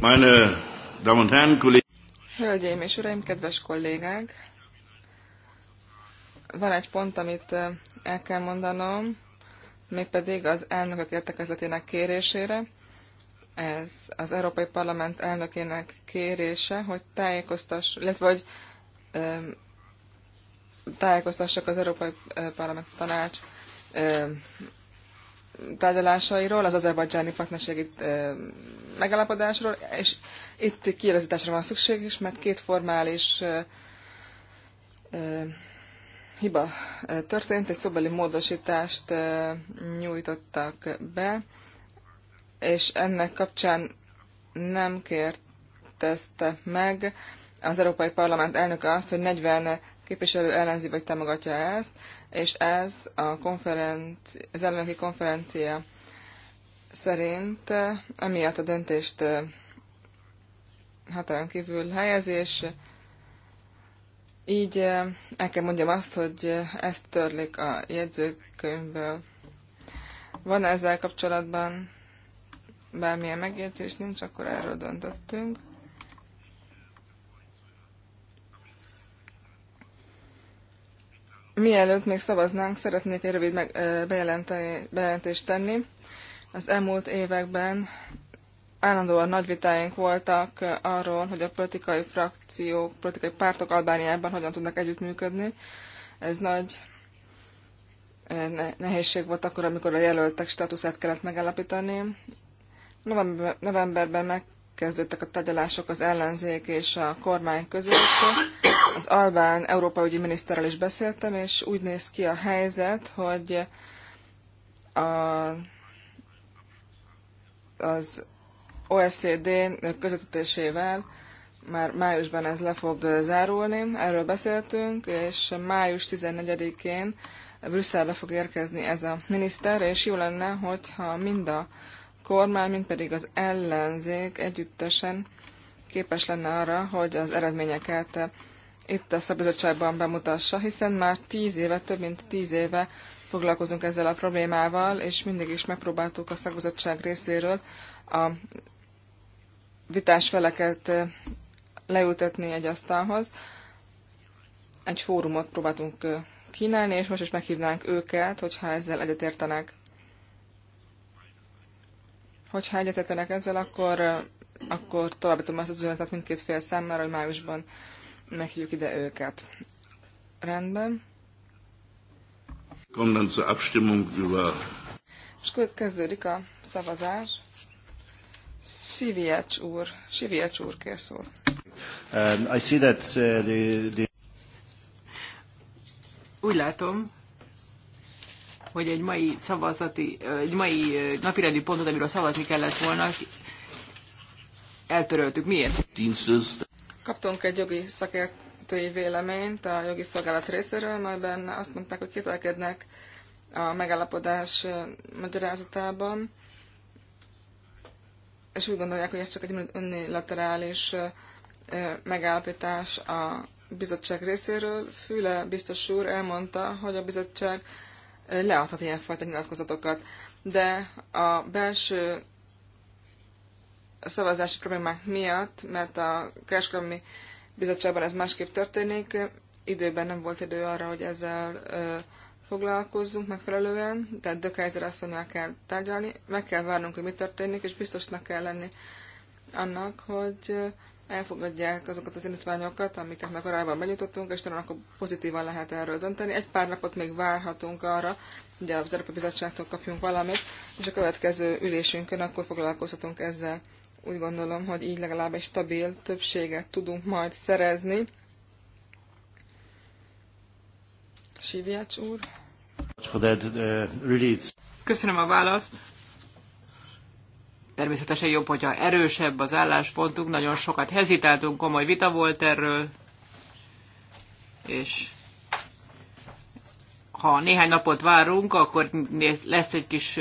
Meine Damen und Herren, Kollegen! Hölgyeim és Uraim, kedves kollégák! Van egy pont, amit el kell mondanom, mégpedig az elnökök értekezletének kérésére. Ez az Európai Parlament elnökének kérése, hogy tájékoztass, illetve hogy tájékoztassak az Európai Parlament Tanács tárgyalásairól, az azerbajdzsáni partnerségi megállapodásról, és itt kielezítésre van szükség is, mert két formális hiba történt, egy szobeli módosítást nyújtottak be, és ennek kapcsán nem kérdezte meg az Európai Parlament elnöke azt, hogy 40 képviselő ellenzi vagy támogatja ezt és ez a konferenci, az elnöki konferencia szerint eh, emiatt a döntést eh, határon kívül helyezés. Eh, így el kell mondjam azt, hogy ezt törlik a jegyzőkönyvből. Van -e ezzel kapcsolatban bármilyen megjegyzés, nincs, akkor erről döntöttünk. Mielőtt még szavaznánk, szeretnék egy rövid bejelentést tenni. Az elmúlt években állandóan nagy vitáink voltak arról, hogy a politikai frakciók, politikai pártok Albániában hogyan tudnak együttműködni. Ez nagy nehézség volt akkor, amikor a jelöltek státuszát kellett megállapítani. novemberben megkezdődtek a tagyalások az ellenzék és a kormány között az albán Európa ügyi miniszterrel is beszéltem, és úgy néz ki a helyzet, hogy a, az OECD közvetítésével már májusban ez le fog zárulni, erről beszéltünk, és május 14-én Brüsszelbe fog érkezni ez a miniszter, és jó lenne, hogyha mind a kormány, mind pedig az ellenzék együttesen képes lenne arra, hogy az eredményeket itt a szabizottságban bemutassa, hiszen már tíz éve, több mint tíz éve foglalkozunk ezzel a problémával, és mindig is megpróbáltuk a szakbizottság részéről a vitás feleket leültetni egy asztalhoz. Egy fórumot próbáltunk kínálni, és most is meghívnánk őket, hogyha ezzel egyetértenek. Hogyha egyetértenek ezzel, akkor, akkor továbbítom ezt az üzenetet mindkét fél számára, hogy májusban meghívjuk ide őket. Rendben. Kommen zur Abstimmung über... És kezdődik a szavazás. Siviec úr, Siviec úr készül. Um, I see that uh, the, the... Úgy látom, hogy egy mai szavazati, egy mai napirendi pontot, amiről szavazni kellett volna, eltöröltük. Miért? Dienstes. Kaptunk egy jogi szakértői véleményt a jogi szolgálat részéről, majd benne azt mondták, hogy kételkednek a megállapodás magyarázatában, és úgy gondolják, hogy ez csak egy unilaterális megállapítás a bizottság részéről. Füle biztos úr elmondta, hogy a bizottság leadhat ilyenfajta nyilatkozatokat, de a belső a szavazási problémák miatt, mert a kereskedelmi bizottságban ez másképp történik, időben nem volt idő arra, hogy ezzel ö, foglalkozzunk megfelelően, tehát de Kaiser asszonyjal kell tárgyalni, meg kell várnunk, hogy mi történik, és biztosnak kell lenni annak, hogy elfogadják azokat az indítványokat, amiket meg arában benyújtottunk, és talán akkor pozitívan lehet erről dönteni. Egy pár napot még várhatunk arra, hogy az Európai Bizottságtól kapjunk valamit, és a következő ülésünkön akkor foglalkozhatunk ezzel. Úgy gondolom, hogy így legalább egy stabil többséget tudunk majd szerezni. Siviács úr. Uh, Köszönöm a választ. Természetesen jobb, hogyha erősebb az álláspontunk, nagyon sokat hezitáltunk, komoly vita volt erről, és ha néhány napot várunk, akkor lesz egy kis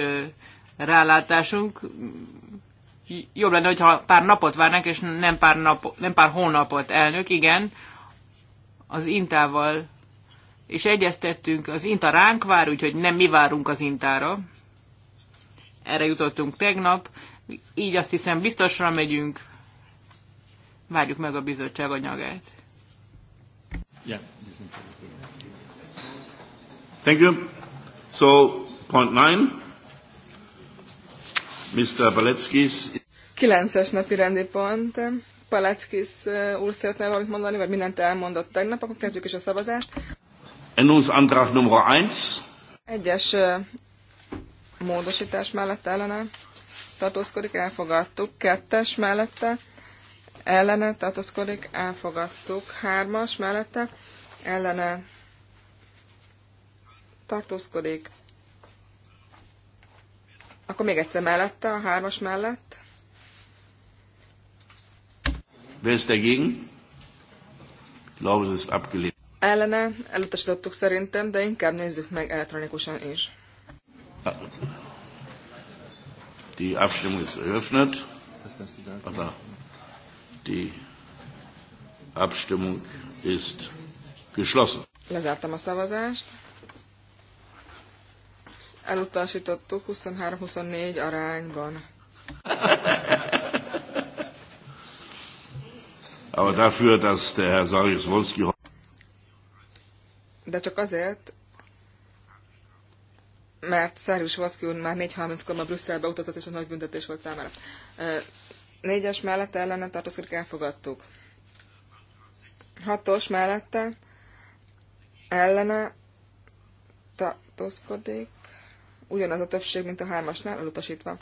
rálátásunk jobb lenne, hogyha pár napot várnánk, és nem pár, nap, nem pár hónapot, elnök, igen, az Intával, és egyeztettünk, az Inta ránk vár, úgyhogy nem mi várunk az Intára. Erre jutottunk tegnap, így azt hiszem biztosra megyünk, várjuk meg a bizottság anyagát. Yeah. Thank you. So, point nine. Mr. Kilences napi rendi pont. Paleckis úr szeretne valamit mondani, vagy mindent elmondott tegnap, akkor kezdjük is a szavazást. Änderungsantrag Nummer 1. Egyes módosítás mellett ellene tartózkodik, elfogadtuk. Kettes mellette ellene tartózkodik, elfogadtuk. Hármas mellette ellene tartózkodik, akkor még egyszer mellette, a hármas mellett. Wer ist dagegen? Ellene elutasítottuk szerintem, de inkább nézzük meg elektronikusan is. Die Abstimmung ist eröffnet. Aber die Abstimmung ist geschlossen. Lezártam a szavazást elutasítottuk 23-24 arányban. Aber dafür, dass der Herr Sarjuswolski... De csak azért, mert Szerűs Vaszki úr már 4.30-kor ma Brüsszelbe utazott, és a nagy büntetés volt számára. Négyes mellette ellene tartozik, elfogadtuk. Hatos mellette ellene tartózkodik, ugyanaz a többség, mint a hármasnál, elutasítva.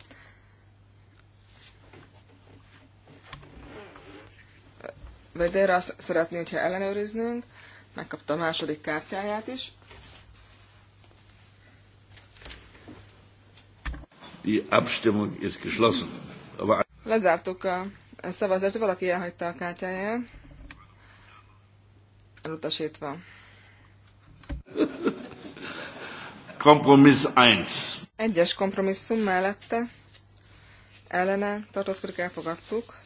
Vedera azt szeretné, hogyha ellenőriznünk. Megkapta a második kártyáját is. Lezártuk a szavazást, valaki elhagyta a kártyáját. Elutasítva. Kompromiss 1. Egyes kompromisszum mellette ellene tartózkodik, elfogadtuk.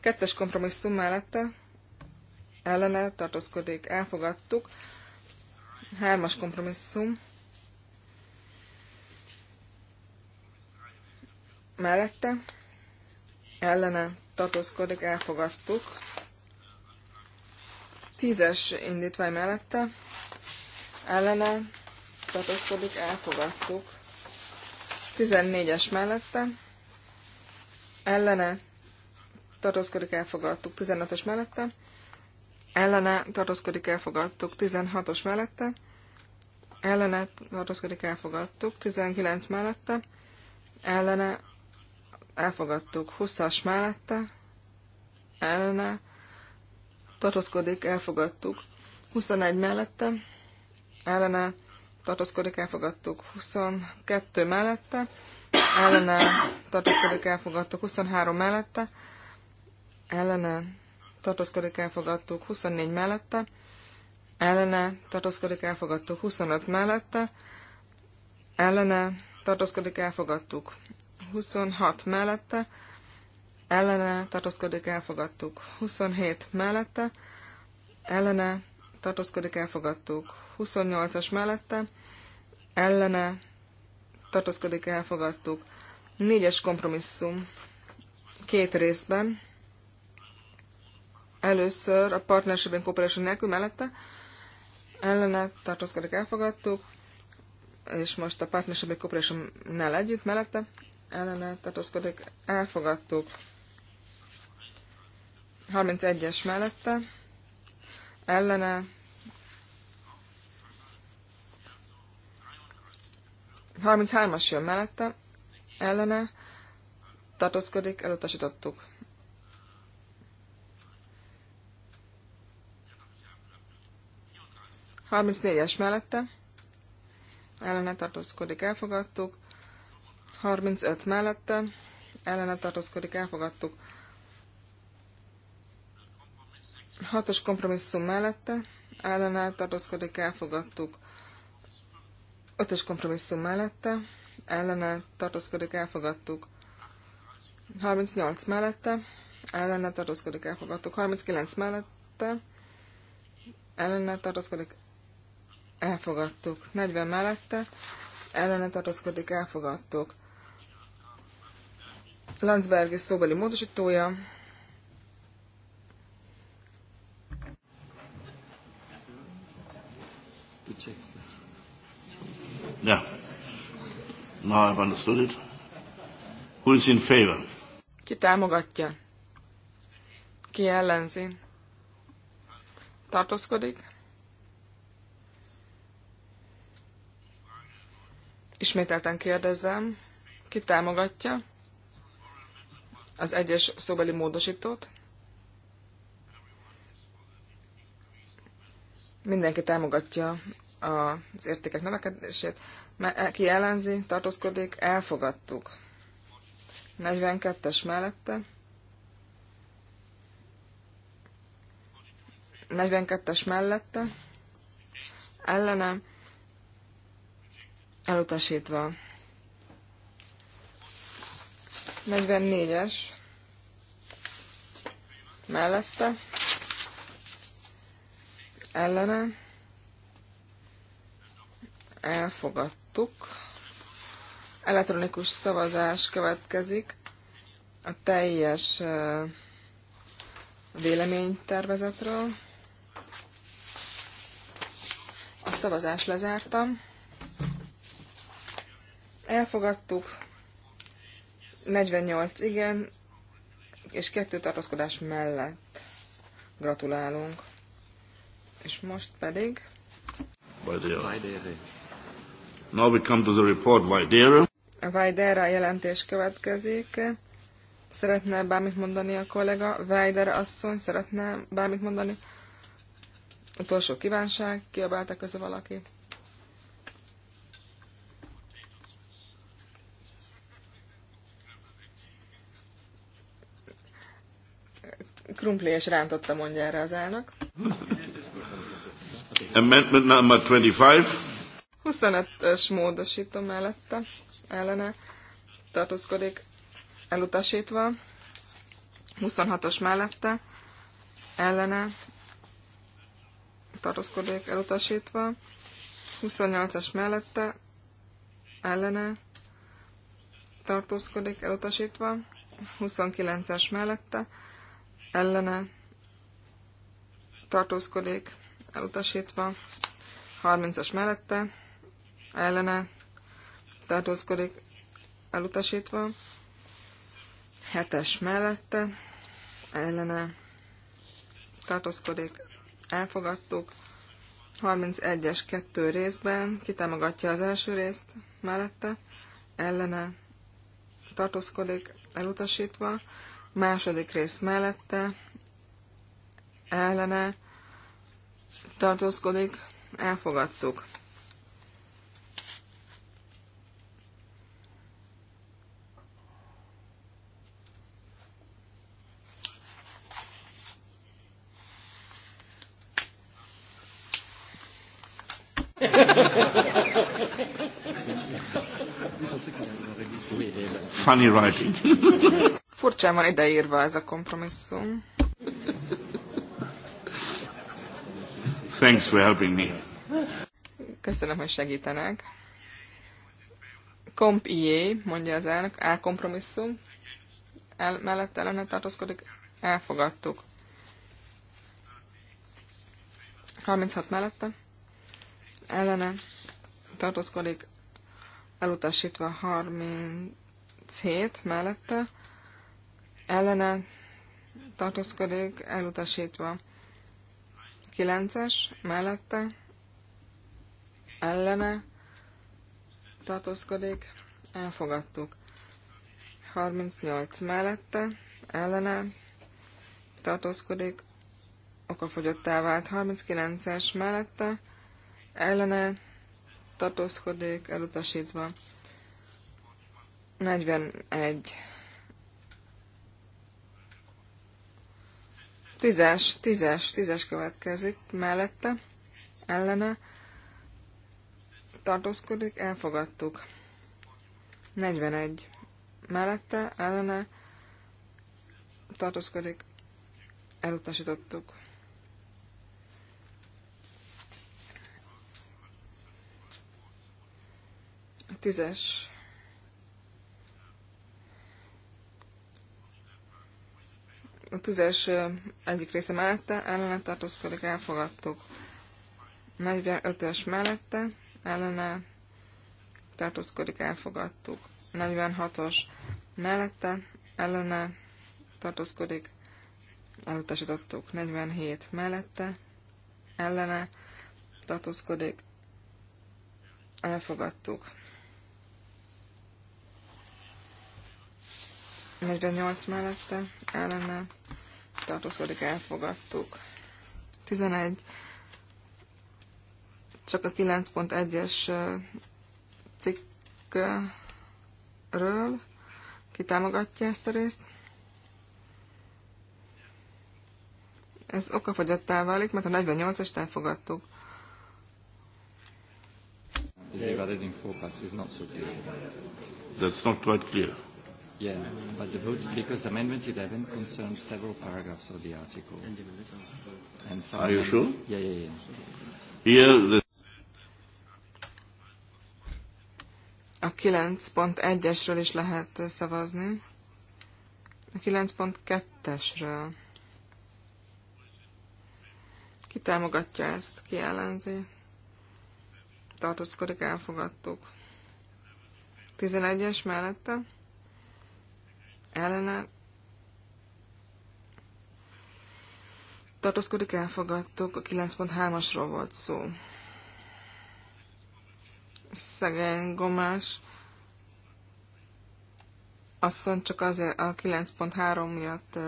Kettes kompromisszum mellette ellene tartózkodik, elfogadtuk. Hármas kompromisszum mellette ellene tartózkodik, elfogadtuk. Tízes indítvány mellette ellene tartózkodik, elfogadtuk. 14-es mellette, ellene tartózkodik, elfogadtuk. 15-ös mellette, ellene tartózkodik, elfogadtuk. 16-os mellette, ellene tartózkodik, elfogadtuk. 19 mellette, ellene elfogadtuk. 20-as mellette, ellene tartózkodik, elfogadtuk. 21 mellette, ellene elfogadtuk tartózkodik, elfogadtuk 22 mellette, ellene tartózkodik, elfogadtuk 23 mellette, ellene tartózkodik, elfogadtuk 24 mellette, ellene tartózkodik, elfogadtuk 25 mellette, ellene tartózkodik, elfogadtuk 26 mellette, ellene tartózkodik, elfogadtuk 27 mellette, ellene tartózkodik, elfogadtuk 28-as mellette, ellene tartózkodik, elfogadtuk. Négyes kompromisszum két részben. Először a Partnership and Cooperation nélkül mellette ellene tartózkodik, elfogadtuk, és most a Partnership and cooperation együtt mellette ellene tartózkodik, elfogadtuk. 31-es mellette ellene 33-as jön mellette, ellene, tartózkodik, elutasítottuk. Harminc négyes mellette, ellene tartózkodik, elfogadtuk. 35 mellette, ellene tartózkodik, elfogadtuk. 6-os kompromisszum mellette, ellene tartózkodik, elfogadtuk. Ötös kompromisszum mellette, ellene tartózkodik, elfogadtuk. 38 mellette, ellene tartózkodik, elfogadtuk. 39 mellette, ellene tartózkodik, elfogadtuk. 40 mellette, ellene tartózkodik, elfogadtuk. Landsberg és szóbeli módosítója. Yeah. Now I've understood it. Who is in favor? Ki támogatja? Ki ellenzi? Tartózkodik? Ismételten kérdezem, ki támogatja az egyes szóbeli módosítót? Mindenki támogatja az értékek növekedését, e- ki ellenzi, tartózkodik, elfogadtuk. 42-es mellette. 42-es mellette. Ellenem. Elutasítva. 44-es mellette, Ellenem elfogadtuk. Elektronikus szavazás következik a teljes véleménytervezetről. A szavazás lezártam. Elfogadtuk. 48 igen, és kettő tartózkodás mellett. Gratulálunk. És most pedig... Bajdi. Bajdi. Now we come to the report Vajdera. Vajdera jelentés következik. Szeretne bármit mondani a kollega? Vajdera asszony szeretne bármit mondani? Utolsó kívánság, kiabálta közül valaki. krumpli és rántotta, mondja erre az elnök. Amendment number 25. 25-ös módosító mellette ellene tartózkodik elutasítva, 26-os mellette ellene tartózkodik elutasítva, 28-as mellette ellene tartózkodik elutasítva, 29-es mellette ellene tartózkodik elutasítva, 30-as mellette ellene tartózkodik elutasítva, hetes mellette ellene tartózkodik elfogadtuk, 31-es kettő részben kitámogatja az első részt mellette, ellene tartózkodik elutasítva, második rész mellette, ellene tartózkodik, elfogadtuk. funny writing. Furcsán van ideírva ez a kompromisszum. Thanks for helping me. Köszönöm, hogy segítenek. Komp ié, mondja az elnök, elkompromisszum. El, mellett ellene tartózkodik, elfogadtuk. 36 mellette. Ellene tartózkodik, elutasítva 30 7 mellette ellene tartózkodik elutasítva. 9-es mellette ellene tartózkodik, elfogadtuk. 38 mellette ellene tartózkodik, okafogyottá vált. 39-es mellette ellene tartózkodik, elutasítva. 41. Tízes, tízes, tízes következik mellette, ellene, tartózkodik, elfogadtuk. 41. Mellette, ellene, tartózkodik, elutasítottuk. Tízes A tüzes egyik része mellette ellene tartózkodik, elfogadtuk. 45-ös mellette ellene tartózkodik, elfogadtuk. 46-os mellette ellene tartózkodik, elutasítottuk. 47 mellette ellene tartózkodik, elfogadtuk. 48 mellette ellene tartózkodik, elfogadtuk. 11. Csak a 9.1-es cikkről ki támogatja ezt a részt. Ez okafogyottá válik, mert a 48-est elfogadtuk. Is it valid in four parts? It's not so clear. That's not quite clear. Yeah, but the vote, because Amendment 11 concerns several paragraphs of the article. And so Are you sure? Yeah, yeah, yeah. Here the A 9.1-esről is lehet szavazni. A 9.2-esről. Ki támogatja ezt? Ki ellenzi? Tartózkodik, elfogadtuk. 11-es mellette ellene tartózkodik, elfogadtuk, a 9.3-asról volt szó. Szegény gomás asszony csak azért a 9.3 miatt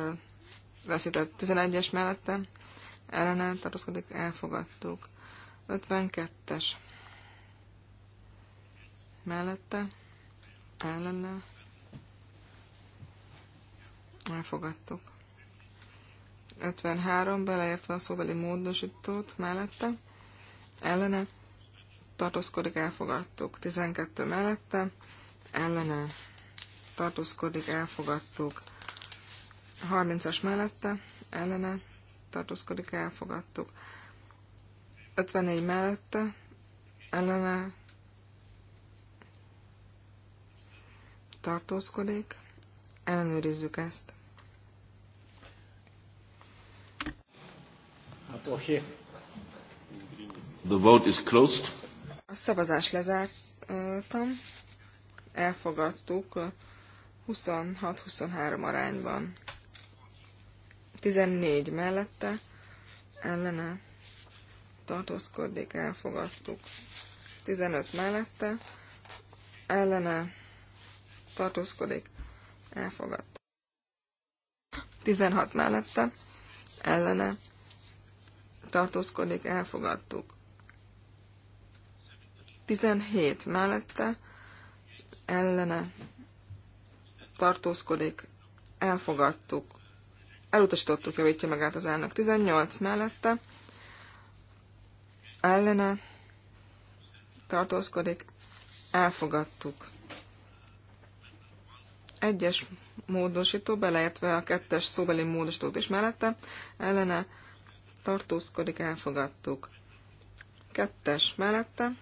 veszített 11-es mellette, ellene tartózkodik, elfogadtuk. 52-es mellette, ellene Elfogadtuk. 53 beleértve a szóbeli módosítót mellette. Ellene tartózkodik, elfogadtuk. 12 mellette. Ellene tartózkodik, elfogadtuk. 30-as mellette. Ellene tartózkodik, elfogadtuk. 54 mellette. Ellene tartózkodik. Ellenőrizzük ezt. The vote is closed. A szavazás lezártam. Elfogadtuk 26-23 uh, arányban. 14 mellette ellene tartózkodik, elfogadtuk. 15 mellette ellene tartózkodik, elfogadtuk. 16 mellette ellene tartózkodik, elfogadtuk. 17 mellette, ellene tartózkodik, elfogadtuk, elutasítottuk, javítja át az elnök. 18 mellette, ellene tartózkodik, elfogadtuk. Egyes módosító, beleértve a kettes szóbeli módosítót is mellette, ellene tartózkodik, elfogadtuk. Kettes mellette,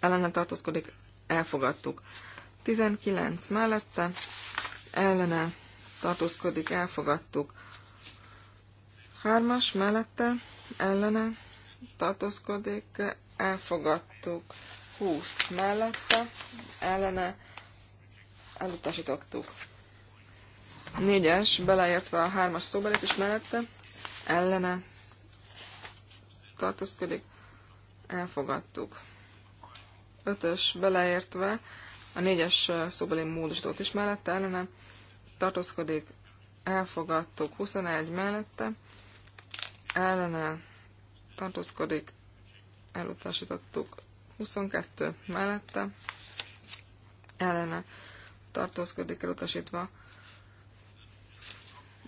ellene tartózkodik, elfogadtuk. 19 mellette, ellene tartózkodik, elfogadtuk. Hármas mellette, ellene tartózkodik, elfogadtuk. 20 mellette, ellene elutasítottuk. Négyes, beleértve a hármas szóbelit is mellette, ellene tartózkodik, elfogadtuk. Ötös beleértve a négyes szóbeli módosítót is mellette ellene tartózkodik, elfogadtuk 21 mellette, ellene tartózkodik, elutasítottuk 22 mellette, ellene tartózkodik elutasítva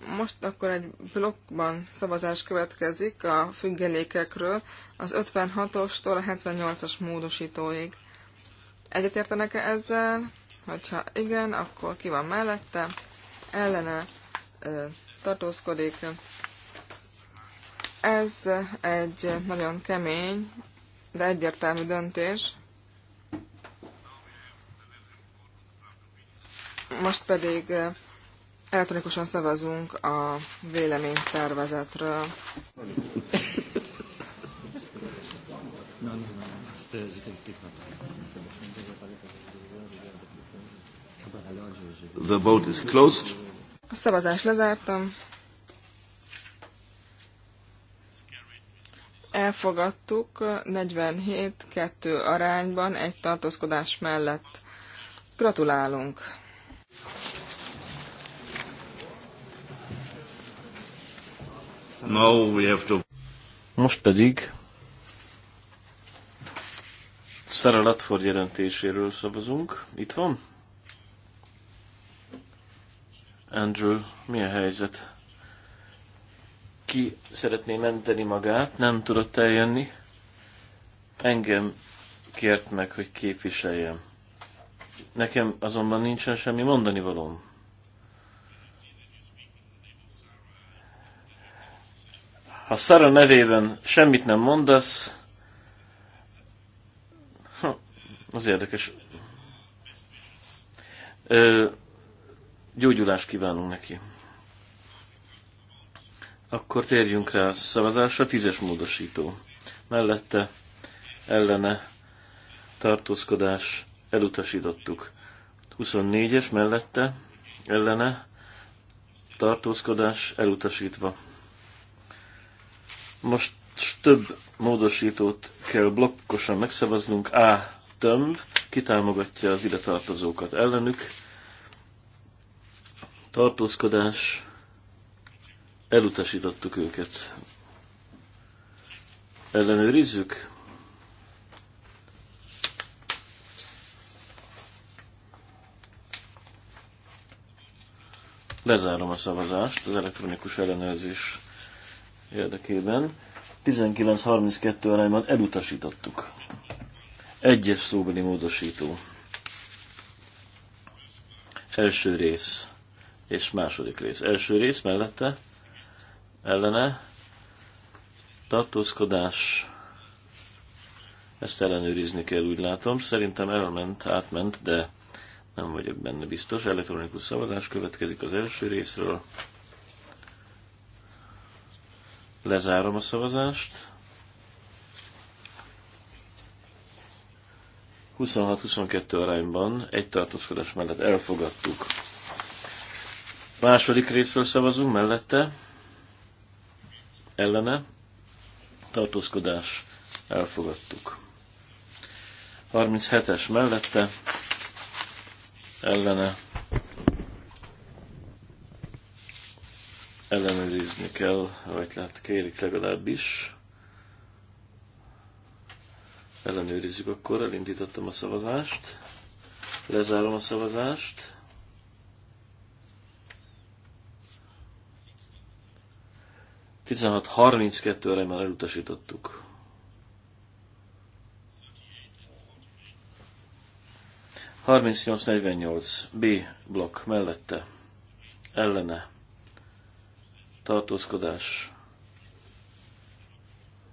most akkor egy blokkban szavazás következik a függelékekről, az 56-ostól a 78-as módosítóig. Egyetértenek-e ezzel? Hogyha igen, akkor ki van mellette? Ellene ö, tartózkodik. Ez egy nagyon kemény, de egyértelmű döntés. Most pedig Elektronikusan szavazunk a véleménytervezetről. The vote is closed. A szavazást lezártam. Elfogadtuk 47-2 arányban egy tartózkodás mellett. Gratulálunk! Most pedig Sarah Latford jelentéséről szavazunk. Itt van? Andrew, mi a helyzet? Ki szeretné menteni magát, nem tudott eljönni. Engem kért meg, hogy képviseljem. Nekem azonban nincsen semmi mondani valóm. Ha Szara nevében semmit nem mondasz, az érdekes. Ö, gyógyulást kívánunk neki. Akkor térjünk rá a szavazásra. Tízes módosító. Mellette ellene tartózkodás elutasítottuk. 24-es mellette ellene tartózkodás elutasítva. Most több módosítót kell blokkosan megszavaznunk. A tömb kitámogatja az ide tartozókat ellenük. Tartózkodás. Elutasítottuk őket. Ellenőrizzük. Lezárom a szavazást, az elektronikus ellenőrzés érdekében 19.32 arányban elutasítottuk. Egyes szóbeli módosító. Első rész és második rész. Első rész mellette ellene tartózkodás. Ezt ellenőrizni kell, úgy látom. Szerintem elment, átment, de nem vagyok benne biztos. Elektronikus szavazás következik az első részről. Lezárom a szavazást. 26-22 arányban egy tartózkodás mellett elfogadtuk. Második részről szavazunk mellette. Ellene. Tartózkodás. Elfogadtuk. 37-es mellette. Ellene ellenőrizni kell, vagy lehet kérik legalábbis. Ellenőrizzük akkor, elindítottam a szavazást. Lezárom a szavazást. Tizenhat harminckettőre már elutasítottuk. 38 negyvennyolc B blokk mellette ellene tartózkodás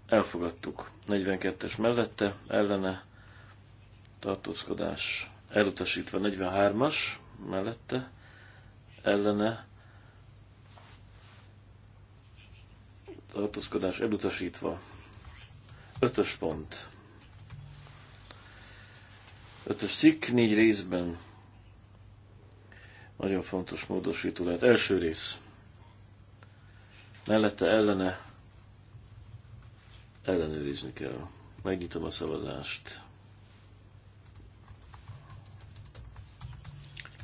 elfogadtuk. 42-es mellette, ellene tartózkodás elutasítva. 43-as mellette, ellene tartózkodás elutasítva. 5-ös pont. 5-ös cikk, négy részben. Nagyon fontos módosító lehet. Első rész mellette ellene ellenőrizni kell. Megnyitom a szavazást.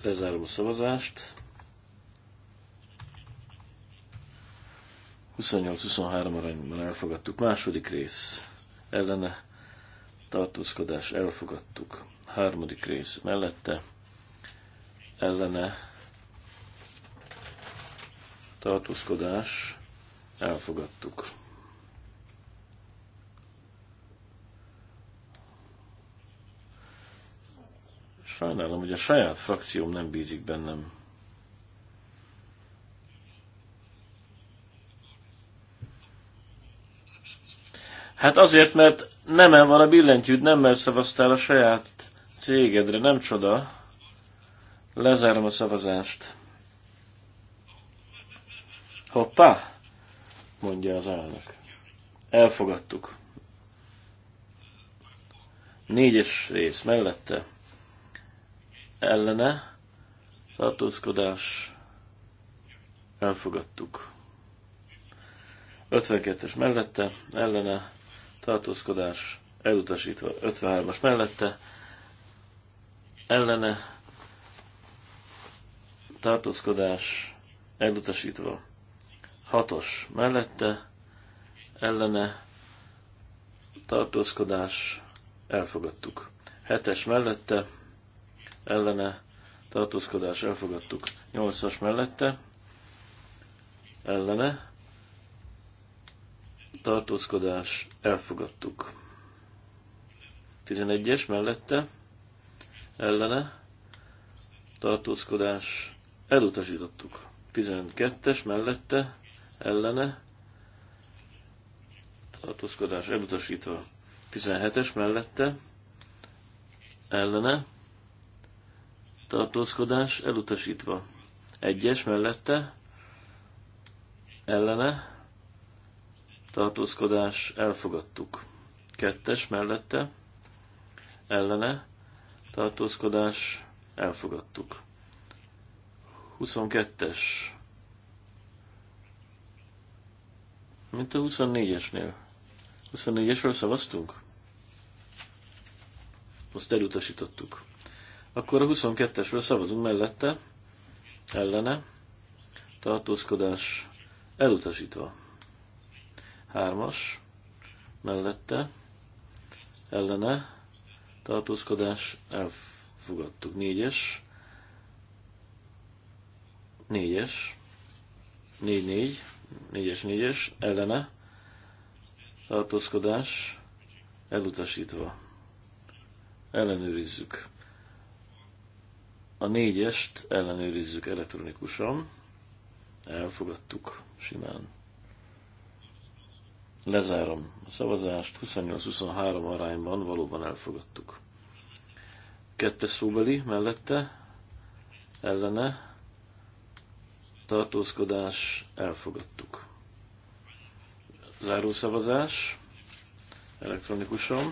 Lezárom a szavazást. 28-23 arányban elfogadtuk. Második rész ellene tartózkodás elfogadtuk. Harmadik rész mellette ellene tartózkodás Elfogadtuk. Sajnálom, hogy a saját frakcióm nem bízik bennem. Hát azért, mert nem van a billentyűd, nem mert szavaztál a saját cégedre, nem csoda. Lezárom a szavazást. Hoppá! mondja az elnök. Elfogadtuk. Négyes rész mellette ellene tartózkodás elfogadtuk. 52-es mellette ellene tartózkodás elutasítva 53-as mellette ellene tartózkodás elutasítva Hatos mellette ellene tartózkodás elfogadtuk. Hetes mellette ellene tartózkodás elfogadtuk. Nyolcas mellette ellene tartózkodás elfogadtuk. 11-es mellette ellene tartózkodás elutasítottuk. 12-es mellette ellene tartózkodás elutasítva 17-es mellette ellene tartózkodás elutasítva 1-es mellette ellene tartózkodás elfogadtuk 2-es mellette ellene tartózkodás elfogadtuk 22-es Mint a 24-esnél. 24-esről szavaztunk? Azt elutasítottuk. Akkor a 22-esről szavazunk mellette, ellene, tartózkodás elutasítva. Hármas, mellette, ellene, tartózkodás elfogadtuk. Négyes, négyes, négy-négy, 4-es, 4-es, ellene, tartózkodás, elutasítva. Ellenőrizzük. A 4-est ellenőrizzük elektronikusan. Elfogadtuk simán. Lezárom a szavazást. 28-23 arányban valóban elfogadtuk. Kettes szóbeli mellette, ellene, tartózkodás, elfogadtuk. Zárószavazás, elektronikusan.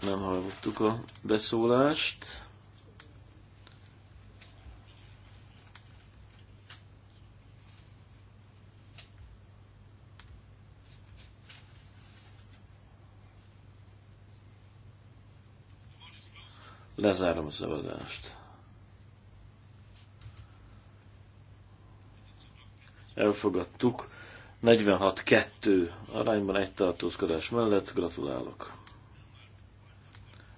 Nem hallottuk a beszólást. Lezárom a szavazást. Elfogadtuk. 46-2 arányban egy tartózkodás mellett. Gratulálok.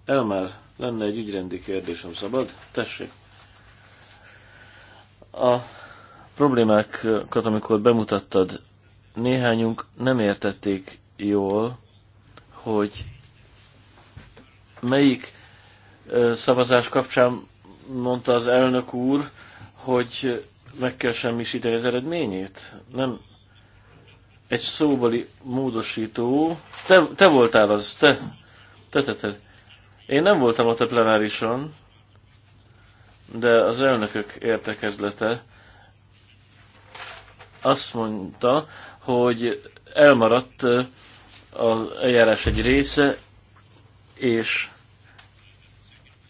Elmár, lenne egy ügyrendi kérdésem szabad? Tessék. A problémákat, amikor bemutattad, néhányunk nem értették jól, hogy melyik szavazás kapcsán mondta az elnök úr, hogy meg kell semmisíteni az eredményét. Nem egy szóbeli módosító. Te, te voltál az, te. Te, te, te. Én nem voltam ott a plenárison, de az elnökök értekezlete azt mondta, hogy elmaradt az eljárás egy része, és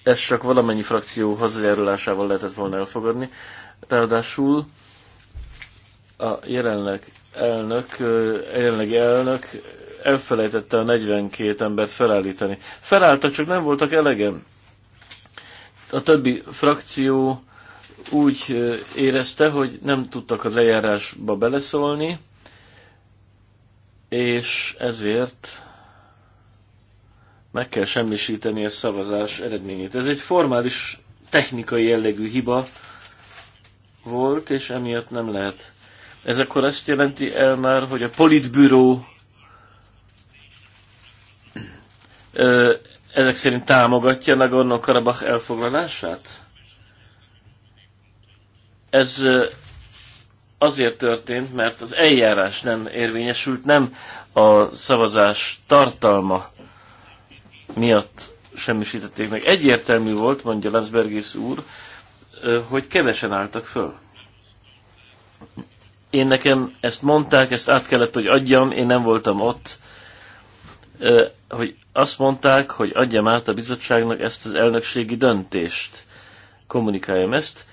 ez csak valamennyi frakció hazajárulásával lehetett volna elfogadni. Ráadásul a jelenleg elnök, jelenlegi elnök elfelejtette a 42 embert felállítani. Felálltak, csak nem voltak elegem. A többi frakció úgy érezte, hogy nem tudtak a lejárásba beleszólni, és ezért meg kell semmisíteni a szavazás eredményét. Ez egy formális, technikai jellegű hiba volt, és emiatt nem lehet. Ez akkor azt jelenti el már, hogy a politbüró ö, ezek szerint támogatja Nagorno-Karabakh elfoglalását? Ez azért történt, mert az eljárás nem érvényesült, nem a szavazás tartalma miatt semmisítették meg. Egyértelmű volt, mondja Landsbergis úr, hogy kevesen álltak föl. Én nekem ezt mondták, ezt át kellett, hogy adjam, én nem voltam ott, hogy azt mondták, hogy adjam át a bizottságnak ezt az elnökségi döntést. Kommunikáljam ezt.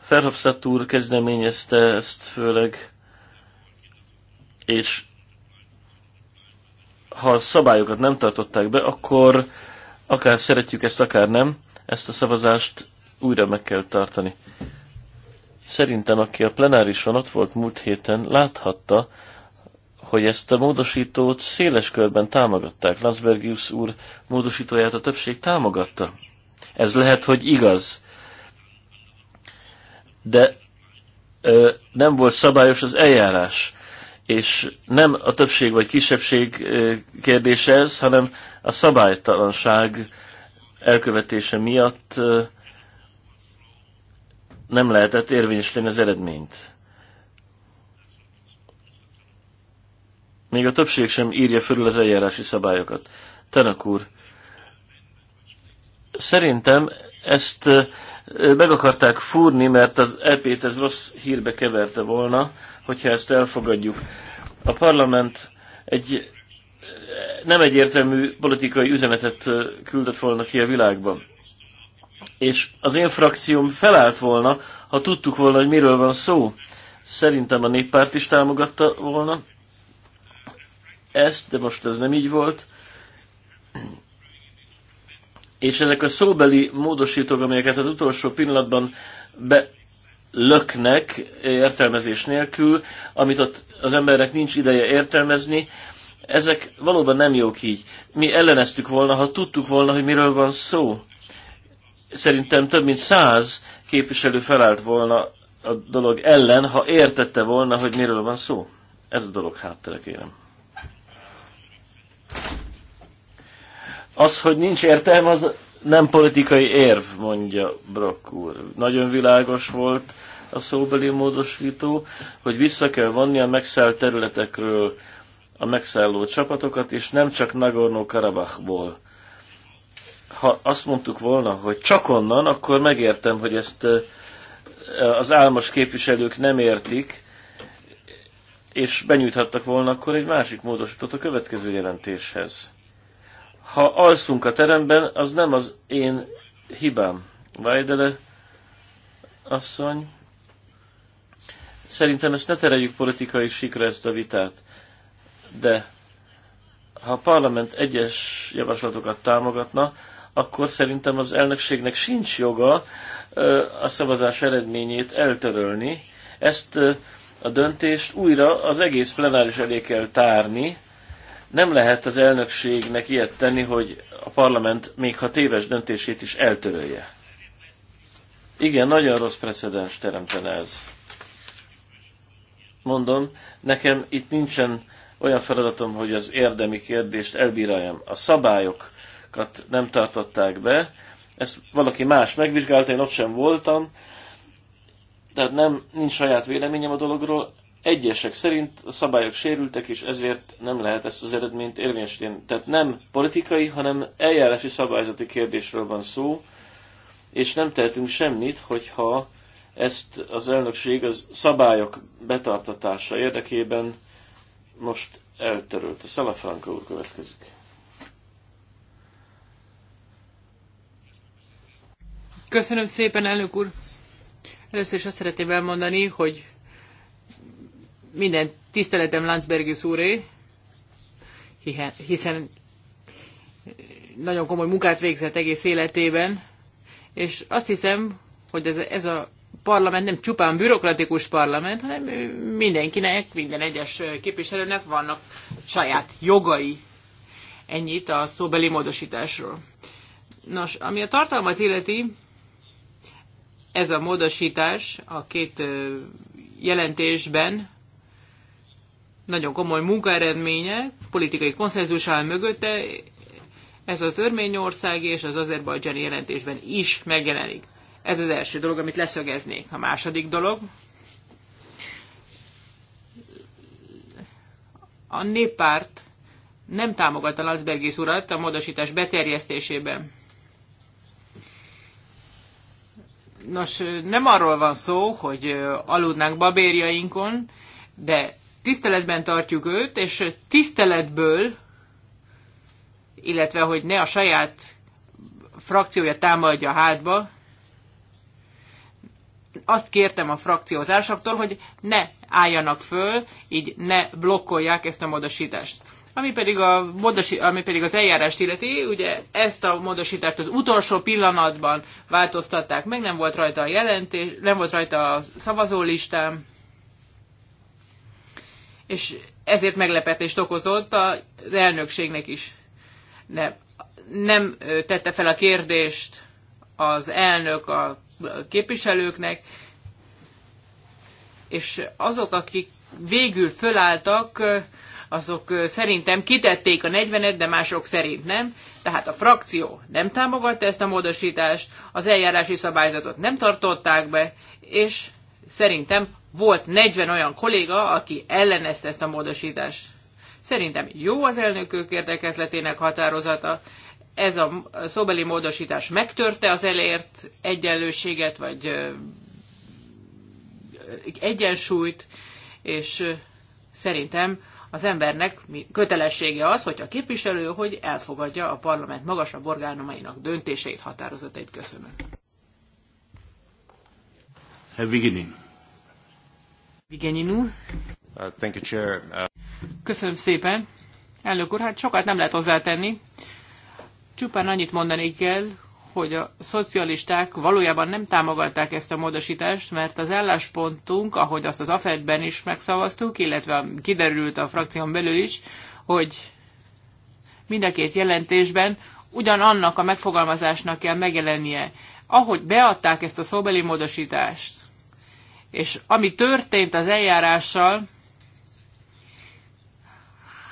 Ferhofszat úr kezdeményezte ezt főleg, és ha a szabályokat nem tartották be, akkor akár szeretjük ezt, akár nem, ezt a szavazást újra meg kell tartani. Szerintem, aki a plenárison ott volt múlt héten, láthatta, hogy ezt a módosítót széles körben támogatták. Landsbergius úr módosítóját a többség támogatta. Ez lehet, hogy igaz. De ö, nem volt szabályos az eljárás és nem a többség vagy kisebbség kérdése ez, hanem a szabálytalanság elkövetése miatt nem lehetett érvényesíteni az eredményt. Még a többség sem írja fölül az eljárási szabályokat. Tanak úr, szerintem ezt meg akarták fúrni, mert az EP-t ez rossz hírbe keverte volna, hogyha ezt elfogadjuk. A parlament egy nem egyértelmű politikai üzenetet küldött volna ki a világban. És az én frakcióm felállt volna, ha tudtuk volna, hogy miről van szó. Szerintem a néppárt is támogatta volna ezt, de most ez nem így volt. És ezek a szóbeli módosítók, amelyeket az utolsó pillanatban be, löknek értelmezés nélkül, amit ott az embernek nincs ideje értelmezni, ezek valóban nem jók így. Mi elleneztük volna, ha tudtuk volna, hogy miről van szó. Szerintem több mint száz képviselő felállt volna a dolog ellen, ha értette volna, hogy miről van szó. Ez a dolog háttere, kérem. Az, hogy nincs értelme, az nem politikai érv, mondja Brock úr. Nagyon világos volt a szóbeli módosító, hogy vissza kell vonni a megszállt területekről a megszálló csapatokat, és nem csak Nagorno-Karabachból. Ha azt mondtuk volna, hogy csak onnan, akkor megértem, hogy ezt az álmos képviselők nem értik, és benyújthattak volna akkor egy másik módosítót a következő jelentéshez. Ha alszunk a teremben, az nem az én hibám. Vajdele asszony. Szerintem ezt ne tereljük politikai sikra ezt a vitát. De ha a parlament egyes javaslatokat támogatna, akkor szerintem az elnökségnek sincs joga a szavazás eredményét eltörölni. Ezt a döntést újra az egész plenáris elé kell tárni, nem lehet az elnökségnek ilyet tenni, hogy a parlament még ha téves döntését is eltörölje. Igen, nagyon rossz precedens teremtene ez. Mondom, nekem itt nincsen olyan feladatom, hogy az érdemi kérdést elbíráljam. A szabályokat nem tartották be, ezt valaki más megvizsgálta, én ott sem voltam, tehát nem, nincs saját véleményem a dologról, egyesek szerint a szabályok sérültek, és ezért nem lehet ezt az eredményt érvényesíteni. Tehát nem politikai, hanem eljárási szabályzati kérdésről van szó, és nem tehetünk semmit, hogyha ezt az elnökség az szabályok betartatása érdekében most eltörölte. Szalafranka úr következik. Köszönöm szépen, elnök úr! Először is azt szeretném elmondani, hogy minden tiszteletem Landsbergis úré, hiszen nagyon komoly munkát végzett egész életében, és azt hiszem, hogy ez, ez a parlament nem csupán bürokratikus parlament, hanem mindenkinek, minden egyes képviselőnek vannak saját jogai. Ennyit a szóbeli módosításról. Nos, ami a tartalmat illeti, ez a módosítás a két jelentésben nagyon komoly munkaeredménye, politikai konszenzus áll mögötte, ez az örményország és az azerbajdzsáni jelentésben is megjelenik. Ez az első dolog, amit leszögeznék. A második dolog, a néppárt nem támogatta Lanzbergis urat a módosítás beterjesztésében. Nos, nem arról van szó, hogy aludnánk babérjainkon, de tiszteletben tartjuk őt, és tiszteletből, illetve hogy ne a saját frakciója támadja hátba, azt kértem a frakciótársaktól, hogy ne álljanak föl, így ne blokkolják ezt a módosítást. Ami pedig, a modosi, ami pedig az eljárást illeti, ugye ezt a módosítást az utolsó pillanatban változtatták meg, nem volt rajta a jelentés, nem volt rajta a szavazólistám, és ezért meglepetést okozott az elnökségnek is. Nem, nem tette fel a kérdést az elnök a képviselőknek, és azok, akik végül fölálltak, azok szerintem kitették a 40-et, de mások szerint nem. Tehát a frakció nem támogatta ezt a módosítást, az eljárási szabályzatot nem tartották be, és szerintem volt 40 olyan kolléga, aki ellenezte ezt a módosítást. Szerintem jó az elnökök érdekezletének határozata, ez a szóbeli módosítás megtörte az elért egyenlőséget, vagy egyensúlyt, és szerintem az embernek kötelessége az, hogy a képviselő, hogy elfogadja a parlament magasabb orgánumainak döntéseit, határozatait. Köszönöm. Herr Uh, uh, Köszönöm szépen. Elnök úr, hát sokat nem lehet hozzátenni. Csupán annyit mondani kell, hogy a szocialisták valójában nem támogatták ezt a módosítást, mert az álláspontunk, ahogy azt az AFED-ben is megszavaztuk, illetve kiderült a frakción belül is, hogy mind a két jelentésben ugyanannak a megfogalmazásnak kell megjelennie. Ahogy beadták ezt a szóbeli módosítást, és ami történt az eljárással,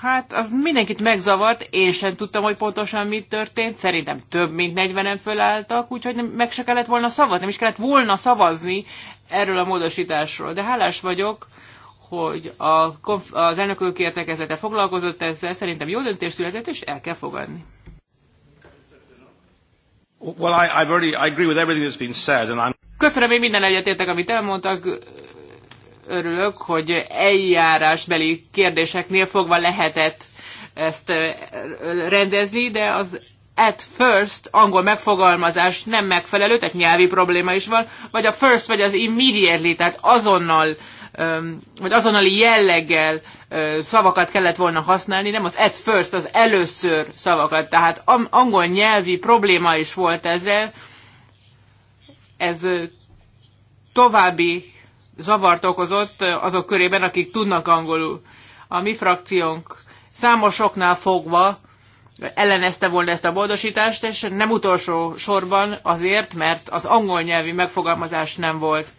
hát az mindenkit megzavart, én sem tudtam, hogy pontosan mi történt, szerintem több mint 40-en fölálltak, úgyhogy nem, meg se kellett volna szavazni, nem is kellett volna szavazni erről a módosításról. De hálás vagyok, hogy a, konf- az elnökök értekezete foglalkozott ezzel, szerintem jó döntés született, és el kell fogadni. Well, I, I've already, I agree with everything that's been said, and I'm... Köszönöm, én minden egyetértek, amit elmondtak. Örülök, hogy eljárásbeli kérdéseknél fogva lehetett ezt rendezni, de az at first angol megfogalmazás nem megfelelő, tehát nyelvi probléma is van, vagy a first, vagy az immediately, tehát azonnal, vagy azonnali jelleggel szavakat kellett volna használni, nem az at first, az először szavakat. Tehát angol nyelvi probléma is volt ezzel, ez további zavart okozott azok körében, akik tudnak angolul. A mi frakciónk számosoknál fogva ellenezte volna ezt a boldosítást és nem utolsó sorban azért, mert az angol nyelvi megfogalmazás nem volt,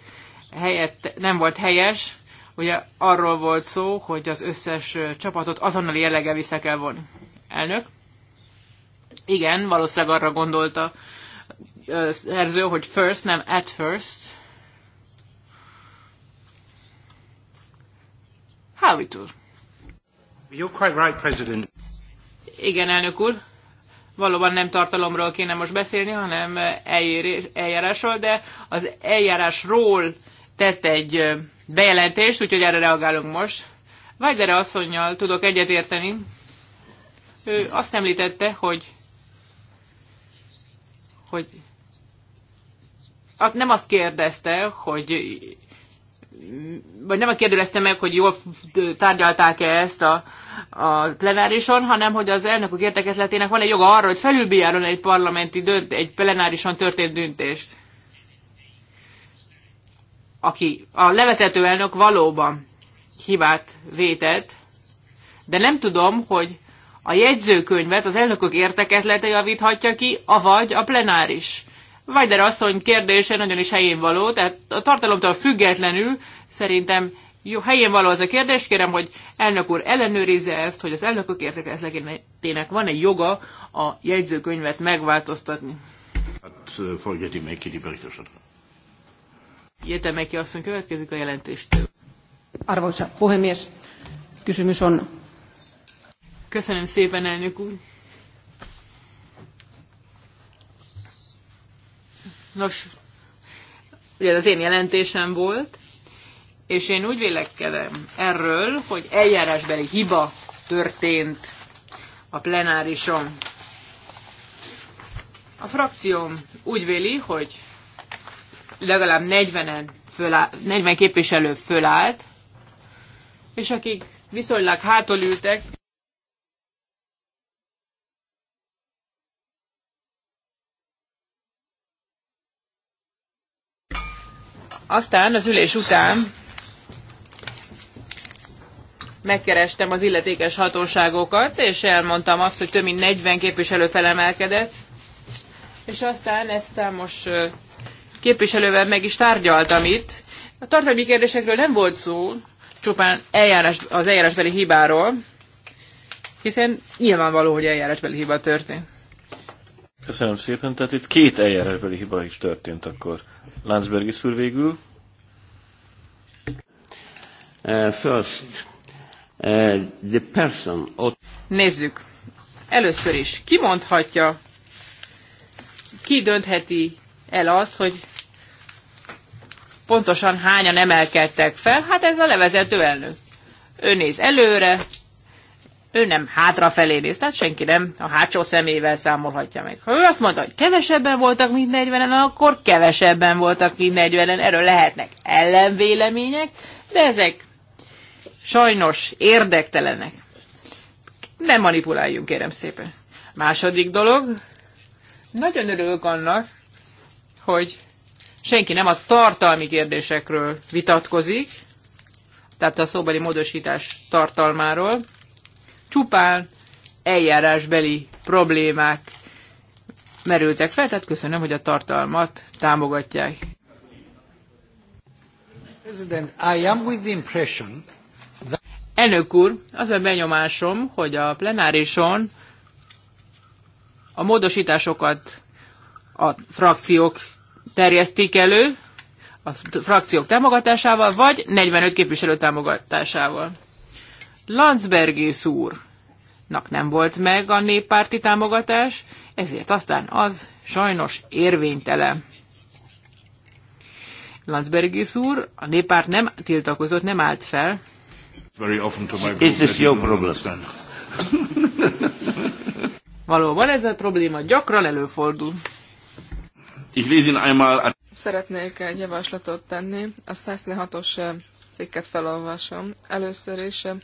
helyett, nem volt helyes, ugye arról volt szó, hogy az összes csapatot azonnali jellege vissza kell vonni. Elnök? Igen, valószínűleg arra gondolta szerző, hogy first, nem at first. Howitt úr. You're quite right, President. Igen, elnök úr. Valóban nem tartalomról kéne most beszélni, hanem eljárásról, de az eljárásról tett egy bejelentést, úgyhogy erre reagálunk most. Vágydere asszonynal tudok egyetérteni. Ő azt említette, hogy hogy nem azt kérdezte, hogy vagy nem a kérdezte meg, hogy jól tárgyalták-e ezt a, a plenárison, hanem hogy az elnökök értekezletének van egy joga arra, hogy felülbíjáron egy parlamenti dönt, egy plenárison történt döntést. Aki a levezető elnök valóban hibát vétett, de nem tudom, hogy a jegyzőkönyvet az elnökök értekezlete javíthatja ki, avagy a plenáris. Vajder asszony kérdése nagyon is helyén való, tehát a tartalomtól függetlenül szerintem jó, helyén való az a kérdés, kérem, hogy elnök úr ellenőrizze ezt, hogy az elnökök értekezletének van egy joga a jegyzőkönyvet megváltoztatni. Hát folytatni még ki Értem meg ki, asszony következik a jelentéstől. Arvosa puhemies, kysymys on... Köszönöm szépen, elnök úr. Nos, ugye az én jelentésem volt, és én úgy vélekedem erről, hogy eljárásbeli hiba történt a plenárison. A frakcióm úgy véli, hogy legalább 40-en föláll, 40 képviselő fölállt, és akik viszonylag hátul ültek, Aztán az ülés után megkerestem az illetékes hatóságokat, és elmondtam azt, hogy több mint 40 képviselő felemelkedett, és aztán ezt számos képviselővel meg is tárgyaltam itt. A tartalmi kérdésekről nem volt szó, csupán eljárás, az eljárásbeli hibáról, hiszen nyilvánvaló, hogy eljárásbeli hiba történt. Köszönöm szépen. Tehát itt két eljárásbeli hiba is történt akkor. Landsberg is végül. Uh, first, uh, the person... Nézzük. Először is, ki mondhatja, ki döntheti el azt, hogy pontosan hányan emelkedtek fel? Hát ez a levezető elnök. Ő néz előre, ő nem hátrafelé néz, tehát senki nem a hátsó szemével számolhatja meg. Ha ő azt mondta, hogy kevesebben voltak, mint 40-en, akkor kevesebben voltak, mint 40-en. Erről lehetnek ellenvélemények, de ezek sajnos érdektelenek. Ne manipuláljunk, kérem szépen. Második dolog, nagyon örülök annak, hogy senki nem a tartalmi kérdésekről vitatkozik, tehát a szóbeli módosítás tartalmáról, csupán eljárásbeli problémák merültek fel, tehát köszönöm, hogy a tartalmat támogatják. Elnök úr, az a benyomásom, hogy a plenárison a módosításokat a frakciók terjesztik elő, a frakciók támogatásával, vagy 45 képviselő támogatásával. Landsbergész úr nak nem volt meg a néppárti támogatás, ezért aztán az sajnos érvénytelen. Landsbergis úr, a néppárt nem tiltakozott, nem állt fel. It's is your problem. Valóban ez a probléma gyakran előfordul. Szeretnék egy javaslatot tenni. A 106-os eh, cikket felolvasom. Először is eh,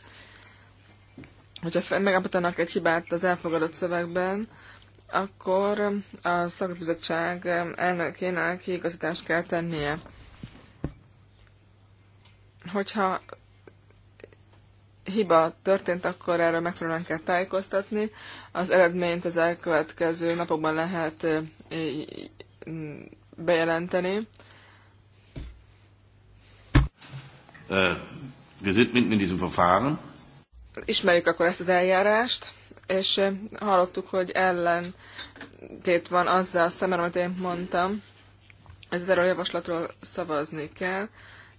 hogyha megállapítanak egy hibát az elfogadott szövegben, akkor a szakbizottság elnökének kiigazítást kell tennie. Hogyha hiba történt, akkor erről megfelelően kell tájékoztatni. Az eredményt az elkövetkező napokban lehet bejelenteni. Uh, wir sind mitten in diesem Verfahren ismerjük akkor ezt az eljárást, és hallottuk, hogy ellentét van azzal szemben, amit én mondtam, ez erről a javaslatról szavazni kell,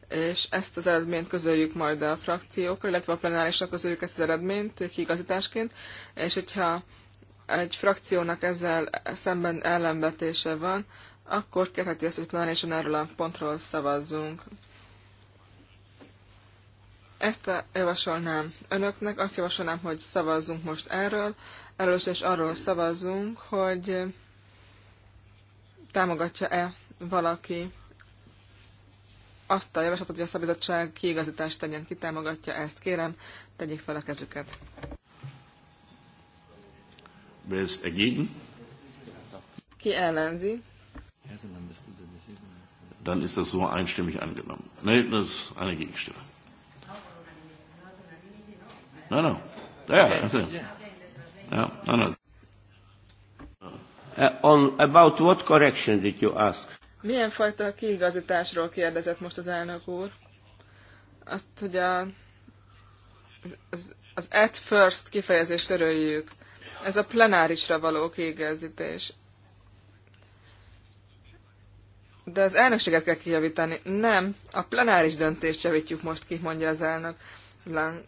és ezt az eredményt közöljük majd a frakciókkal, illetve a plenárisra közöljük ezt az eredményt kiigazításként, és hogyha egy frakciónak ezzel szemben ellenvetése van, akkor kérheti azt, hogy plenárison erről a pontról szavazzunk. Ezt javasolnám önöknek, azt javasolnám, hogy szavazzunk most erről, erről is arról szavazzunk, hogy támogatja-e valaki azt a javaslatot, hogy a szabizottság kiigazítást tegyen, ki támogatja ezt. Kérem, tegyék fel a kezüket. Ki ellenzi? Dann ist das so einstimmig angenommen. Nein, das ist eine Gegenstimme. No, no. Yeah, that's it. No, no, no. Uh, on, about what correction did you ask? Milyen fajta kiigazításról kérdezett most az elnök úr? Azt, hogy a, az, az, at first kifejezést öröljük. Ez a plenárisra való kiigazítás. De az elnökséget kell kijavítani. Nem, a plenáris döntést javítjuk most ki, mondja az elnök.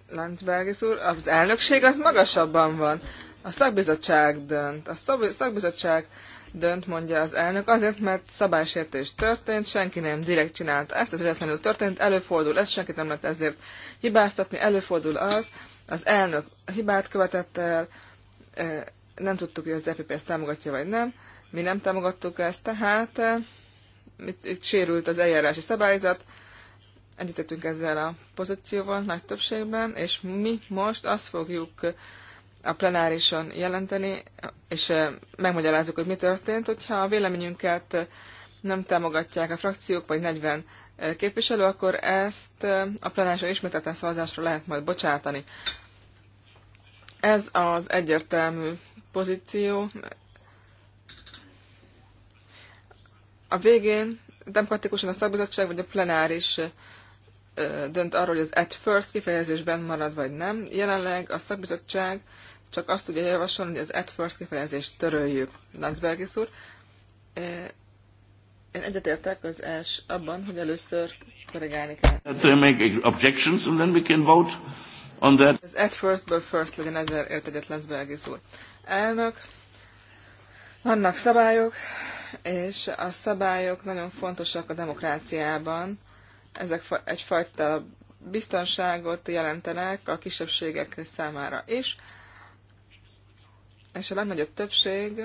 Landsbergis úr, az elnökség az magasabban van. A szakbizottság dönt. A szakbizottság dönt, mondja az elnök, azért, mert szabálysértés történt, senki nem direkt csinálta ezt, ez véletlenül történt, előfordul ez, senkit nem lehet ezért hibáztatni, előfordul az, az elnök hibát követett el, nem tudtuk, hogy az EPP ezt támogatja, vagy nem, mi nem támogattuk ezt, tehát itt, itt sérült az eljárási szabályzat, egyetettünk ezzel a pozícióval nagy többségben, és mi most azt fogjuk a plenárison jelenteni, és eh, megmagyarázzuk, hogy mi történt, hogyha a véleményünket eh, nem támogatják a frakciók, vagy 40 eh, képviselő, akkor ezt a plenárison ismételten szavazásra lehet majd bocsátani. Ez az egyértelmű pozíció. A végén demokratikusan a szakbizottság vagy a plenáris dönt arról, hogy az at first kifejezésben marad vagy nem. Jelenleg a szakbizottság csak azt tudja javasolni, hogy az at first kifejezést töröljük. Landsbergis úr, én egyetértek az els abban, hogy először korrigálni kell. make objections and then we can vote on that. Az at first, but first legyen, ezzel ért egyet Landsbergis úr. Elnök, vannak szabályok, és a szabályok nagyon fontosak a demokráciában ezek egyfajta biztonságot jelentenek a kisebbségek számára is, és a legnagyobb többség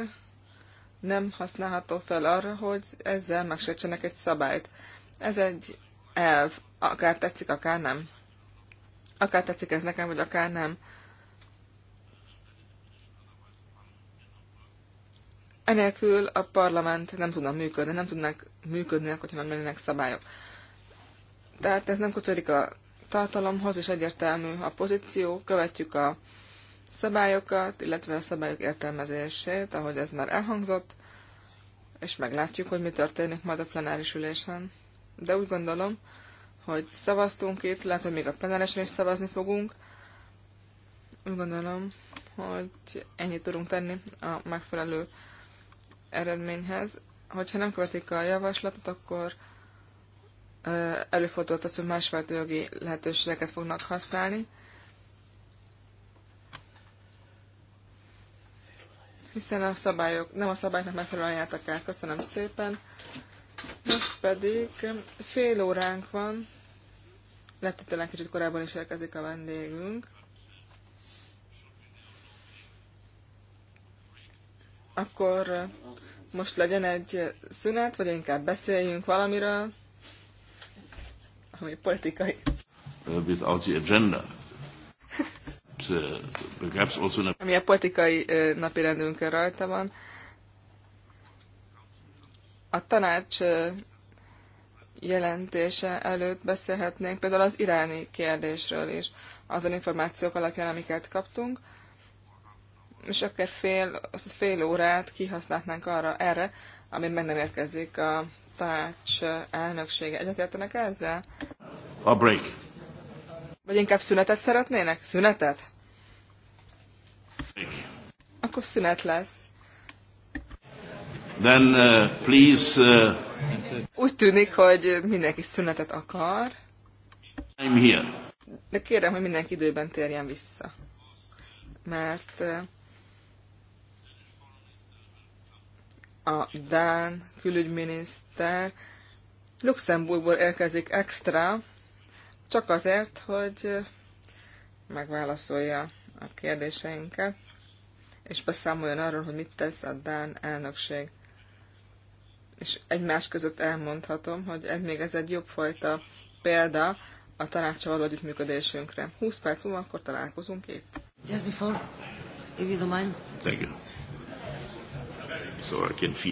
nem használható fel arra, hogy ezzel megsértsenek egy szabályt. Ez egy elv, akár tetszik, akár nem. Akár tetszik ez nekem, vagy akár nem. Enélkül a parlament nem tudna működni, nem tudnak működni, hogyha nem lennének szabályok. Tehát ez nem kötődik a tartalomhoz, és egyértelmű a pozíció, követjük a szabályokat, illetve a szabályok értelmezését, ahogy ez már elhangzott, és meglátjuk, hogy mi történik majd a plenáris ülésen. De úgy gondolom, hogy szavaztunk itt, lehet, hogy még a plenárisen is szavazni fogunk. Úgy gondolom, hogy ennyit tudunk tenni a megfelelő eredményhez. Hogyha nem követik a javaslatot, akkor előfordult, az, hogy másfajta jogi lehetőségeket fognak használni. Hiszen a szabályok, nem a szabályoknak megfelelően jártak el. Köszönöm szépen. Most pedig fél óránk van. Lehet, hogy talán kicsit korábban is érkezik a vendégünk. Akkor most legyen egy szünet, vagy inkább beszéljünk valamiről ami politikai. Uh, without the agenda. Uh, perhaps also a... Ami a politikai uh, rendünkön rajta van. A tanács jelentése előtt beszélhetnénk például az iráni kérdésről is, azon információk alapján, amiket kaptunk, és akár fél, fél órát kihasználhatnánk arra, erre, ami meg nem érkezik a tanács elnöksége. Egyetértenek ezzel? A break. Vagy inkább szünetet szeretnének? Szünetet? Break. Akkor szünet lesz. Then uh, please... Uh... Úgy tűnik, hogy mindenki szünetet akar. I'm here. De kérem, hogy mindenki időben térjen vissza. Mert uh, a Dán külügyminiszter Luxemburgból érkezik extra, csak azért, hogy megválaszolja a kérdéseinket, és beszámoljon arról, hogy mit tesz a Dán elnökség. És egymás között elmondhatom, hogy ez még ez egy jobb fajta példa a tanácsa való együttműködésünkre. 20 perc múlva akkor találkozunk itt. Just before, if you don't mind. Thank you so I can feel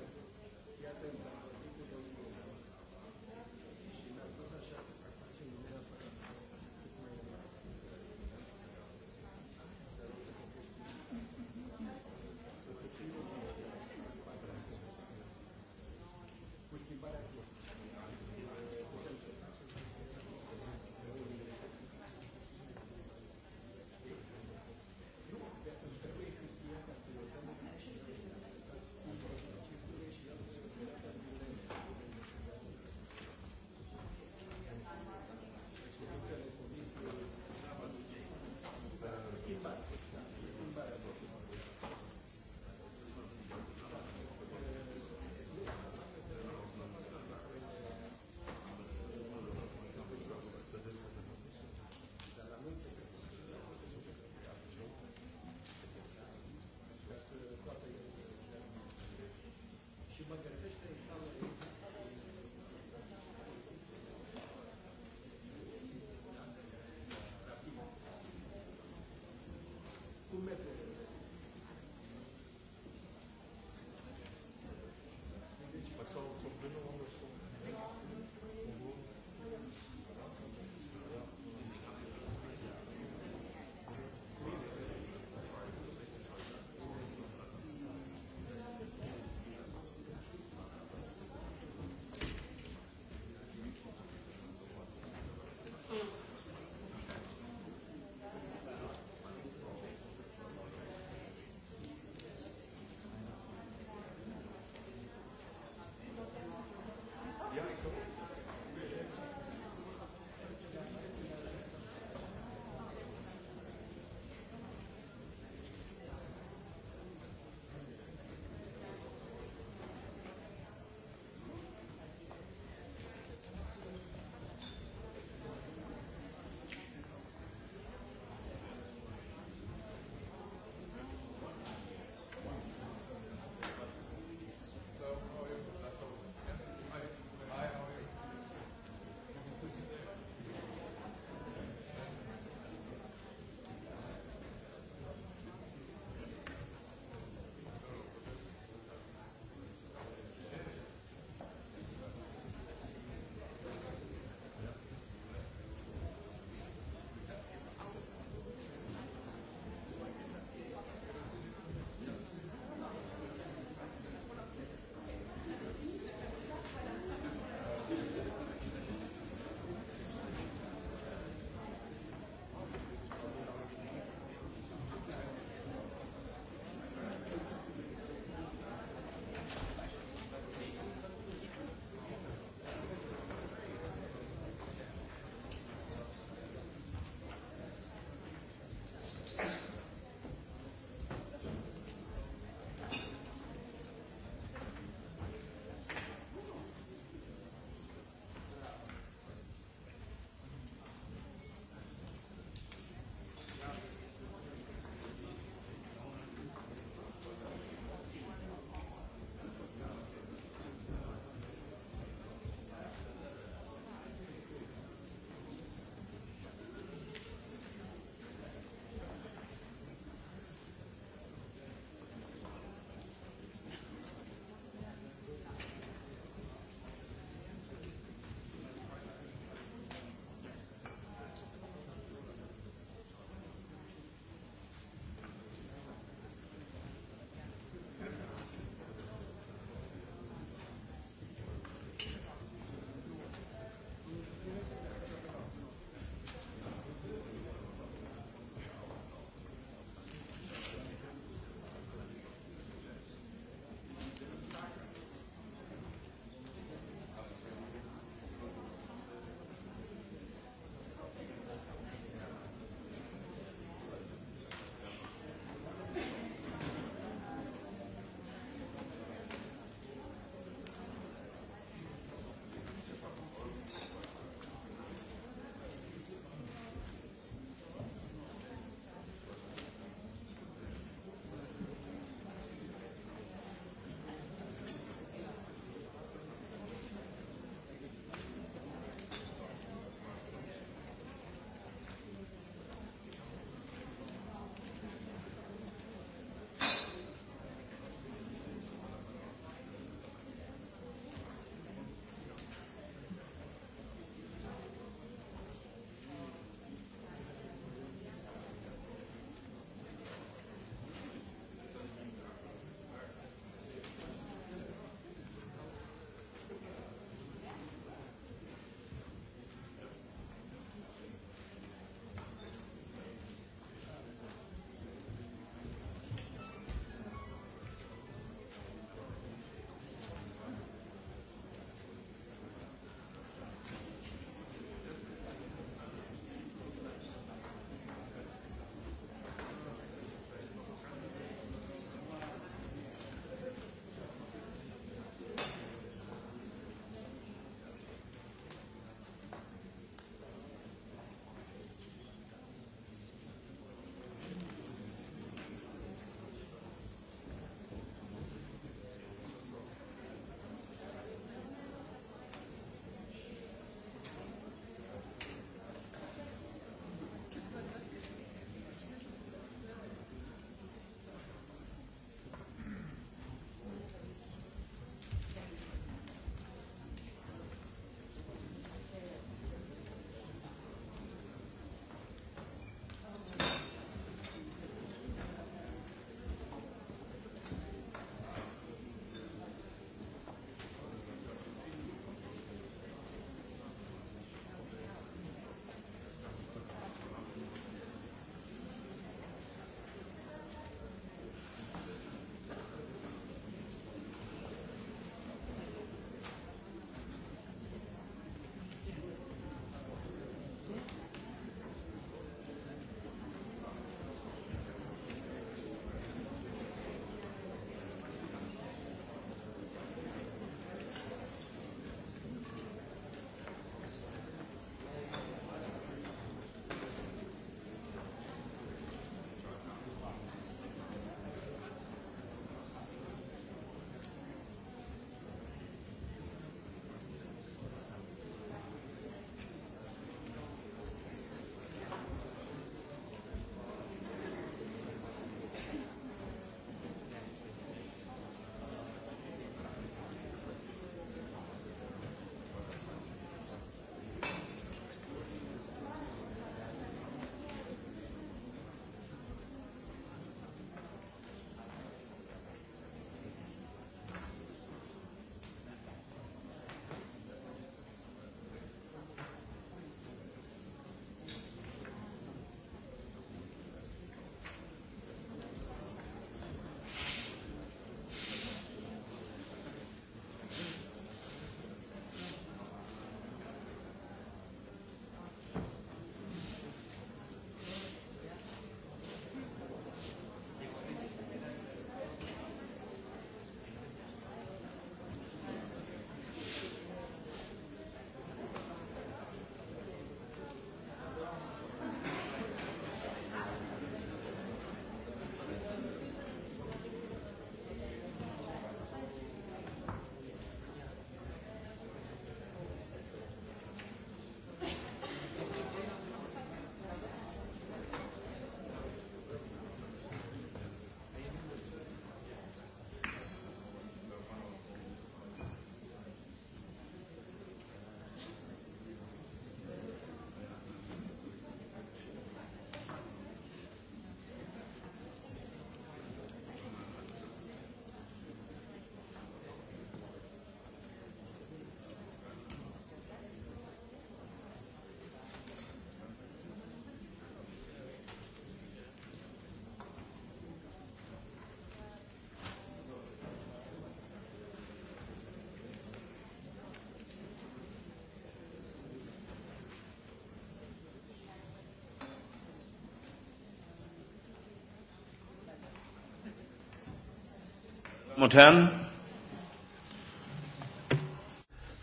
Mután.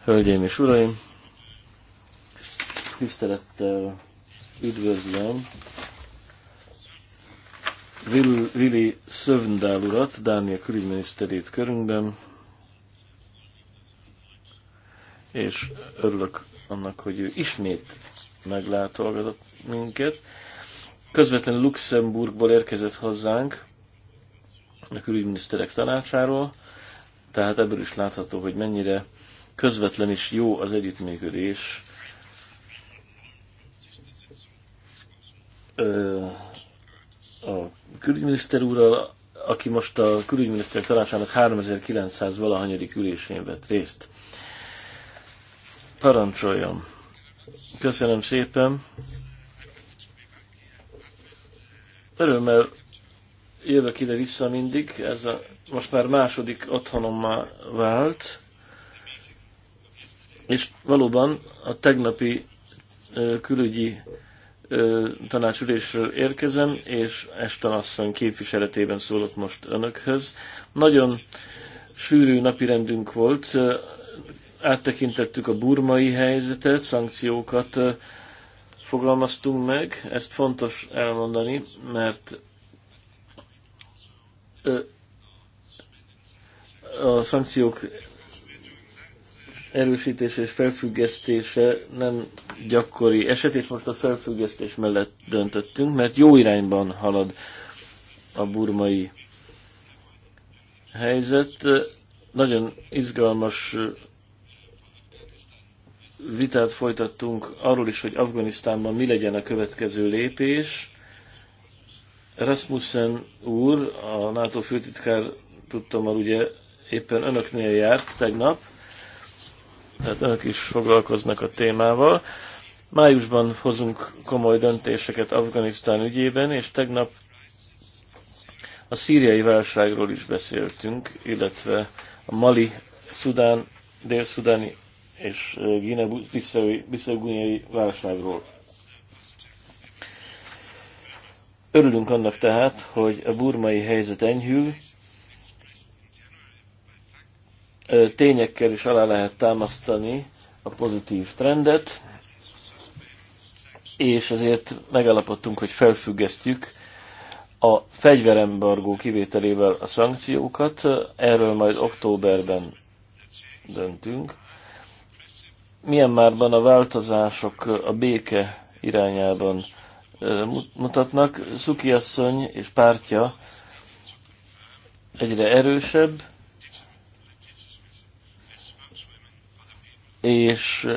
Hölgyeim és Uraim, tisztelettel üdvözlöm Vili Szövndál urat, Dániel külügyminiszterét körünkben, és örülök annak, hogy ő ismét meglátogatott minket. Közvetlenül Luxemburgból érkezett hozzánk, a külügyminiszterek tanácsáról, tehát ebből is látható, hogy mennyire közvetlen és jó az együttműködés a külügyminiszter úrral, aki most a külügyminiszter tanácsának 3900 valahanyadik ülésén vett részt. Parancsoljon! Köszönöm szépen! Örömmel jövök ide-vissza mindig, ez a, most már második otthonommá vált, és valóban a tegnapi ö, külügyi ö, tanácsülésről érkezem, és este asszony képviseletében szólok most önökhöz. Nagyon sűrű napirendünk volt, ö, áttekintettük a burmai helyzetet, szankciókat ö, fogalmaztunk meg, ezt fontos elmondani, mert a szankciók erősítése és felfüggesztése nem gyakori eset, és most a felfüggesztés mellett döntöttünk, mert jó irányban halad a burmai helyzet. Nagyon izgalmas vitát folytattunk arról is, hogy Afganisztánban mi legyen a következő lépés. Rasmussen úr, a NATO főtitkár tudtam már ugye éppen önöknél járt tegnap, tehát önök is foglalkoznak a témával. Májusban hozunk komoly döntéseket Afganisztán ügyében, és tegnap a szíriai válságról is beszéltünk, illetve a Mali, Szudán, dél-szudáni és Guinea-Bissau-guineai válságról. Örülünk annak tehát, hogy a burmai helyzet enyhül, tényekkel is alá lehet támasztani a pozitív trendet, és ezért megállapodtunk, hogy felfüggesztjük a fegyverembargó kivételével a szankciókat. Erről majd októberben döntünk. Milyen márban a változások a béke irányában mutatnak. Szuki asszony és pártja egyre erősebb, és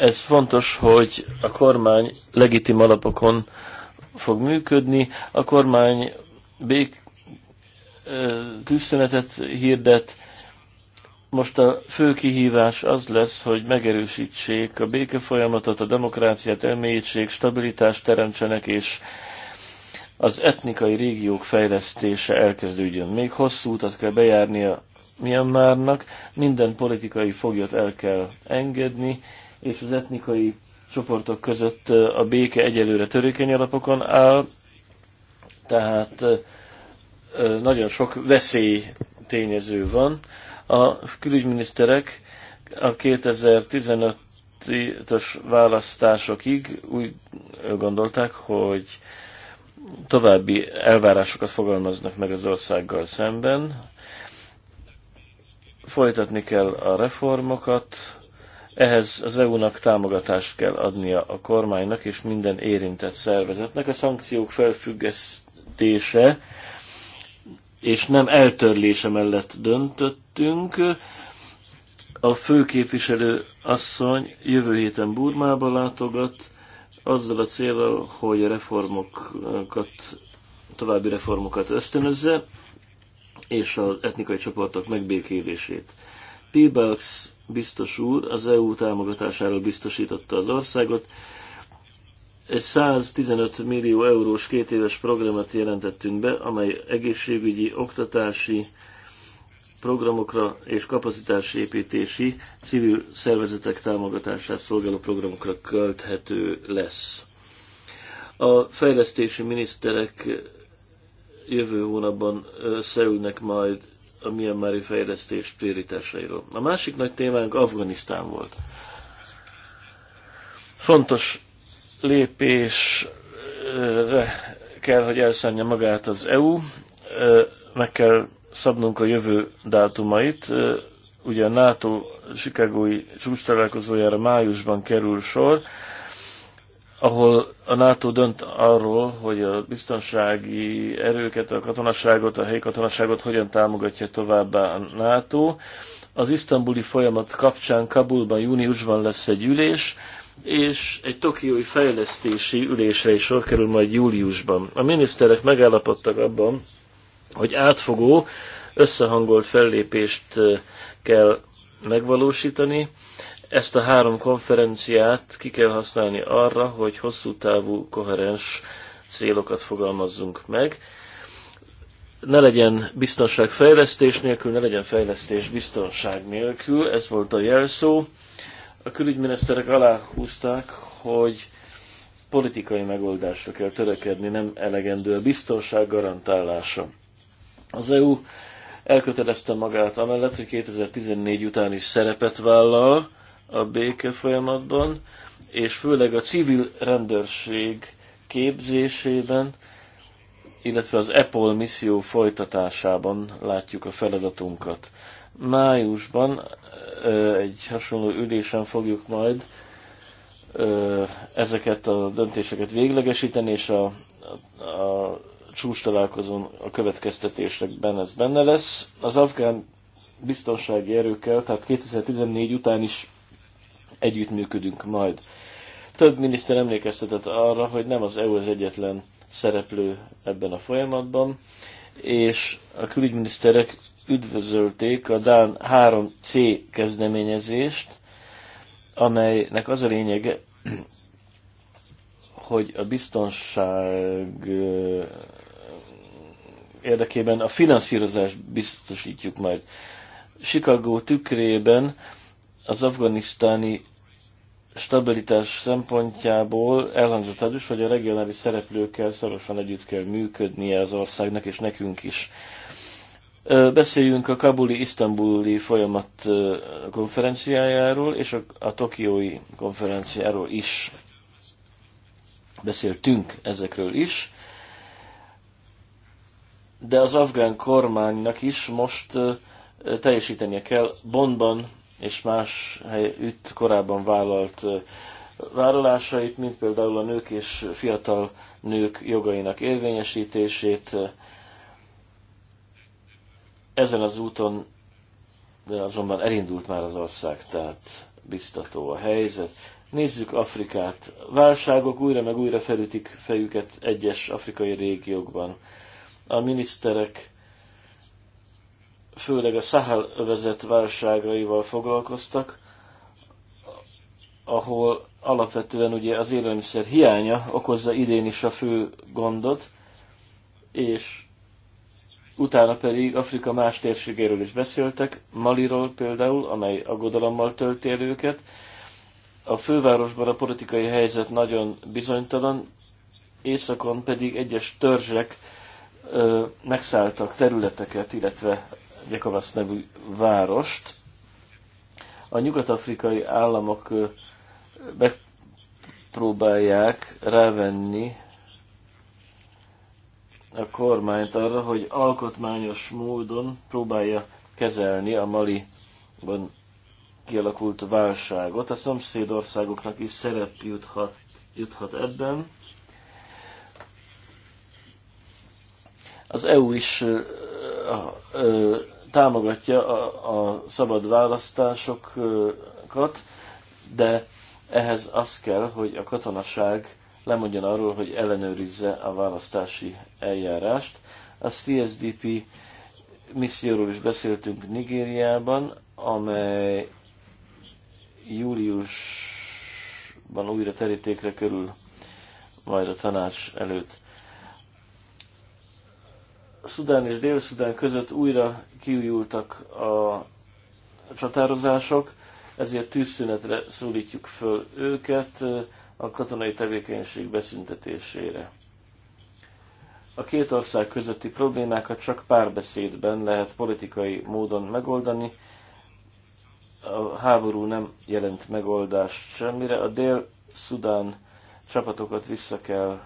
ez fontos, hogy a kormány legitim alapokon fog működni. A kormány bék tűzszünetet hirdet, most a fő kihívás az lesz, hogy megerősítsék a béke folyamatot, a demokráciát elmélyítsék, stabilitást teremtsenek, és az etnikai régiók fejlesztése elkezdődjön. Még hosszú utat kell bejárnia Myanmarnak, minden politikai foglyot el kell engedni, és az etnikai csoportok között a béke egyelőre törékeny alapokon áll, tehát nagyon sok veszély tényező van. A külügyminiszterek a 2015-ös választásokig úgy gondolták, hogy további elvárásokat fogalmaznak meg az országgal szemben, folytatni kell a reformokat, ehhez az EU-nak támogatást kell adnia a kormánynak és minden érintett szervezetnek. A szankciók felfüggesztése és nem eltörlése mellett döntöttünk. A főképviselő asszony jövő héten Burmába látogat, azzal a célral, hogy a reformokat, további reformokat ösztönözze, és az etnikai csoportok megbékélését. Peebles biztos úr az EU támogatásáról biztosította az országot, egy 115 millió eurós két éves programot jelentettünk be, amely egészségügyi, oktatási programokra és kapacitásépítési civil szervezetek támogatását szolgáló programokra költhető lesz. A fejlesztési miniszterek jövő hónapban összeülnek majd a Myanmari fejlesztés prioritásairól. A másik nagy témánk Afganisztán volt. Fontos lépésre kell, hogy elszánja magát az EU, meg kell szabnunk a jövő dátumait. Ugye a NATO Sikágói csúcs találkozójára májusban kerül sor, ahol a NATO dönt arról, hogy a biztonsági erőket, a katonaságot, a helyi katonaságot hogyan támogatja továbbá a NATO. Az isztambuli folyamat kapcsán Kabulban júniusban lesz egy ülés, és egy tokiói fejlesztési ülésre is sor kerül majd júliusban. A miniszterek megállapodtak abban, hogy átfogó, összehangolt fellépést kell megvalósítani. Ezt a három konferenciát ki kell használni arra, hogy hosszú távú, koherens célokat fogalmazzunk meg. Ne legyen biztonság fejlesztés nélkül, ne legyen fejlesztés biztonság nélkül, ez volt a jelszó a külügyminiszterek aláhúzták, hogy politikai megoldásra kell törekedni, nem elegendő a biztonság garantálása. Az EU elkötelezte magát amellett, hogy 2014 után is szerepet vállal a béke folyamatban, és főleg a civil rendőrség képzésében, illetve az EPOL misszió folytatásában látjuk a feladatunkat. Májusban egy hasonló ülésen fogjuk majd ezeket a döntéseket véglegesíteni, és a, a, a csúcs találkozón a következtetésekben ez benne lesz. Az afgán biztonsági erőkkel, tehát 2014 után is együttműködünk majd. Több miniszter emlékeztetett arra, hogy nem az EU az egyetlen szereplő ebben a folyamatban, és a külügyminiszterek üdvözölték a Dán 3C kezdeményezést, amelynek az a lényege, hogy a biztonság érdekében a finanszírozást biztosítjuk majd. Chicago tükrében az afganisztáni stabilitás szempontjából elhangzott az is, hogy a regionális szereplőkkel szorosan együtt kell működnie az országnak, és nekünk is. Beszéljünk a Kabuli-Isztambuli folyamat konferenciájáról és a, a Tokiói konferenciáról is. Beszéltünk ezekről is, de az afgán kormánynak is most teljesítenie kell Bonban és más helyütt korábban vállalt vállalásait, mint például a nők és fiatal nők jogainak érvényesítését, ezen az úton de azonban elindult már az ország, tehát biztató a helyzet. Nézzük Afrikát. Válságok újra meg újra felütik fejüket egyes afrikai régiókban. A miniszterek főleg a Sahel övezet válságaival foglalkoztak, ahol alapvetően ugye az élelmiszer hiánya okozza idén is a fő gondot, és Utána pedig Afrika más térségéről is beszéltek, Maliról például, amely aggodalommal tölti el őket. A fővárosban a politikai helyzet nagyon bizonytalan, északon pedig egyes törzsek ö, megszálltak területeket, illetve Gyakavasz nevű várost. A nyugat-afrikai államok ö, megpróbálják rávenni a kormányt arra, hogy alkotmányos módon próbálja kezelni a Maliban kialakult válságot. A szomszédországoknak is szerep juthat, juthat ebben. Az EU is ö, ö, támogatja a, a szabad választásokat, de ehhez az kell, hogy a katonaság lemondjon arról, hogy ellenőrizze a választási eljárást. A CSDP misszióról is beszéltünk Nigériában, amely júliusban újra terítékre kerül majd a tanács előtt. Szudán és Dél-Szudán között újra kiújultak a csatározások, ezért tűzszünetre szólítjuk föl őket a katonai tevékenység beszüntetésére. A két ország közötti problémákat csak párbeszédben lehet politikai módon megoldani. A háború nem jelent megoldást semmire. A dél-szudán csapatokat vissza kell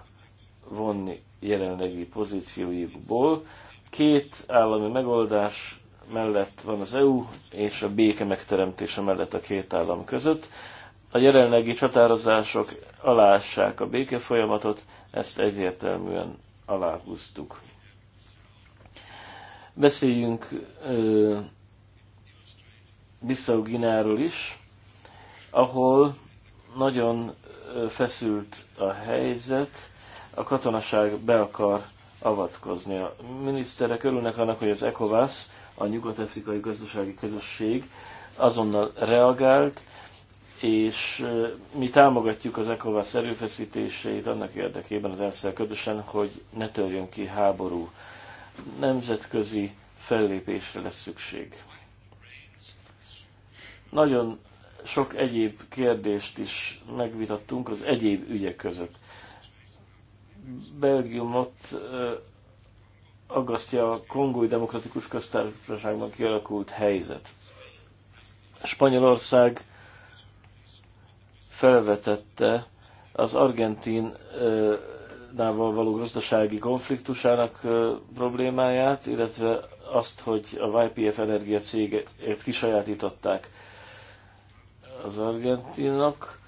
vonni jelenlegi pozíciójukból. Két állami megoldás mellett van az EU, és a béke megteremtése mellett a két állam között. A jelenlegi csatározások alássák a béke folyamatot, ezt egyértelműen aláhúztuk. Beszéljünk Bissau Gináról is, ahol nagyon feszült a helyzet, a katonaság be akar avatkozni. A miniszterek örülnek annak, hogy az ECOWAS, a Nyugat-Afrikai Gazdasági Közösség azonnal reagált, és mi támogatjuk az ECOWAS erőfeszítéseit annak érdekében az ensz közösen, hogy ne törjön ki háború. Nemzetközi fellépésre lesz szükség. Nagyon sok egyéb kérdést is megvitattunk az egyéb ügyek között. Belgiumot aggasztja a Kongói Demokratikus Köztársaságban kialakult helyzet. Spanyolország felvetette az Argentinával való gazdasági konfliktusának problémáját, illetve azt, hogy a YPF energia cégét kisajátították az argentinnak.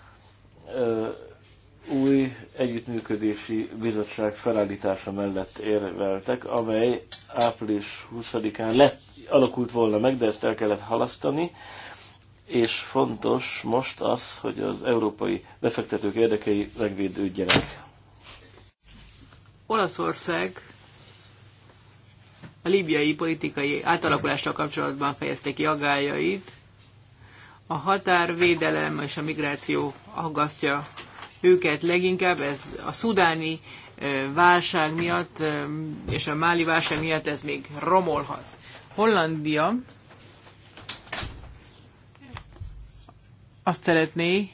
Új együttműködési bizottság felállítása mellett érveltek, amely április 20-án lett, alakult volna meg, de ezt el kellett halasztani és fontos most az, hogy az európai befektetők érdekei megvédődjenek. Olaszország a líbiai politikai átalakulással kapcsolatban fejezte ki aggájait. A határvédelem és a migráció aggasztja őket leginkább. Ez a szudáni eh, válság miatt eh, és a máli válság miatt ez még romolhat. Hollandia azt szeretné,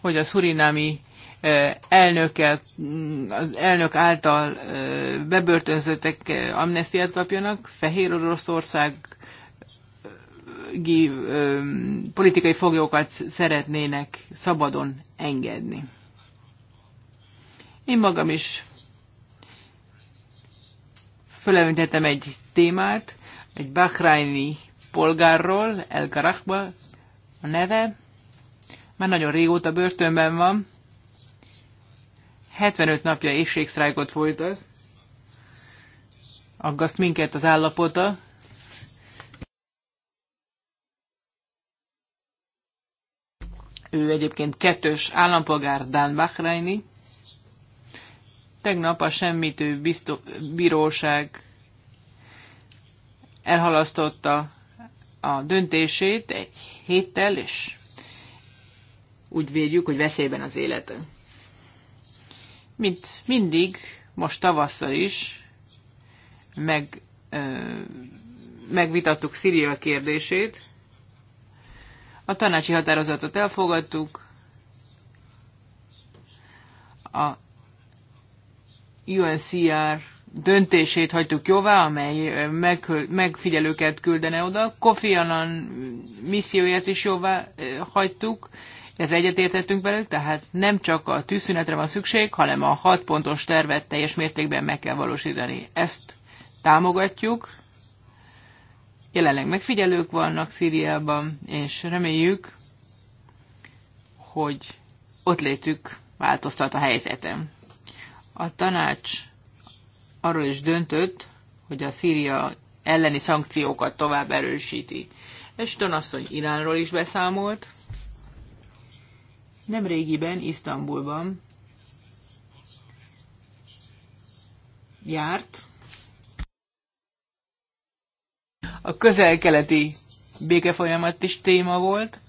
hogy a szurinámi eh, elnökkel, mm, az elnök által eh, bebörtönzöttek eh, amnestiát kapjanak, Fehér Oroszország politikai foglyokat szeretnének szabadon engedni. Én magam is fölemlítettem egy témát, egy bahraini polgárról, El Karakba, a neve. Már nagyon régóta börtönben van. 75 napja éjségsztrájkot folytat. Aggaszt minket az állapota. Ő egyébként kettős állampolgár Dán Bahreini. Tegnap a semmitő bíróság elhalasztotta a döntését egy héttel, és úgy védjük, hogy veszélyben az élet. Mint mindig, most tavasszal is meg, ö, megvitattuk Szíria kérdését, a tanácsi határozatot elfogadtuk, a UNCR döntését hagytuk jóvá, amely megfigyelőket küldene oda. Kofi Annan misszióját is jóvá hagytuk, ez egyetértettünk velük, tehát nem csak a tűzszünetre van szükség, hanem a hat pontos tervet teljes mértékben meg kell valósítani. Ezt támogatjuk. Jelenleg megfigyelők vannak Szíriában, és reméljük, hogy ott létük változtat a helyzetem. A tanács arról is döntött, hogy a Szíria elleni szankciókat tovább erősíti. és asszony Iránról is beszámolt. Nem régiben, Isztambulban járt a közel-keleti békefolyamat is téma volt.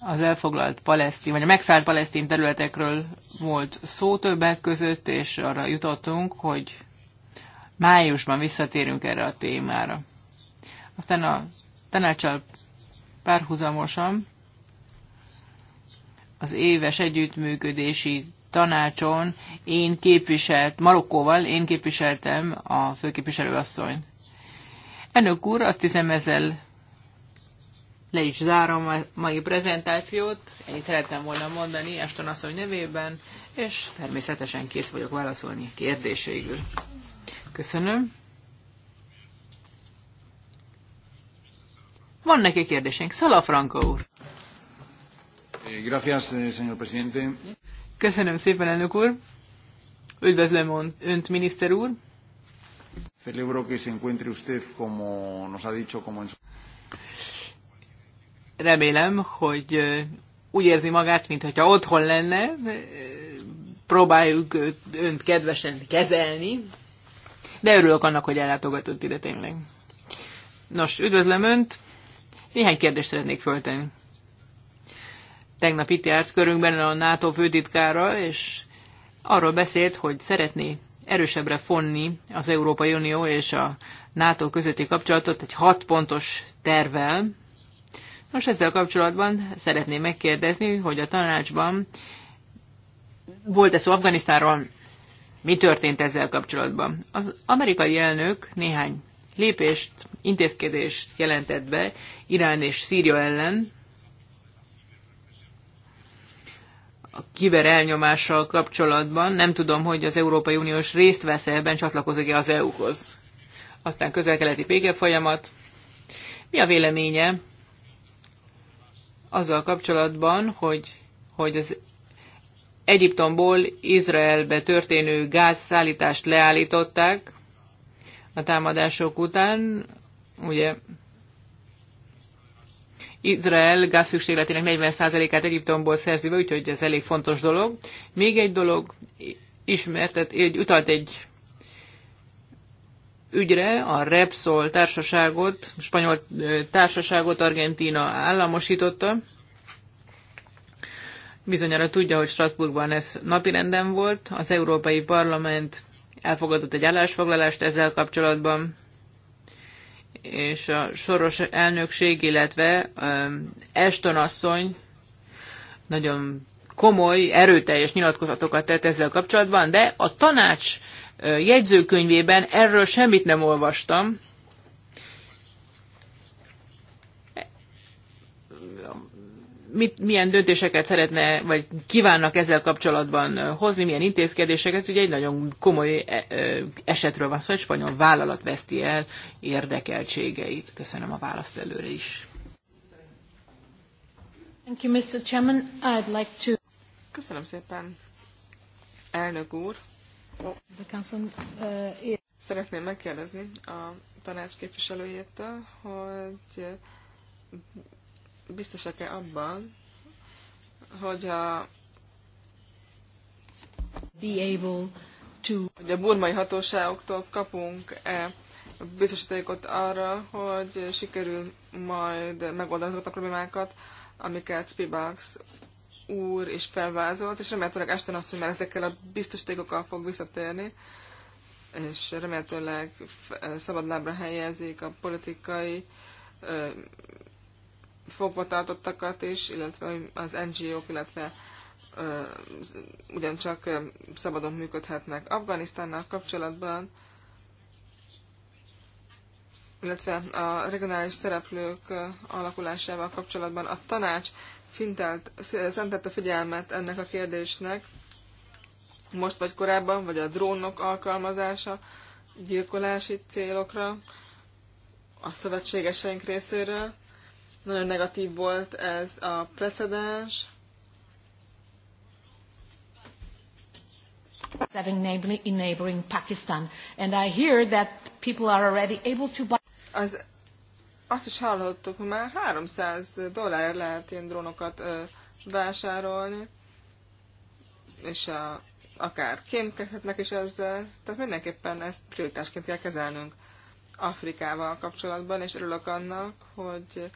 Az elfoglalt palesztin, vagy a megszállt palesztin területekről volt szó többek között, és arra jutottunk, hogy Májusban visszatérünk erre a témára. Aztán a tanácsal párhuzamosan az éves együttműködési tanácson én képviselt, Marokkóval én képviseltem a főképviselőasszony. Ennök úr, azt hiszem ezzel le is zárom a mai prezentációt, ennyit szerettem volna mondani Eston asszony nevében, és természetesen kész vagyok válaszolni kérdéseigül. Köszönöm. Van neki kérdésénk. Szalafranka úr. Eh, gracias, eh, señor presidente. Köszönöm szépen, elnök úr. Üdvözlöm önt, miniszter úr. Celebro que se encuentre usted, como nos ha dicho, como en su... Remélem, hogy eh, úgy érzi magát, mintha otthon lenne. Próbáljuk önt kedvesen kezelni, de örülök annak, hogy ellátogatott ide tényleg. Nos, üdvözlöm Önt! Néhány kérdést szeretnék föltenni. Tegnap itt járt körünkben a NATO főtitkára, és arról beszélt, hogy szeretné erősebbre fonni az Európai Unió és a NATO közötti kapcsolatot egy hat pontos tervvel. Most ezzel kapcsolatban szeretném megkérdezni, hogy a tanácsban volt-e szó Afganisztánról, mi történt ezzel kapcsolatban? Az amerikai elnök néhány lépést, intézkedést jelentett be Irán és Szíria ellen, a kiber elnyomással kapcsolatban. Nem tudom, hogy az Európai Uniós részt vesz ebben, csatlakozik-e az EU-hoz. Aztán közel-keleti folyamat. Mi a véleménye azzal kapcsolatban, hogy, hogy az Egyiptomból Izraelbe történő gázszállítást leállították a támadások után. Ugye Izrael gázszükségletének 40%-át Egyiptomból szerzi be, úgyhogy ez elég fontos dolog. Még egy dolog, ismertet, egy, utalt egy ügyre a Repsol társaságot, spanyol eh, társaságot Argentina államosította, Bizonyára tudja, hogy Strasbourgban ez napirenden volt. Az Európai Parlament elfogadott egy állásfoglalást ezzel kapcsolatban, és a soros elnökség, illetve Eston um, asszony nagyon komoly, erőteljes nyilatkozatokat tett ezzel kapcsolatban, de a tanács uh, jegyzőkönyvében erről semmit nem olvastam. mit, milyen döntéseket szeretne, vagy kívánnak ezzel kapcsolatban hozni, milyen intézkedéseket. Ugye egy nagyon komoly esetről van szó, szóval egy spanyol vállalat veszti el érdekeltségeit. Köszönöm a választ előre is. Thank you, Mr. Chairman. I'd like to... Köszönöm szépen, elnök úr. The council, uh, Szeretném megkérdezni a tanács képviselőjétől, hogy biztosak-e abban, hogy a be able to... hogy a burmai hatóságoktól kapunk-e biztosítékot arra, hogy sikerül majd megoldani azokat a problémákat, amiket Spibax úr is felvázolt, és remélhetőleg Ashton azt, hogy már ezekkel a biztosítékokkal fog visszatérni, és remélhetőleg szabadlábra helyezik a politikai fogvatartottakat is, illetve az NGO-k, illetve ö, ugyancsak ö, szabadon működhetnek. Afganisztánnal kapcsolatban, illetve a regionális szereplők alakulásával kapcsolatban a tanács fintelt, szentette figyelmet ennek a kérdésnek, most vagy korábban, vagy a drónok alkalmazása gyilkolási célokra a szövetségeseink részéről, nagyon negatív volt ez a precedens. in neighboring Pakistan. And I hear that people are already able to buy... Az, azt is hallottuk, hogy már 300 dollár lehet ilyen drónokat ö, vásárolni, és a, akár kémkedhetnek is ezzel, tehát mindenképpen ezt prioritásként kell kezelnünk Afrikával kapcsolatban, és örülök annak, hogy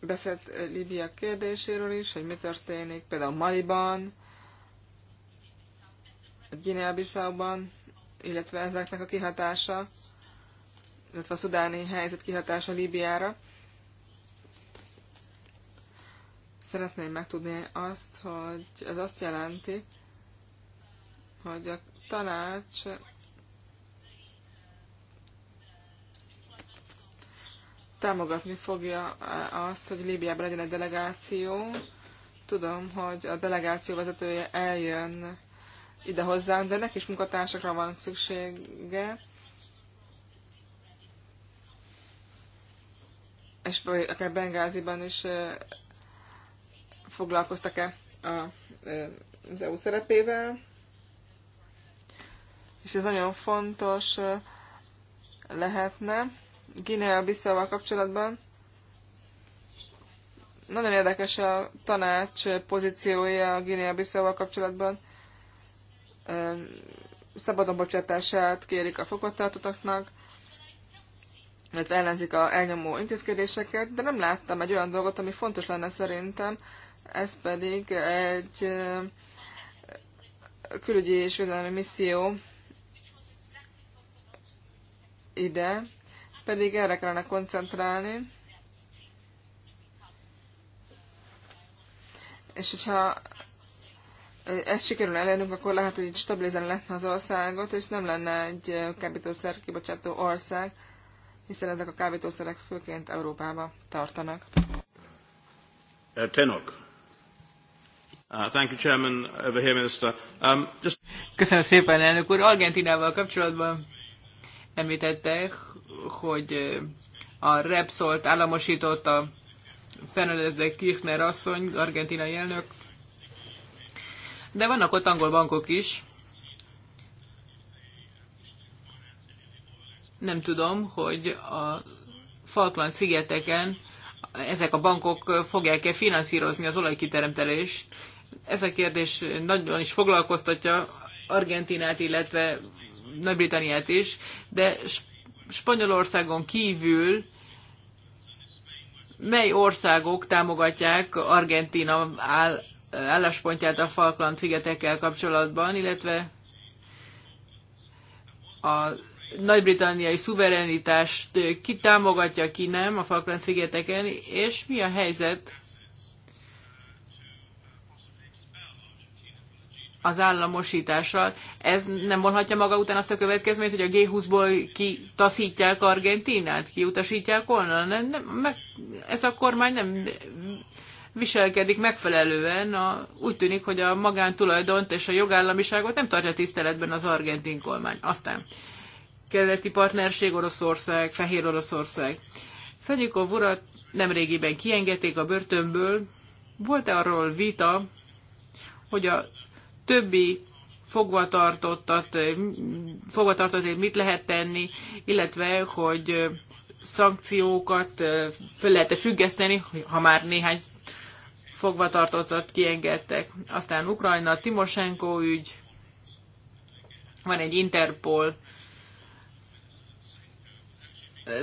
beszélt Líbia kérdéséről is, hogy mi történik, például Maliban, Guinea-Bissauban, illetve ezeknek a kihatása, illetve a szudáni helyzet kihatása Líbiára. Szeretném megtudni azt, hogy ez azt jelenti, hogy a tanács támogatni fogja eh, azt, hogy Líbiában legyen egy delegáció. Tudom, hogy a delegáció vezetője eljön ide hozzánk, de neki is munkatársakra van szüksége. És akár Bengáziban is eh, foglalkoztak-e eh, az EU szerepével. És ez nagyon fontos lehetne Guinea Bissau-val kapcsolatban. Nagyon érdekes a tanács pozíciója a Guinea Bissau-val kapcsolatban. Szabadon bocsátását kérik a fogvatartottaknak, illetve ellenzik a elnyomó intézkedéseket, de nem láttam egy olyan dolgot, ami fontos lenne szerintem, ez pedig egy külügyi és védelmi misszió ide, pedig erre kellene koncentrálni. És hogyha ezt sikerül elérnünk, akkor lehet, hogy stabilizálni lehetne az országot, és nem lenne egy kábítószer kibocsátó ország, hiszen ezek a kábítószerek főként Európába tartanak. Uh, Tenok. Uh, um, Köszönöm szépen, elnök úr. Argentinával kapcsolatban említette, hogy a Repsolt államosította Fernandez de Kirchner asszony, argentinai elnök. De vannak ott angol bankok is. Nem tudom, hogy a Falkland szigeteken ezek a bankok fogják-e finanszírozni az olajkiteremtelést. Ez a kérdés nagyon is foglalkoztatja Argentinát, illetve Nagy-Britanniát is, de Spanyolországon kívül mely országok támogatják Argentina áll, álláspontját a Falkland szigetekkel kapcsolatban, illetve a nagy-britanniai szuverenitást ki támogatja, ki nem a Falkland szigeteken, és mi a helyzet az államosítással. Ez nem vonhatja maga után azt a következményt, hogy a G20-ból kitaszítják Argentinát, kiutasítják volna? Nem, nem, meg, ez a kormány nem viselkedik megfelelően. A, úgy tűnik, hogy a magántulajdont és a jogállamiságot nem tartja tiszteletben az argentin kormány. Aztán keleti partnerség Oroszország, Fehér Oroszország. Szanyikov urat nemrégiben kiengedték a börtönből. Volt-e arról vita, hogy a többi fogvatartottat, fogvatartottat mit lehet tenni, illetve hogy szankciókat föl lehet-e függeszteni, ha már néhány fogvatartottat kiengedtek. Aztán Ukrajna, Timosenko ügy, van egy Interpol,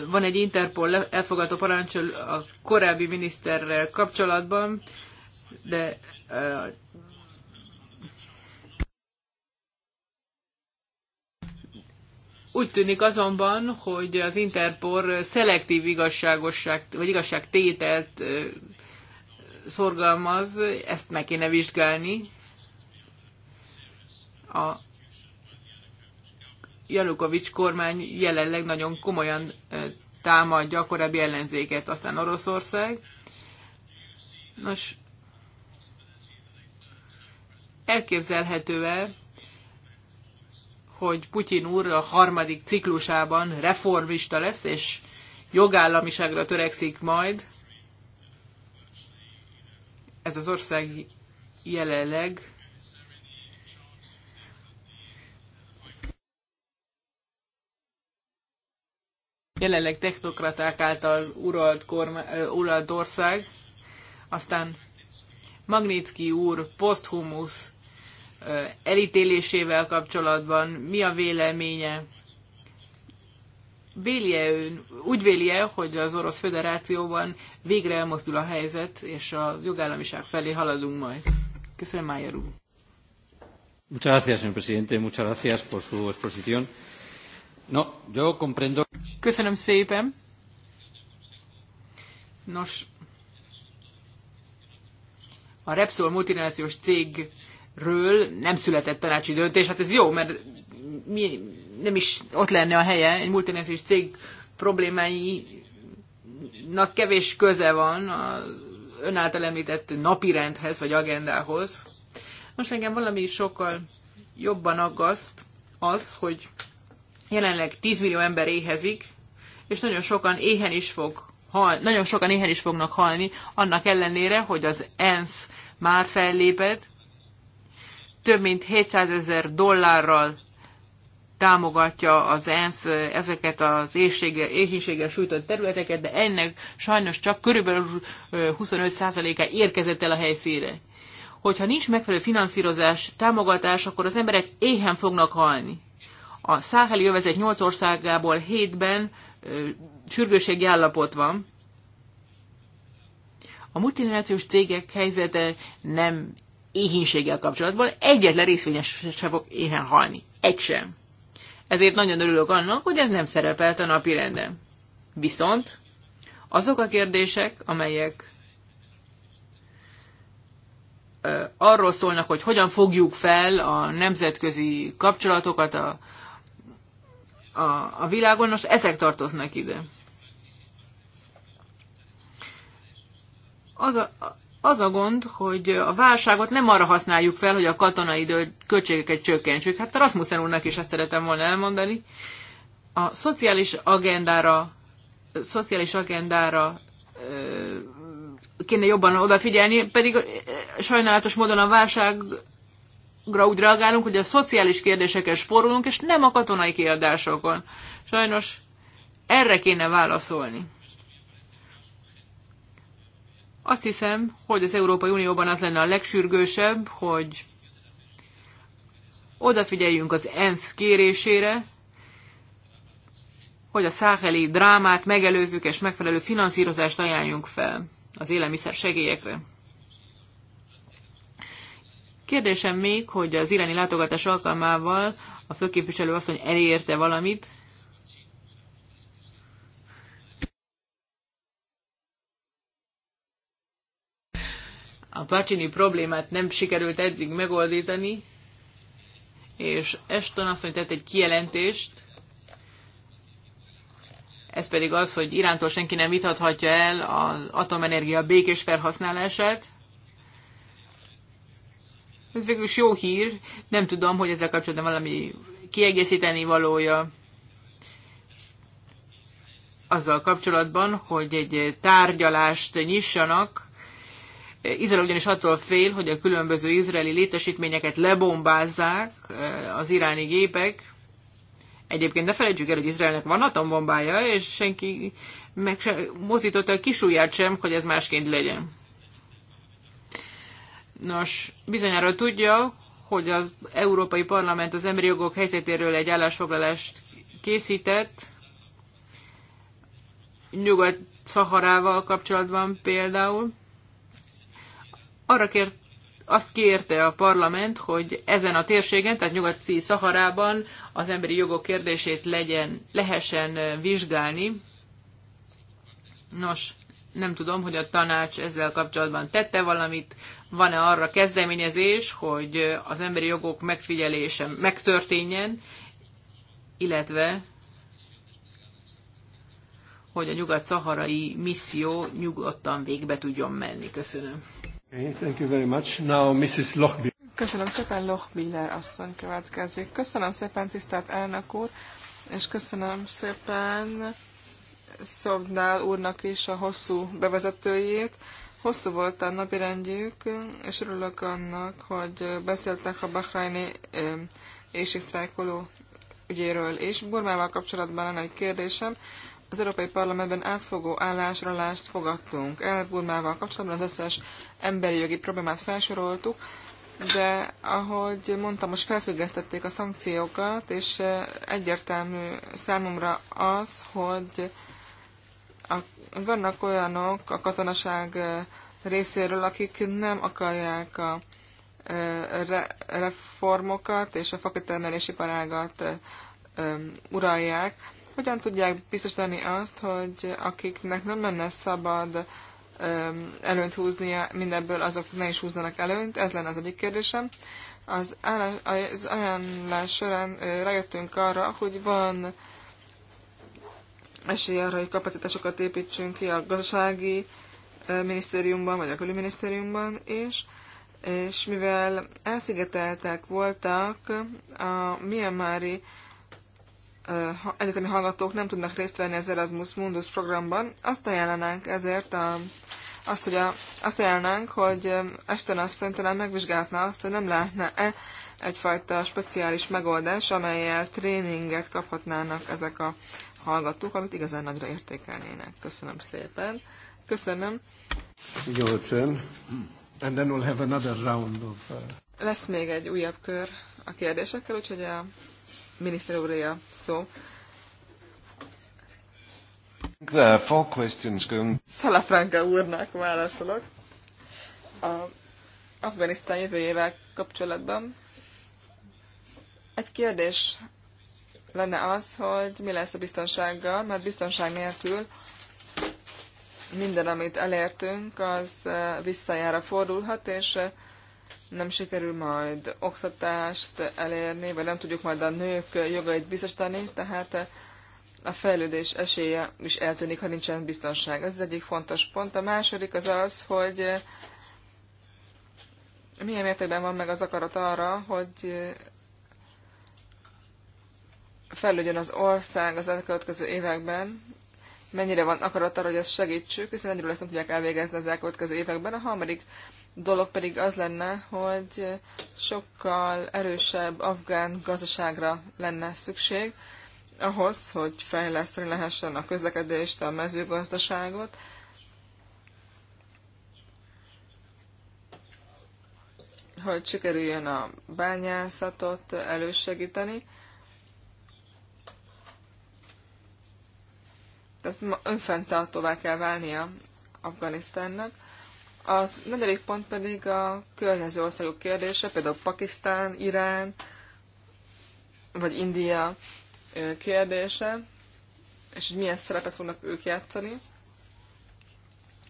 van egy Interpol elfogadó parancsol a korábbi miniszterrel kapcsolatban, de Úgy tűnik azonban, hogy az Interpol szelektív igazságosság, vagy igazság tételt szorgalmaz, ezt meg kéne vizsgálni. A Janukovics kormány jelenleg nagyon komolyan támadja a korábbi ellenzéket, aztán Oroszország. Nos, elképzelhető-e, hogy Putyin úr a harmadik ciklusában reformista lesz, és jogállamiságra törekszik majd. Ez az ország jelenleg jelenleg technokraták által uralt, korma, uralt ország. Aztán Magnitsky úr poszthumusz elítélésével kapcsolatban, mi a véleménye? véli ön, úgy véli-e, hogy az Orosz Föderációban végre elmozdul a helyzet, és a jogállamiság felé haladunk majd. Köszönöm, Májer úr. Muchas gracias, señor presidente. Muchas gracias por su exposición. No, yo comprendo... Köszönöm szépen. Nos, a Repsol multinációs cég ről nem született tanácsi döntés. Hát ez jó, mert mi, nem is ott lenne a helye. Egy multinacionális cég problémáinak kevés köze van az ön által említett napirendhez vagy agendához. Most engem valami sokkal jobban aggaszt az, hogy jelenleg 10 millió ember éhezik, és nagyon sokan éhen is fog hal, nagyon sokan éhen is fognak halni, annak ellenére, hogy az ENSZ már fellépett, több mint 700 ezer dollárral támogatja az ENSZ ezeket az éhénységgel sújtott területeket, de ennek sajnos csak körülbelül 25%-a érkezett el a helyszínre. Hogyha nincs megfelelő finanszírozás, támogatás, akkor az emberek éhen fognak halni. A száheli övezet 8 országából 7-ben sürgőségi állapot van. A multinációs cégek helyzete nem éhínséggel kapcsolatban egyetlen részvényes sem fog éhen halni. Egy sem. Ezért nagyon örülök annak, hogy ez nem szerepelt a napi renden. Viszont azok a kérdések, amelyek arról szólnak, hogy hogyan fogjuk fel a nemzetközi kapcsolatokat a, a, a világon, most ezek tartoznak ide. Az a, az a gond, hogy a válságot nem arra használjuk fel, hogy a katonai költségeket csökkentsük. Hát Rasmussen úrnak is ezt szeretem volna elmondani. A szociális agendára, szociális agendára kéne jobban odafigyelni, pedig sajnálatos módon a válságra úgy reagálunk, hogy a szociális kérdésekkel sporulunk, és nem a katonai kiadásokon. Sajnos erre kéne válaszolni. Azt hiszem, hogy az Európai Unióban az lenne a legsürgősebb, hogy odafigyeljünk az ENSZ kérésére, hogy a száheli drámát megelőzzük és megfelelő finanszírozást ajánljunk fel az élelmiszer segélyekre. Kérdésem még, hogy az iráni látogatás alkalmával a főképviselő asszony elérte valamit a Pacini problémát nem sikerült eddig megoldítani, és Eston azt mondja, tett egy kijelentést, ez pedig az, hogy Irántól senki nem vitathatja el az atomenergia békés felhasználását. Ez végül is jó hír, nem tudom, hogy ezzel kapcsolatban valami kiegészíteni valója azzal kapcsolatban, hogy egy tárgyalást nyissanak Izrael ugyanis attól fél, hogy a különböző izraeli létesítményeket lebombázzák eh, az iráni gépek. Egyébként ne felejtsük el, hogy Izraelnek van atombombája, és senki meg se mozította a kisúját sem, hogy ez másként legyen. Nos, bizonyára tudja, hogy az Európai Parlament az emberi jogok helyzetéről egy állásfoglalást készített, Nyugat-Szaharával kapcsolatban például arra kér, azt kérte a parlament, hogy ezen a térségen, tehát nyugati Szaharában az emberi jogok kérdését legyen, lehessen vizsgálni. Nos, nem tudom, hogy a tanács ezzel kapcsolatban tette valamit, van-e arra kezdeményezés, hogy az emberi jogok megfigyelése megtörténjen, illetve hogy a nyugat-szaharai misszió nyugodtan végbe tudjon menni. Köszönöm. Okay, thank you very much. Now Mrs. Köszönöm szépen, Lochbiller asszony következik. Köszönöm szépen, tisztelt elnök úr, és köszönöm szépen Szognál úrnak is a hosszú bevezetőjét. Hosszú volt a napirendjük, és örülök annak, hogy beszéltek a Bahraini éjségsztrájkoló ügyéről is. Burmával kapcsolatban lenne egy kérdésem az Európai Parlamentben átfogó állásralást fogadtunk el Burmával kapcsolatban, az összes emberi jogi problémát felsoroltuk, de ahogy mondtam, most felfüggesztették a szankciókat, és eh, egyértelmű számomra az, hogy a, vannak olyanok a katonaság eh, részéről, akik nem akarják a eh, re, reformokat és a fakitermelési parágat uralják, hogyan tudják biztosítani azt, hogy akiknek nem lenne szabad előnyt húznia, mindebből azok ne is húzzanak előnyt? Ez lenne az egyik kérdésem. Az, állás, az ajánlás során rájöttünk arra, hogy van esély arra, hogy kapacitásokat építsünk ki a gazdasági minisztériumban, vagy a külügyminisztériumban is, és mivel elszigeteltek voltak a Myanmari egyetemi hallgatók nem tudnak részt venni az Erasmus Mundus programban. Azt ajánlanánk ezért a, azt, hogy a, azt ajánlanánk, hogy Esten asszony talán megvizsgálhatna azt, hogy nem lehetne-e egyfajta speciális megoldás, amelyel tréninget kaphatnának ezek a hallgatók, amit igazán nagyra értékelnének. Köszönöm szépen. Köszönöm. Jó And then we'll have another round of... Uh... Lesz még egy újabb kör a kérdésekkel, úgyhogy a miniszter szó. Four questions going... Salafranca úrnak válaszolok. A Afganisztán jövőjével kapcsolatban. Egy kérdés lenne az, hogy mi lesz a biztonsággal, mert biztonság nélkül minden, amit elértünk, az visszajára fordulhat, és nem sikerül majd oktatást elérni, vagy nem tudjuk majd a nők jogait biztosítani, tehát a fejlődés esélye is eltűnik, ha nincsen biztonság. Ez az egyik fontos pont. A második az az, hogy milyen mértékben van meg az akarat arra, hogy fejlődjön az ország az elkövetkező években, mennyire van akarat arra, hogy ezt segítsük, hiszen egyről ezt nem tudják elvégezni az elkövetkező években. A harmadik dolog pedig az lenne, hogy sokkal erősebb afgán gazdaságra lenne szükség, ahhoz, hogy fejleszteni lehessen a közlekedést, a mezőgazdaságot. hogy sikerüljön a bányászatot elősegíteni. Tehát önfenntartóvá kell válnia Afganisztánnak. Az negyedik pont pedig a környező országok kérdése, például Pakisztán, Irán vagy India kérdése, és hogy milyen szerepet fognak ők játszani.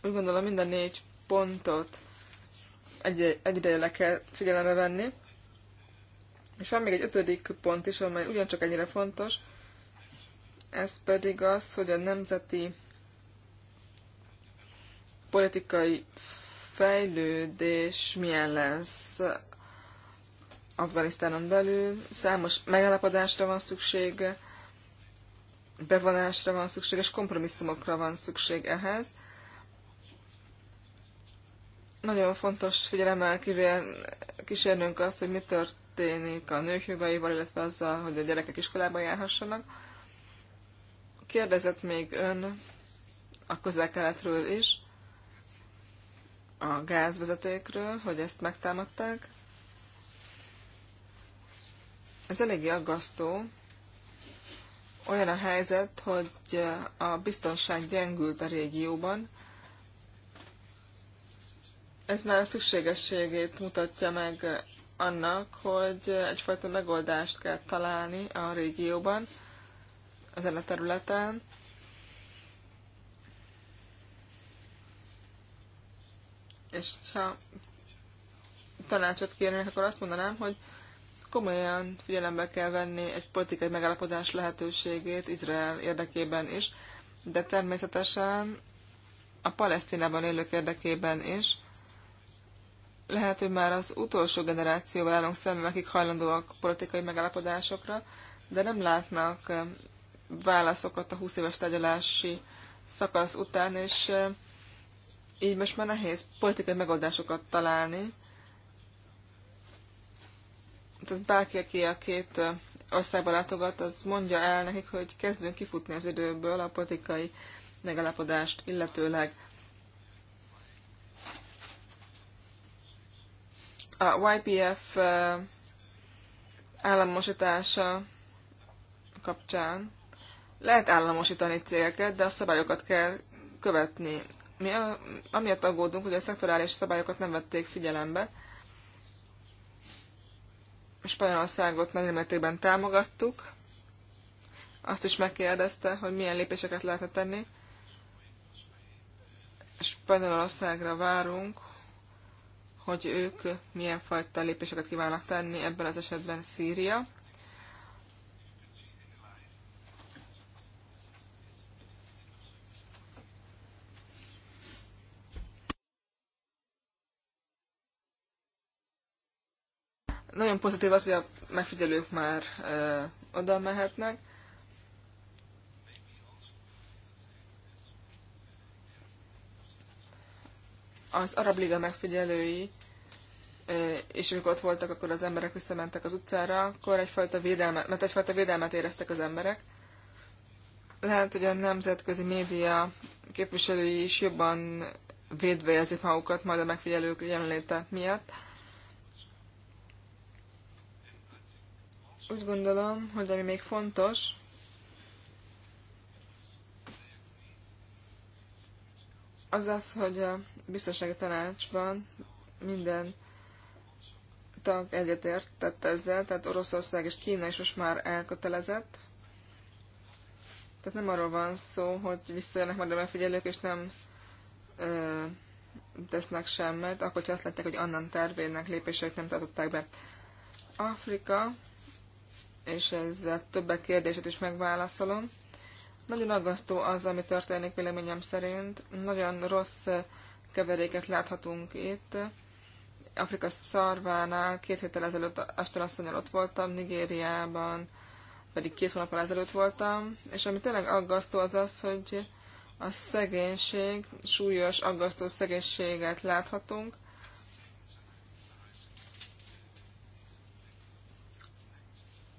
Úgy gondolom mind a négy pontot egy, ideje le kell figyelembe venni. És van még egy ötödik pont is, amely ugyancsak ennyire fontos, ez pedig az, hogy a nemzeti politikai fejlődés milyen lesz Afganisztánon belül. Számos megállapodásra van szükség, bevonásra van szükség, és kompromisszumokra van szükség ehhez. Nagyon fontos figyelemmel kísérnünk azt, hogy mi történik a nők jogaival, illetve azzal, hogy a gyerekek iskolába járhassanak. Kérdezett még ön a közel-keletről is a gázvezetékről, hogy ezt megtámadták. Ez eléggé aggasztó. Olyan a helyzet, hogy a biztonság gyengült a régióban. Ez már a szükségességét mutatja meg annak, hogy egyfajta megoldást kell találni a régióban, ezen a területen. és ha tanácsot kérnék, akkor azt mondanám, hogy komolyan figyelembe kell venni egy politikai megállapodás lehetőségét Izrael érdekében is, de természetesen a Palesztinában élők érdekében is. Lehet, hogy már az utolsó generációval állunk szemben, akik hajlandóak politikai megállapodásokra, de nem látnak válaszokat a 20 éves tárgyalási szakasz után, és így most már nehéz politikai megoldásokat találni. Tehát bárki, aki a két országba látogat, az mondja el nekik, hogy kezdünk kifutni az időből a politikai megállapodást illetőleg. A YPF államosítása kapcsán lehet államosítani cégeket, de a szabályokat kell követni mi amiatt aggódunk, hogy a szektorális szabályokat nem vették figyelembe. Spanyolországot nagy mértékben támogattuk. Azt is megkérdezte, hogy milyen lépéseket lehetne tenni. Spanyolországra várunk, hogy ők milyen fajta lépéseket kívánnak tenni, ebben az esetben Szíria. Nagyon pozitív az, hogy a megfigyelők már ö, oda mehetnek. Az Arab Liga megfigyelői, ö, és amikor ott voltak, akkor az emberek visszamentek az utcára, akkor egyfajta védelmet, mert egyfajta védelmet éreztek az emberek. Lehet, hogy a nemzetközi média képviselői is jobban védve érzik magukat majd a megfigyelők jelenléte miatt. Ö, Úgy gondolom, hogy ami még fontos, az az, hogy a biztonsági tanácsban minden tag egyetért tette ezzel, tehát Oroszország és Kína is most már elkötelezett. Tehát nem arról van szó, hogy visszajönnek majd a megfigyelők, és nem ö, tesznek semmit, akkor, ha azt látják, hogy annan tervének lépéseit nem tartották be. Afrika és ezzel többek kérdését is megválaszolom. Nagyon aggasztó az, ami történik véleményem szerint. Nagyon rossz keveréket láthatunk itt. Afrika szarvánál két héttel ezelőtt Astralasszonyal ott voltam, Nigériában pedig két hónappal ezelőtt voltam, és ami tényleg aggasztó az az, hogy a szegénység, súlyos, aggasztó szegénységet láthatunk,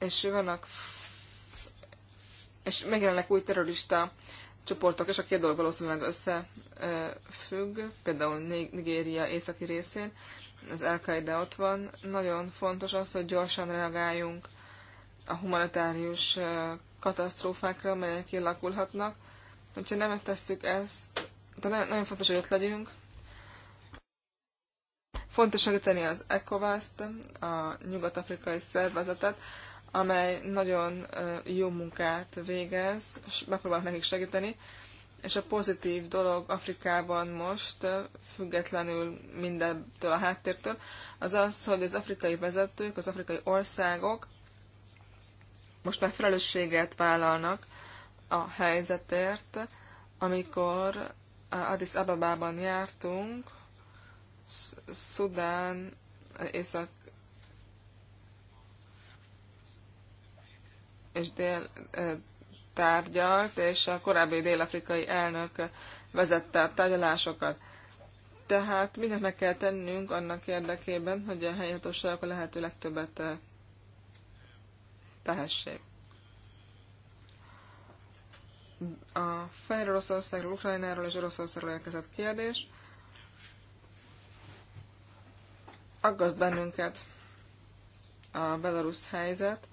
és vannak és megjelennek új terrorista csoportok, és a két dolog valószínűleg összefügg, például Nigéria északi részén, az al ott van. Nagyon fontos az, hogy gyorsan reagáljunk a humanitárius katasztrófákra, melyek kilakulhatnak. Hogyha nem tesszük ezt, de nagyon fontos, hogy ott legyünk. Fontos segíteni az ECOWAS-t, a nyugat-afrikai szervezetet, amely nagyon jó munkát végez, és megpróbálok nekik segíteni. És a pozitív dolog Afrikában most, függetlenül mindentől a háttértől, az az, hogy az afrikai vezetők, az afrikai országok most már felelősséget vállalnak a helyzetért, amikor Addis Ababában jártunk, Szudán, Észak és Dél tárgyalt, és a korábbi dél-afrikai elnök vezette a tárgyalásokat. Tehát mindent meg kell tennünk annak érdekében, hogy a helyi hatóságok a lehető legtöbbet tehessék. A Fehér Oroszországról, Ukrajnáról és Oroszországról érkezett kérdés. Aggaszt bennünket a belarusz helyzet,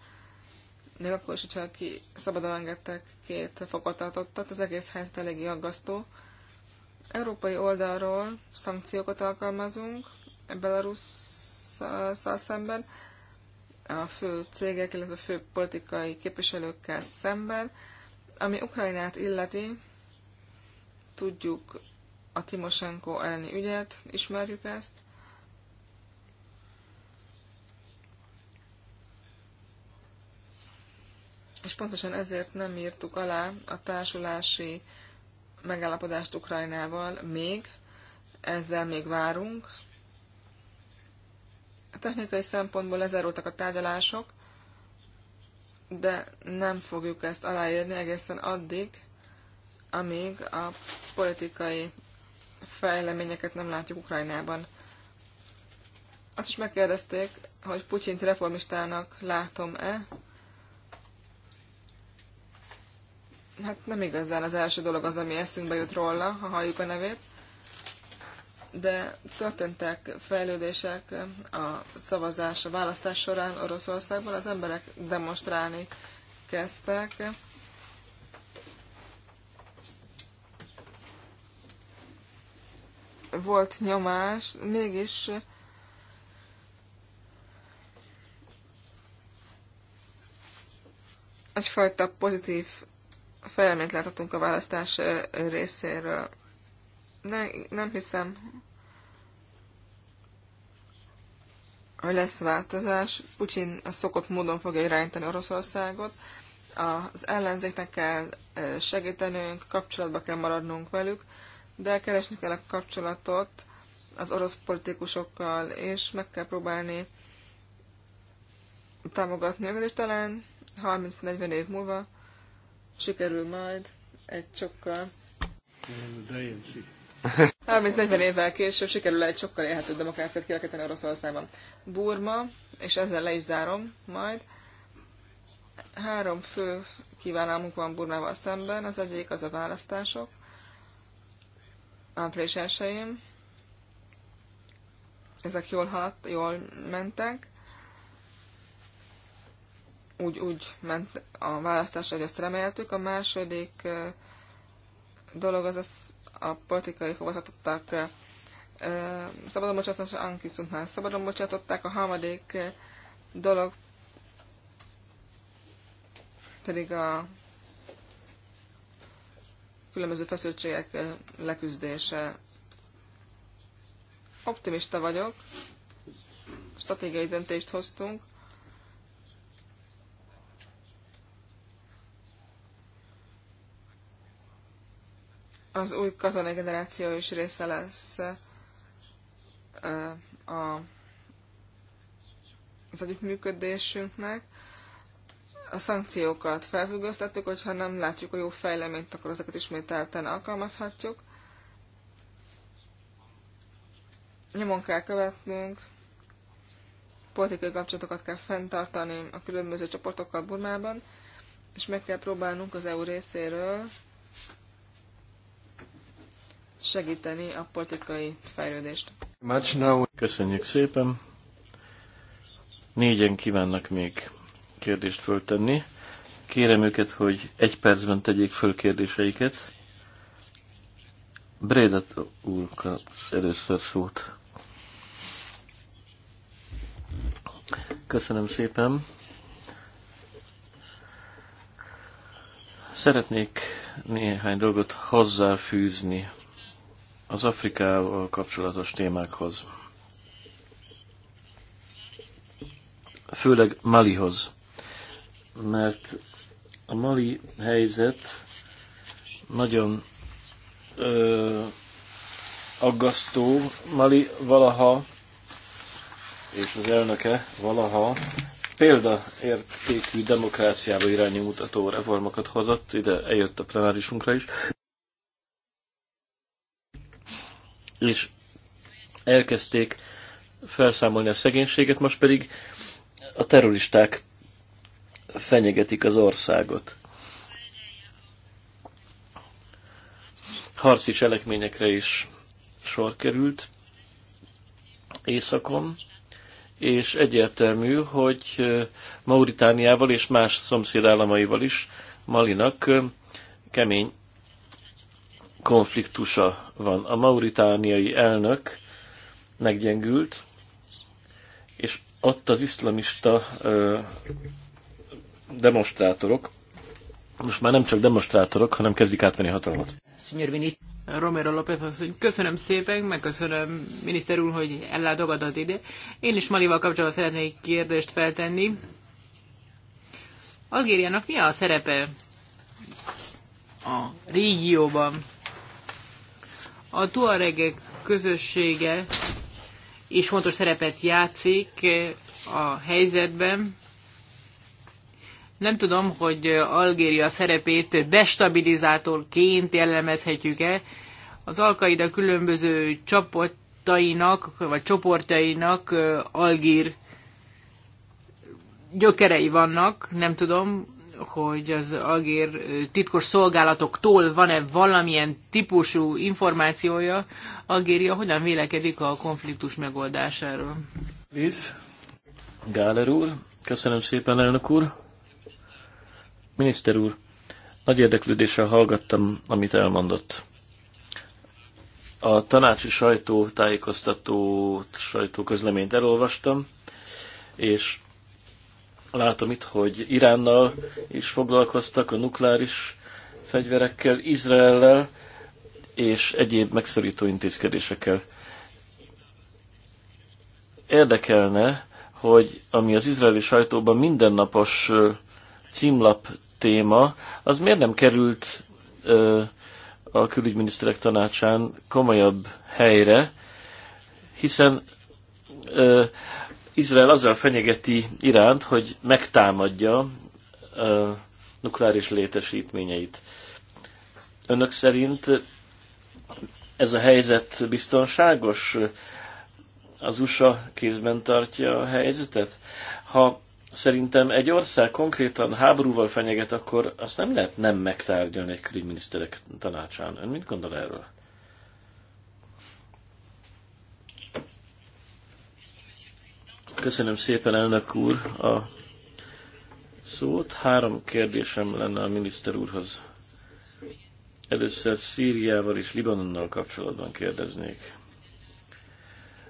még akkor is, hogyha ki szabadon engedtek két fogvatartottat, az egész helyzet eléggé aggasztó. Európai oldalról szankciókat alkalmazunk Belarusszal szemben, a fő cégek, illetve a fő politikai képviselőkkel szemben. Ami Ukrajnát illeti, tudjuk a Timosenko elleni ügyet, ismerjük ezt, és pontosan ezért nem írtuk alá a társulási megállapodást Ukrajnával még, ezzel még várunk. A technikai szempontból lezárultak a tárgyalások, de nem fogjuk ezt aláírni egészen addig, amíg a politikai fejleményeket nem látjuk Ukrajnában. Azt is megkérdezték, hogy Putyint reformistának látom-e. hát nem igazán az első dolog az, ami eszünkbe jut róla, ha halljuk a nevét, de történtek fejlődések a szavazás, a választás során Oroszországban, az emberek demonstrálni kezdtek. Volt nyomás, mégis egyfajta pozitív fejleményt láthatunk a választás részéről. Ne, nem hiszem, hogy lesz változás. Putin a szokott módon fogja irányítani Oroszországot. Az ellenzéknek kell segítenünk, kapcsolatba kell maradnunk velük, de keresni kell a kapcsolatot az orosz politikusokkal, és meg kell próbálni támogatni őket, és talán 30-40 év múlva sikerül majd egy sokkal 30-40 évvel később sikerül egy sokkal élhetőbb demokráciát kialakítani Oroszországban. Burma, és ezzel le is zárom majd, három fő kívánalmunk van Burmával szemben, az egyik az a választások, április 1 Ezek jól haladt, jól mentek úgy, úgy ment a választás, hogy ezt reméltük. A második dolog az, az a politikai fogadhatottak szabadon bocsátás, Anki Szuntnál szabadon bocsátották. A harmadik dolog pedig a különböző feszültségek leküzdése. Optimista vagyok, stratégiai döntést hoztunk, az új katonai generáció is része lesz a, az együttműködésünknek. A szankciókat felfüggöztettük, hogyha nem látjuk a jó fejleményt, akkor ezeket ismételten alkalmazhatjuk. Nyomon kell követnünk, politikai kapcsolatokat kell fenntartani a különböző csoportokkal Burmában, és meg kell próbálnunk az EU részéről segíteni a politikai fejlődést. Köszönjük szépen! Négyen kívánnak még kérdést föltenni. Kérem őket, hogy egy percben tegyék föl kérdéseiket. Brédat úr kapsz először szót. Köszönöm szépen. Szeretnék néhány dolgot hozzáfűzni az Afrikával kapcsolatos témákhoz. Főleg Malihoz. Mert a Mali helyzet nagyon ö, aggasztó. Mali valaha, és az elnöke valaha példaértékű demokráciába irányú mutató reformokat hozott, ide eljött a plenárisunkra is. és elkezdték felszámolni a szegénységet, most pedig a terroristák fenyegetik az országot. Harci cselekményekre is sor került északon, és egyértelmű, hogy Mauritániával és más szomszédállamaival is Malinak kemény konfliktusa van. A mauritániai elnök meggyengült, és ott az iszlamista ö, demonstrátorok, most már nem csak demonstrátorok, hanem kezdik átvenni hatalmat. Romero López köszönöm szépen, megköszönöm miniszter úr, hogy ellátogatott ide. Én is Malival kapcsolatban szeretnék kérdést feltenni. Algériának mi a szerepe a régióban? A tuaregek közössége is fontos szerepet játszik a helyzetben. Nem tudom, hogy Algéria szerepét destabilizátorként jellemezhetjük-e. Az Alkaida különböző csapatainak, vagy csoportjainak Algír gyökerei vannak, nem tudom, hogy az agér titkos szolgálatoktól van-e valamilyen típusú információja, agéria hogyan vélekedik a konfliktus megoldásáról. Víz. Gáler úr, köszönöm szépen, elnök úr. Miniszter úr, nagy érdeklődéssel hallgattam, amit elmondott. A tanácsi sajtó tájékoztatót, sajtóközleményt elolvastam, és Látom itt, hogy Iránnal is foglalkoztak, a nukleáris fegyverekkel, Izraellel és egyéb megszorító intézkedésekkel. Érdekelne, hogy ami az izraeli sajtóban mindennapos címlap téma, az miért nem került a külügyminiszterek tanácsán komolyabb helyre, hiszen Izrael azzal fenyegeti Iránt, hogy megtámadja a nukleáris létesítményeit. Önök szerint ez a helyzet biztonságos? Az USA kézben tartja a helyzetet? Ha szerintem egy ország konkrétan háborúval fenyeget, akkor azt nem lehet nem megtárgyalni egy külügyminiszterek tanácsán. Ön mit gondol erről? Köszönöm szépen, elnök úr, a szót. Három kérdésem lenne a miniszter úrhoz. Először Szíriával és Libanonnal kapcsolatban kérdeznék.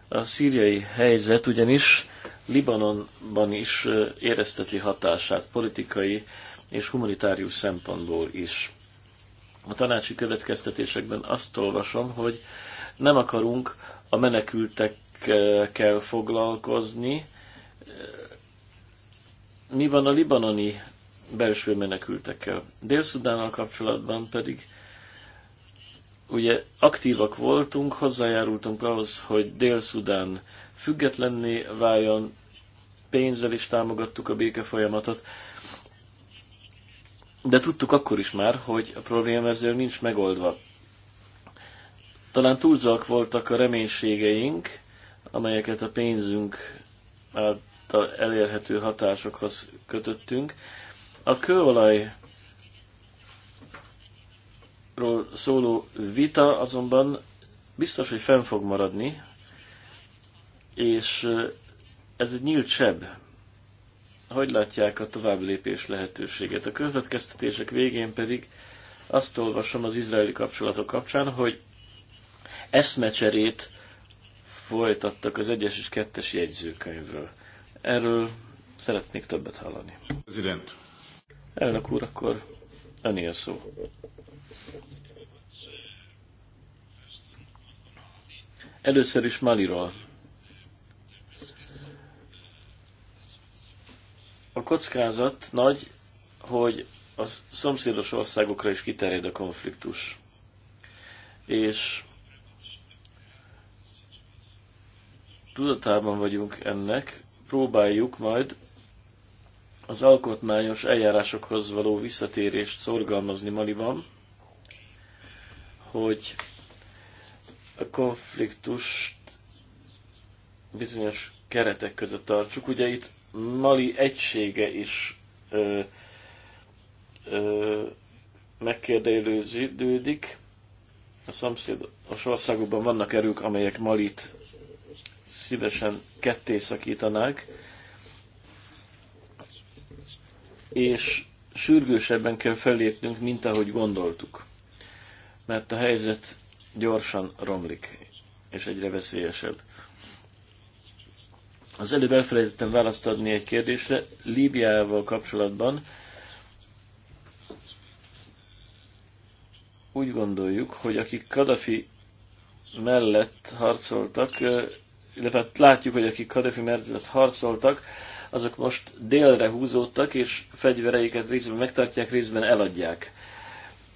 A szíriai helyzet ugyanis Libanonban is érezteti hatását politikai és humanitárius szempontból is. A tanácsi következtetésekben azt olvasom, hogy nem akarunk a menekültek kell foglalkozni. Mi van a libanoni belső menekültekkel? Dél-Szudánnal kapcsolatban pedig ugye aktívak voltunk, hozzájárultunk ahhoz, hogy Dél-Szudán függetlenné váljon, pénzzel is támogattuk a béke folyamatot, de tudtuk akkor is már, hogy a probléma ezzel nincs megoldva. Talán túlzak voltak a reménységeink, amelyeket a pénzünk által elérhető hatásokhoz kötöttünk. A kőolajról szóló vita azonban biztos, hogy fenn fog maradni, és ez egy nyílt seb. Hogy látják a tovább lépés lehetőségét? A következtetések végén pedig azt olvasom az izraeli kapcsolatok kapcsán, hogy eszmecserét folytattak az egyes és kettes jegyzőkönyvről. Erről szeretnék többet hallani. Prezident. Elnök úr, akkor öné a szó. Először is Maliról. A kockázat nagy, hogy a szomszédos országokra is kiterjed a konfliktus. És tudatában vagyunk ennek, próbáljuk majd az alkotmányos eljárásokhoz való visszatérést szorgalmazni Maliban, hogy a konfliktust bizonyos keretek között tartsuk. Ugye itt Mali egysége is ö, ö, megkérdelődik. A szomszédos országokban vannak erők, amelyek Malit szívesen ketté szakítanák, és sürgősebben kell fellépnünk, mint ahogy gondoltuk. Mert a helyzet gyorsan romlik, és egyre veszélyesebb. Az előbb elfelejtettem választ adni egy kérdésre. Líbiával kapcsolatban úgy gondoljuk, hogy akik Kadafi mellett harcoltak, illetve hát látjuk, hogy akik Kadefi mellett harcoltak, azok most délre húzódtak, és fegyvereiket részben megtartják, részben eladják.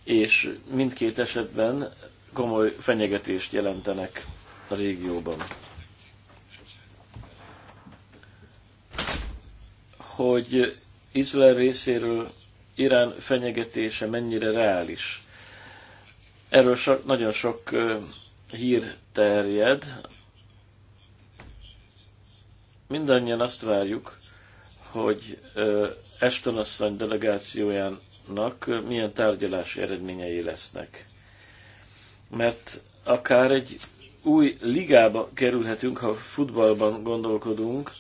És mindkét esetben komoly fenyegetést jelentenek a régióban. Hogy Izrael részéről Irán fenyegetése mennyire reális. Erről so, nagyon sok hír terjed mindannyian azt várjuk, hogy Eston asszony delegációjának milyen tárgyalási eredményei lesznek. Mert akár egy új ligába kerülhetünk, ha futballban gondolkodunk,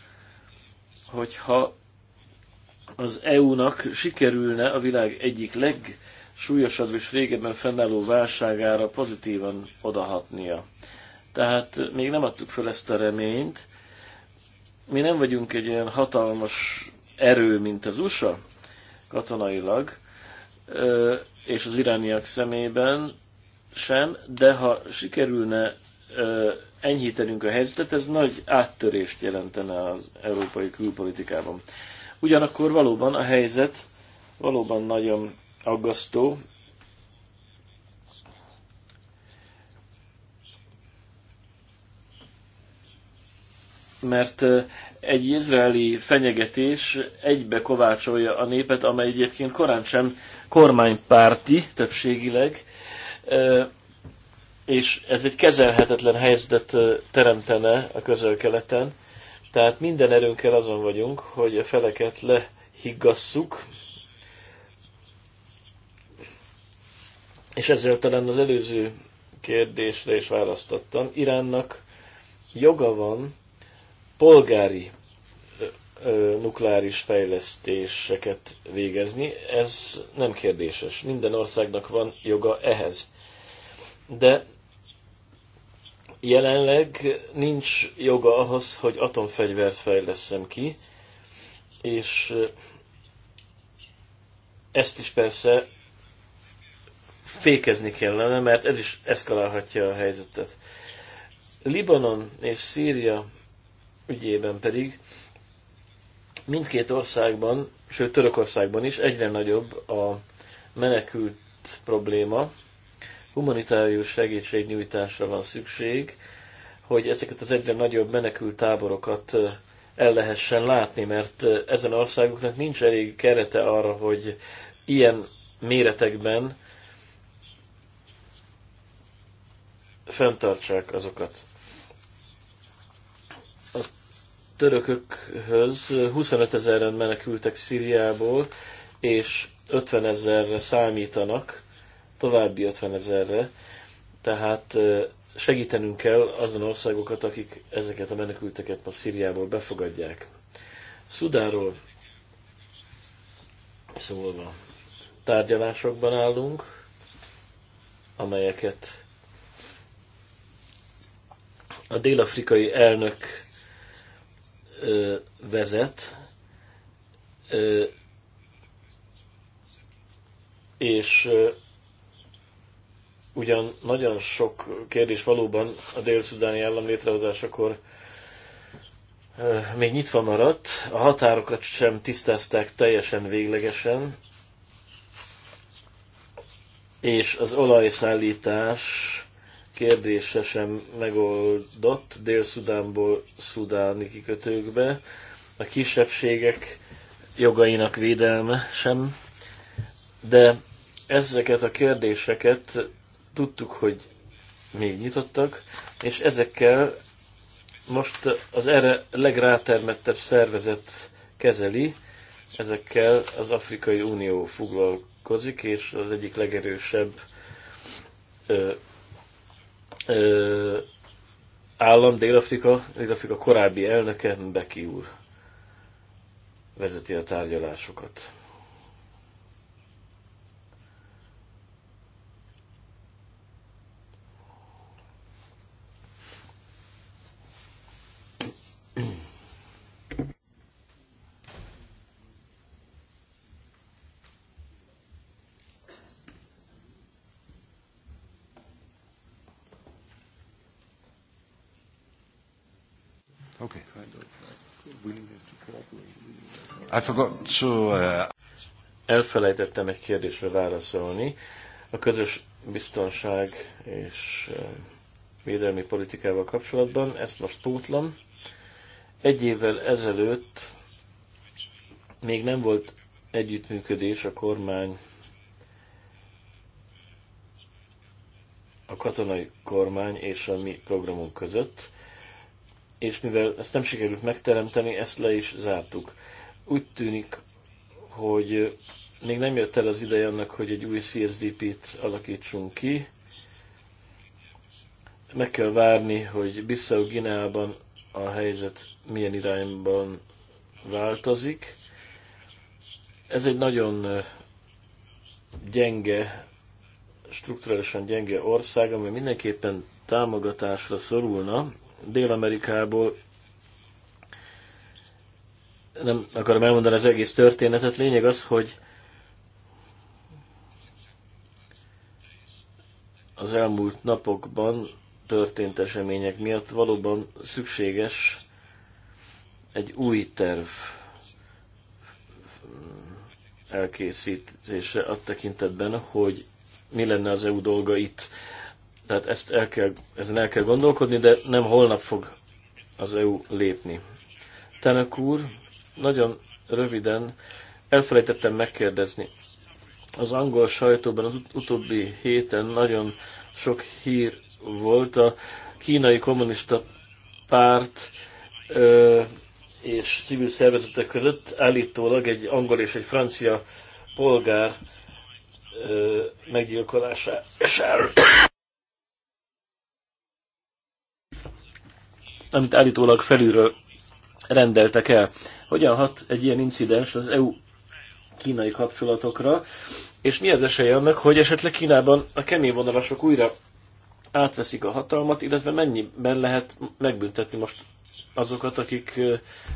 hogyha az EU-nak sikerülne a világ egyik legsúlyosabb és régebben fennálló válságára pozitívan odahatnia. Tehát még nem adtuk fel ezt a reményt, mi nem vagyunk egy olyan hatalmas erő, mint az USA katonailag, és az irániak szemében sem, de ha sikerülne enyhítenünk a helyzetet, ez nagy áttörést jelentene az európai külpolitikában. Ugyanakkor valóban a helyzet valóban nagyon aggasztó, mert egy izraeli fenyegetés egybe kovácsolja a népet, amely egyébként korán sem kormánypárti többségileg, és ez egy kezelhetetlen helyzetet teremtene a közel-keleten. Tehát minden erőnkkel azon vagyunk, hogy a feleket lehiggasszuk, és ezzel talán az előző kérdésre is választottam. Iránnak joga van polgári nukleáris fejlesztéseket végezni, ez nem kérdéses. Minden országnak van joga ehhez. De jelenleg nincs joga ahhoz, hogy atomfegyvert fejleszem ki, és ezt is persze fékezni kellene, mert ez is eszkalálhatja a helyzetet. Libanon és Szíria ügyében pedig mindkét országban, sőt Törökországban is egyre nagyobb a menekült probléma. Humanitárius segítségnyújtásra van szükség, hogy ezeket az egyre nagyobb menekült táborokat el lehessen látni, mert ezen országoknak nincs elég kerete arra, hogy ilyen méretekben fenntartsák azokat törökökhöz 25 ezeren menekültek Szíriából, és 50 ezerre számítanak, további 50 ezerre, tehát segítenünk kell azon országokat, akik ezeket a menekülteket ma Szíriából befogadják. Szudáról szólva tárgyalásokban állunk, amelyeket a dél-afrikai elnök ö, vezet, ö, és ö, ugyan nagyon sok kérdés valóban a dél-szudáni állam létrehozásakor ö, még nyitva maradt, a határokat sem tisztázták teljesen véglegesen, és az olajszállítás kérdése sem megoldott Dél-Szudánból szudáni kikötőkbe. A kisebbségek jogainak védelme sem. De ezeket a kérdéseket tudtuk, hogy még nyitottak, és ezekkel most az erre legrátermettebb szervezet kezeli, ezekkel az Afrikai Unió foglalkozik, és az egyik legerősebb állam, Dél-Afrika, Dél-Afrika korábbi elnöke, Beki úr vezeti a tárgyalásokat. I forgot to, uh... Elfelejtettem egy kérdésre válaszolni. A közös biztonság és uh, védelmi politikával kapcsolatban, ezt most pótlom. Egy évvel ezelőtt még nem volt együttműködés a kormány, a katonai kormány és a mi programunk között, és mivel ezt nem sikerült megteremteni, ezt le is zártuk. Úgy tűnik, hogy még nem jött el az ideje annak, hogy egy új CSDP-t alakítsunk ki. Meg kell várni, hogy Bissau Gineában a helyzet milyen irányban változik. Ez egy nagyon gyenge, strukturálisan gyenge ország, ami mindenképpen támogatásra szorulna. Dél-Amerikából nem akarom elmondani az egész történetet, lényeg az, hogy az elmúlt napokban történt események miatt valóban szükséges egy új terv elkészítése a tekintetben, hogy mi lenne az EU dolga itt. Tehát ezt el kell, ezen el kell gondolkodni, de nem holnap fog az EU lépni. Tanak úr, nagyon röviden elfelejtettem megkérdezni. Az angol sajtóban az ut- utóbbi héten nagyon sok hír volt a kínai kommunista párt ö, és civil szervezetek között állítólag egy angol és egy francia polgár ö, meggyilkolásáról. amit állítólag felülről rendeltek el. Hogyan hat egy ilyen incidens az EU kínai kapcsolatokra, és mi az esélye annak, hogy esetleg Kínában a kemény vonalasok újra átveszik a hatalmat, illetve mennyiben lehet megbüntetni most azokat, akik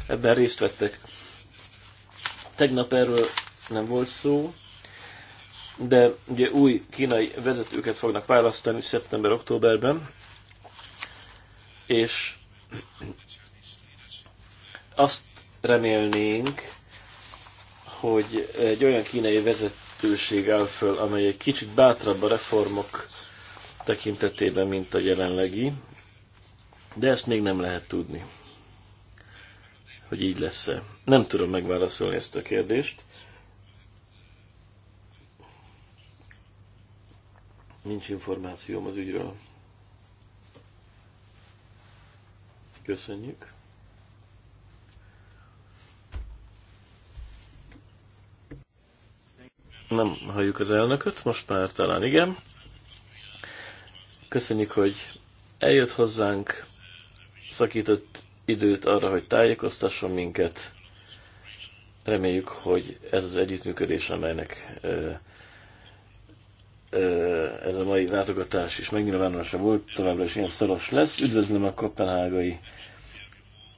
ebben részt vettek. Tegnap erről nem volt szó, de ugye új kínai vezetőket fognak választani szeptember-októberben, és azt remélnénk, hogy egy olyan kínai vezetőség áll föl, amely egy kicsit bátrabb a reformok tekintetében, mint a jelenlegi, de ezt még nem lehet tudni, hogy így lesz-e. Nem tudom megválaszolni ezt a kérdést. Nincs információm az ügyről. Köszönjük. Nem halljuk az elnököt, most már talán igen. Köszönjük, hogy eljött hozzánk, szakított időt arra, hogy tájékoztasson minket. Reméljük, hogy ez az együttműködés, amelynek ö, ö, ez a mai látogatás is megnyilvánulása volt, továbbra is ilyen szoros lesz. Üdvözlöm a kopenhágai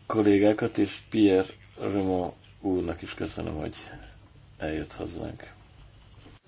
kollégákat, és Pierre Remo úrnak is köszönöm, hogy eljött hozzánk.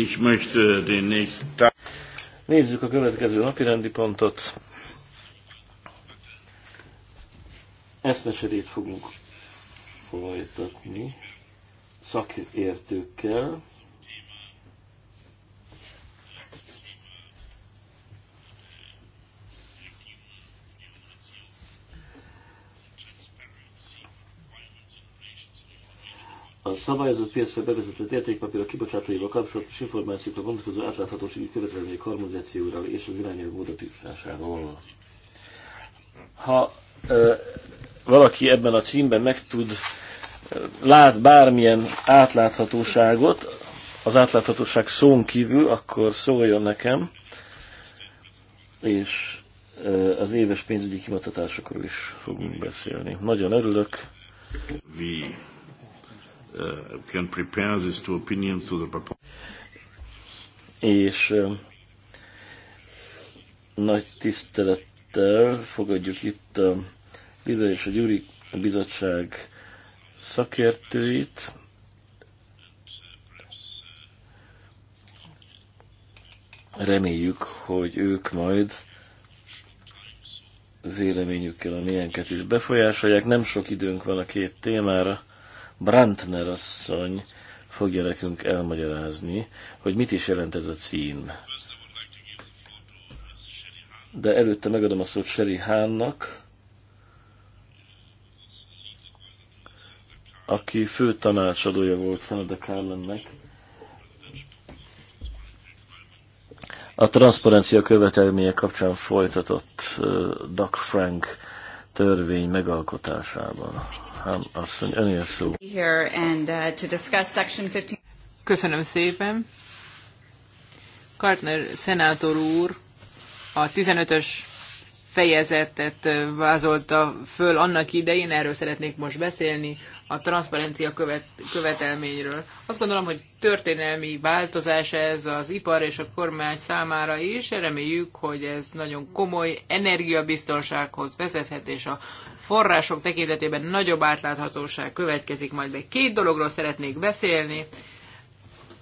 Ich möchte den nächsten Tag... Nézzük a következő napirendi pontot. Eszmecserét fogunk folytatni szakértőkkel. szabályozott piacra bevezetett értékpapírok kibocsátóival kapcsolatos információkra vonatkozó átláthatósági követelmények harmonizációra és az irányelv módosításáról. Ha ö, valaki ebben a címben meg tud ö, lát bármilyen átláthatóságot, az átláthatóság szón kívül, akkor szóljon nekem, és ö, az éves pénzügyi kimutatásokról is fogunk beszélni. Nagyon örülök. Vi Uh, can prepare these two opinions to the proposal. És nagy tisztelettel fogadjuk itt a Libe és a Gyuri Bizottság szakértőit. Reméljük, hogy ők majd véleményükkel a milyenket is befolyásolják. Nem sok időnk van a két témára, Brantner asszony fogja nekünk elmagyarázni, hogy mit is jelent ez a cím. De előtte megadom a szót Sherry Hánnak, aki fő tanácsadója volt Canada Carlennek. A transzparencia követelménye kapcsán folytatott uh, Doc Frank törvény megalkotásában. Uh, Köszönöm szépen. Kartner szenátor úr a 15-ös fejezetet uh, vázolta föl annak idején, erről szeretnék most beszélni, a transzparencia követ, követelményről. Azt gondolom, hogy történelmi változás ez az ipar és a kormány számára is. Reméljük, hogy ez nagyon komoly energiabiztonsághoz vezethet, és a források tekintetében nagyobb átláthatóság következik majd be. Két dologról szeretnék beszélni,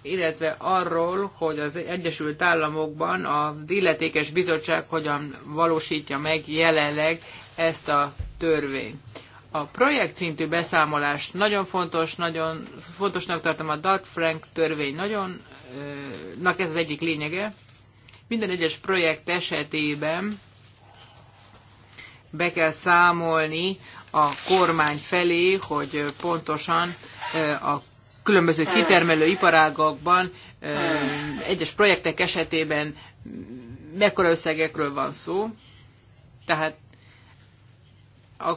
illetve arról, hogy az Egyesült Államokban az illetékes bizottság hogyan valósítja meg jelenleg ezt a törvényt. A projekt szintű beszámolás nagyon fontos, nagyon fontosnak tartom a Dodd-Frank törvény, nagyon, nak ez az egyik lényege. Minden egyes projekt esetében be kell számolni a kormány felé, hogy pontosan a különböző kitermelő iparágokban egyes projektek esetében mekkora összegekről van szó. Tehát a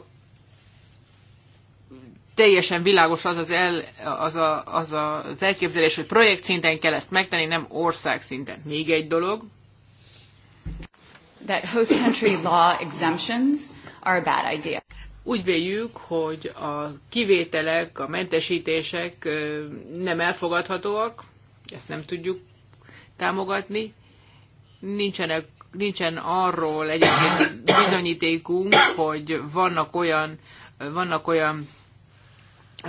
teljesen világos az az, el, az, a, az, a, az elképzelés, hogy projekt szinten kell ezt megtenni, nem ország szinten. Még egy dolog, that host country law exemptions are a bad idea. Úgy véljük, hogy a kivételek, a mentesítések nem elfogadhatóak, ezt nem tudjuk támogatni. Nincsenek, nincsen arról egyébként bizonyítékunk, hogy vannak olyan, vannak olyan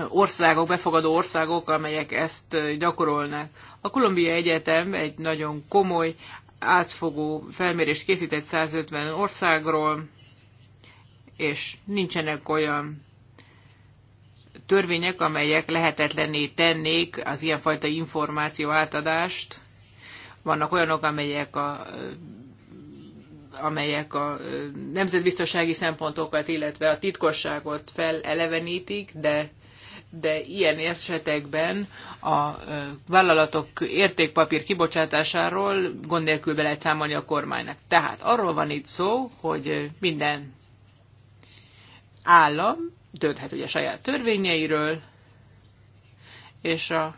országok, befogadó országok, amelyek ezt gyakorolnak. A Kolumbia Egyetem egy nagyon komoly átfogó felmérést készített 150 országról, és nincsenek olyan törvények, amelyek lehetetlenné tennék az ilyenfajta információ átadást. Vannak olyanok, amelyek a amelyek a nemzetbiztonsági szempontokat, illetve a titkosságot felelevenítik, de, de ilyen esetekben a vállalatok értékpapír kibocsátásáról gond nélkül be lehet számolni a kormánynak. Tehát arról van itt szó, hogy minden állam dönthet ugye saját törvényeiről, és a,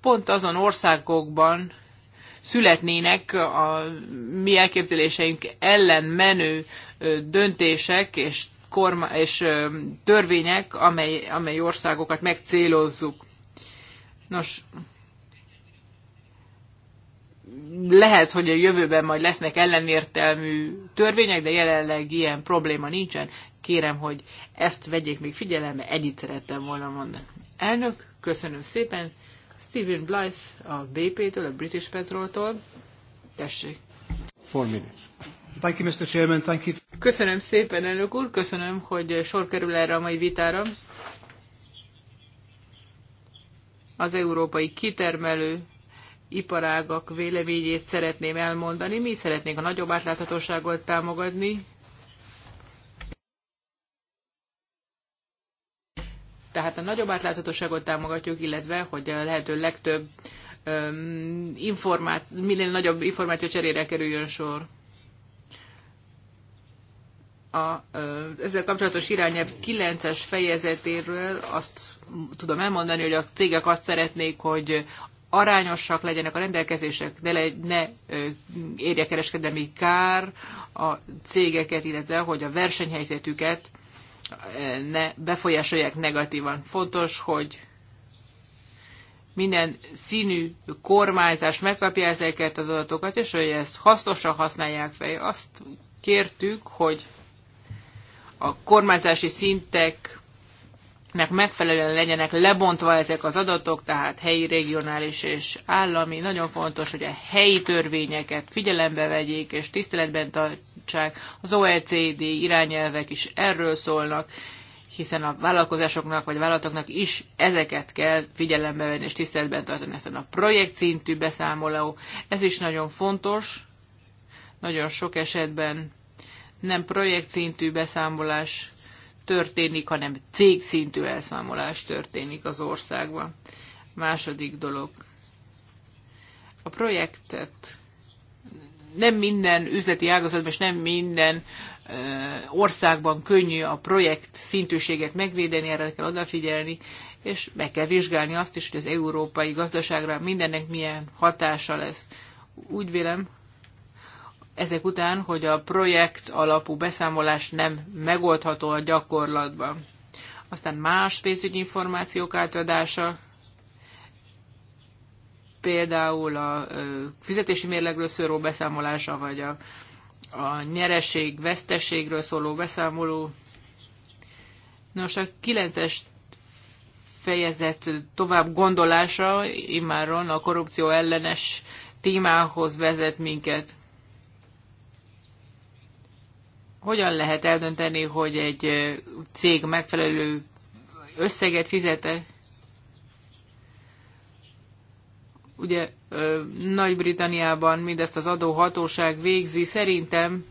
pont azon országokban születnének a mi elképzeléseink ellen menő döntések és, korma, és törvények, amely, amely országokat megcélozzuk. Nos, lehet, hogy a jövőben majd lesznek ellenértelmű törvények, de jelenleg ilyen probléma nincsen. Kérem, hogy ezt vegyék még figyelembe, ennyit szerettem volna mondani. Elnök, köszönöm szépen. Stephen Blythe a BP-től, a British Petrol-tól. Tessék. Four minutes. Thank you, Mr. Chairman. Thank you. Köszönöm szépen, elnök úr. Köszönöm, hogy sor kerül erre a mai vitára az európai kitermelő iparágak véleményét szeretném elmondani. Mi szeretnénk a nagyobb átláthatóságot támogatni. Tehát a nagyobb átláthatóságot támogatjuk, illetve hogy a lehető legtöbb um, informát, minél nagyobb információ cserére kerüljön sor. A, ezzel kapcsolatos irányelv 9-es fejezetéről azt tudom elmondani, hogy a cégek azt szeretnék, hogy arányosak legyenek a rendelkezések, de ne érje kereskedelmi kár a cégeket, illetve hogy a versenyhelyzetüket ne befolyásolják negatívan. Fontos, hogy minden színű kormányzás megkapja ezeket az adatokat, és hogy ezt hasznosan használják fel. Azt kértük, hogy a kormányzási szintek nek megfelelően legyenek lebontva ezek az adatok, tehát helyi, regionális és állami. Nagyon fontos, hogy a helyi törvényeket figyelembe vegyék és tiszteletben tartsák. Az OECD irányelvek is erről szólnak, hiszen a vállalkozásoknak vagy vállalatoknak is ezeket kell figyelembe venni és tiszteletben tartani. Ezen a projekt szintű beszámoló, ez is nagyon fontos. Nagyon sok esetben nem projekt szintű beszámolás történik, hanem cégszintű elszámolás történik az országban. Második dolog. A projektet nem minden üzleti ágazatban és nem minden országban könnyű a projekt szintűséget megvédeni, erre kell odafigyelni, és meg kell vizsgálni azt is, hogy az európai gazdaságra mindennek milyen hatása lesz. Úgy vélem, ezek után, hogy a projekt alapú beszámolás nem megoldható a gyakorlatban. Aztán más pénzügyi információk átadása, például a fizetési mérlegről szóló beszámolása, vagy a, a nyereség, veszteségről szóló beszámoló. Nos, a kilences fejezet tovább gondolása immáron a korrupció ellenes témához vezet minket hogyan lehet eldönteni, hogy egy cég megfelelő összeget fizete? Ugye Nagy-Britanniában mindezt az adóhatóság végzi. Szerintem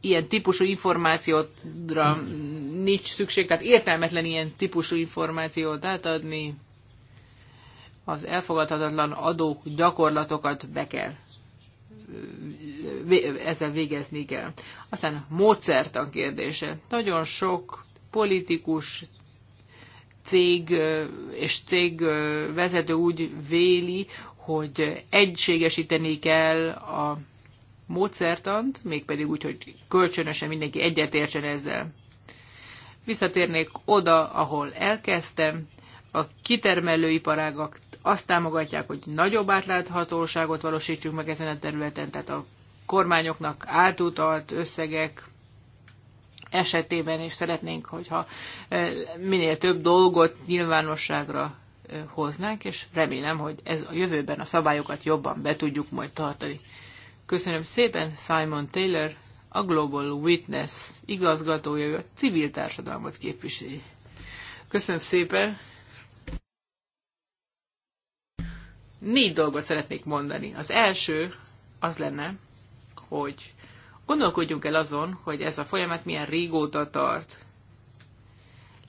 ilyen típusú információra nincs szükség, tehát értelmetlen ilyen típusú információt átadni. Az elfogadhatatlan adó gyakorlatokat be kell ezzel végezni kell. Aztán módszertan kérdése. Nagyon sok politikus cég és cég vezető úgy véli, hogy egységesíteni kell a módszertant, mégpedig úgy, hogy kölcsönösen mindenki egyetértsen ezzel. Visszatérnék oda, ahol elkezdtem, a kitermelőiparágak azt támogatják, hogy nagyobb átláthatóságot valósítsuk meg ezen a területen, tehát a kormányoknak átutalt összegek esetében is szeretnénk, hogyha e, minél több dolgot nyilvánosságra e, hoznánk, és remélem, hogy ez a jövőben a szabályokat jobban be tudjuk majd tartani. Köszönöm szépen Simon Taylor, a Global Witness igazgatója, a civil társadalmat képviseli. Köszönöm szépen! Négy dolgot szeretnék mondani. Az első az lenne, hogy gondolkodjunk el azon, hogy ez a folyamat milyen régóta tart.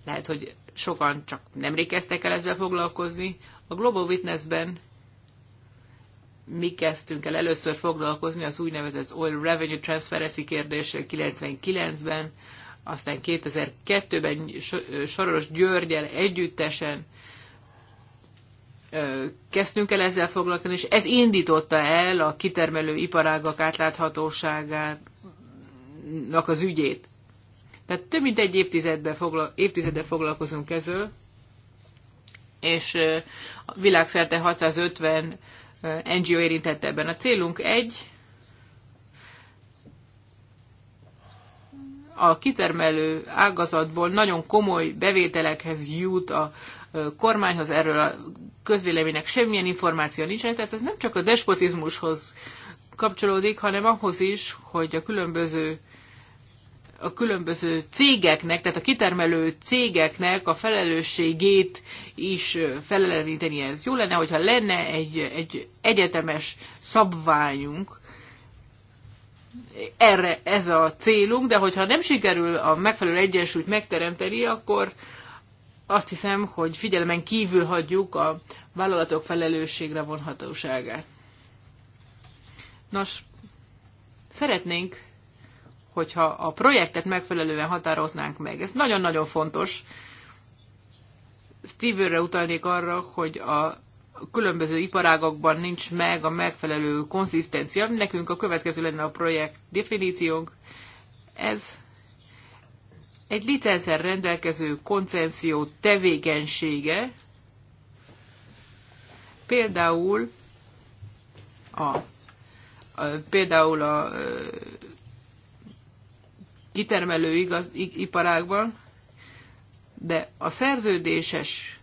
Lehet, hogy sokan csak nemrég kezdtek el ezzel foglalkozni. A Global Witness-ben mi kezdtünk el először foglalkozni az úgynevezett Oil Revenue Transparency kérdéssel 99-ben, aztán 2002-ben Soros Györgyel együttesen kezdtünk el ezzel foglalkozni, és ez indította el a kitermelő iparágak átláthatóságának az ügyét. Tehát több mint egy évtizedben fogla- évtizedbe foglalkozunk ezzel, és világszerte 650 NGO érintett ebben. A célunk egy, a kitermelő ágazatból nagyon komoly bevételekhez jut a kormányhoz, erről a közvéleménynek semmilyen információ nincsen, tehát ez nem csak a despotizmushoz kapcsolódik, hanem ahhoz is, hogy a különböző a különböző cégeknek, tehát a kitermelő cégeknek a felelősségét is feleleníteni. ez. Jó lenne, hogyha lenne egy, egy egyetemes szabványunk, erre ez a célunk, de hogyha nem sikerül a megfelelő egyensúlyt megteremteni, akkor, azt hiszem, hogy figyelmen kívül hagyjuk a vállalatok felelősségre vonhatóságát. Nos, szeretnénk, hogyha a projektet megfelelően határoznánk meg. Ez nagyon-nagyon fontos. Steve-re utalnék arra, hogy a különböző iparágakban nincs meg a megfelelő konszisztencia. Nekünk a következő lenne a projekt definíciónk. Ez egy licenszer rendelkező koncenció tevékenysége például a, a például a, kitermelő igaz, iparágban, de a szerződéses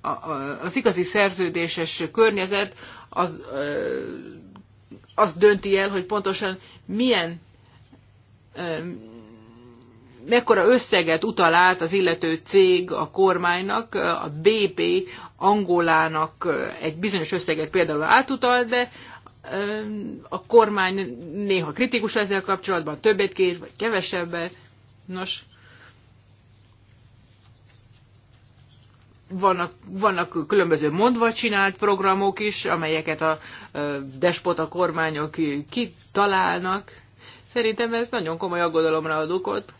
a, a, az igazi szerződéses környezet az, az dönti el, hogy pontosan milyen mekkora összeget utal át az illető cég a kormánynak, a BP Angolának egy bizonyos összeget például átutal, de a kormány néha kritikus ezzel kapcsolatban, többet kér, vagy kevesebbet. Nos, vannak, vannak különböző mondva csinált programok is, amelyeket a despota kormányok kitalálnak. Szerintem ez nagyon komoly aggodalomra ad okot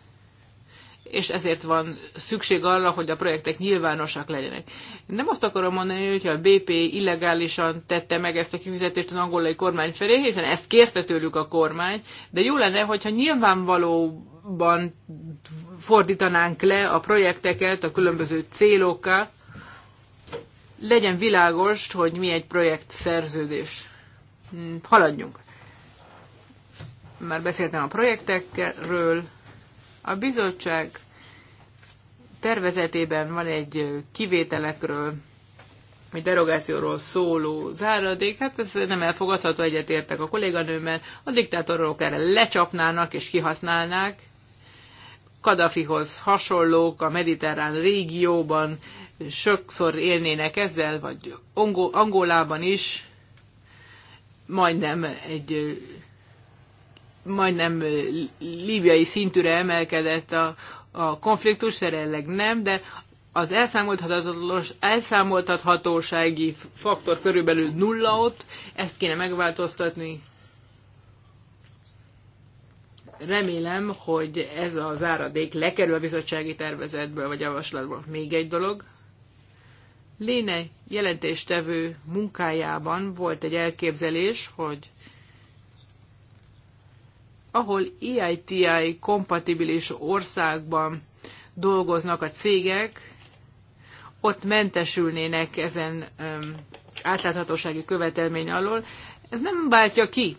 és ezért van szükség arra, hogy a projektek nyilvánosak legyenek. Nem azt akarom mondani, hogy a BP illegálisan tette meg ezt a kifizetést az angolai kormány felé, hiszen ezt kérte tőlük a kormány, de jó lenne, hogyha nyilvánvalóban fordítanánk le a projekteket a különböző célokkal, legyen világos, hogy mi egy projekt szerződés. Haladjunk. Már beszéltem a projektekről. A bizottság tervezetében van egy kivételekről, egy derogációról szóló záradék, hát ez nem elfogadható, egyetértek a kolléganőmmel, a diktátorok erre lecsapnának és kihasználnák, Kadafihoz hasonlók a mediterrán régióban sokszor élnének ezzel, vagy Angolában is, majdnem egy majdnem líbiai szintűre emelkedett a, a konfliktus, jelenleg nem, de az elszámoltathatósági faktor körülbelül nulla ott, ezt kéne megváltoztatni. Remélem, hogy ez az áradék lekerül a bizottsági tervezetből vagy javaslatból. Még egy dolog. Léne jelentéstevő munkájában volt egy elképzelés, hogy ahol EITI kompatibilis országban dolgoznak a cégek, ott mentesülnének ezen öm, átláthatósági követelmény alól. Ez nem váltja ki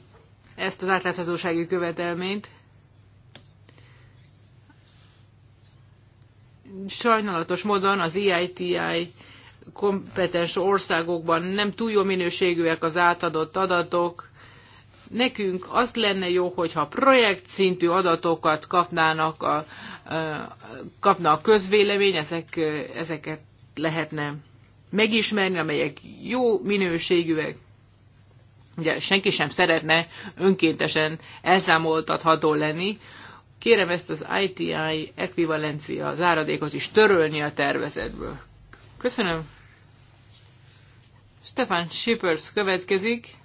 ezt az átláthatósági követelményt. Sajnálatos módon az EITI kompetens országokban nem túl jó minőségűek az átadott adatok, Nekünk az lenne jó, hogyha projekt szintű adatokat kapnának a, kapna a közvélemény, ezek, ezeket lehetne megismerni, amelyek jó minőségűek. Ugye senki sem szeretne önkéntesen elszámoltatható lenni. Kérem ezt az ITI ekvivalencia záradékot is törölni a tervezetből. Köszönöm. Stefan Schippers következik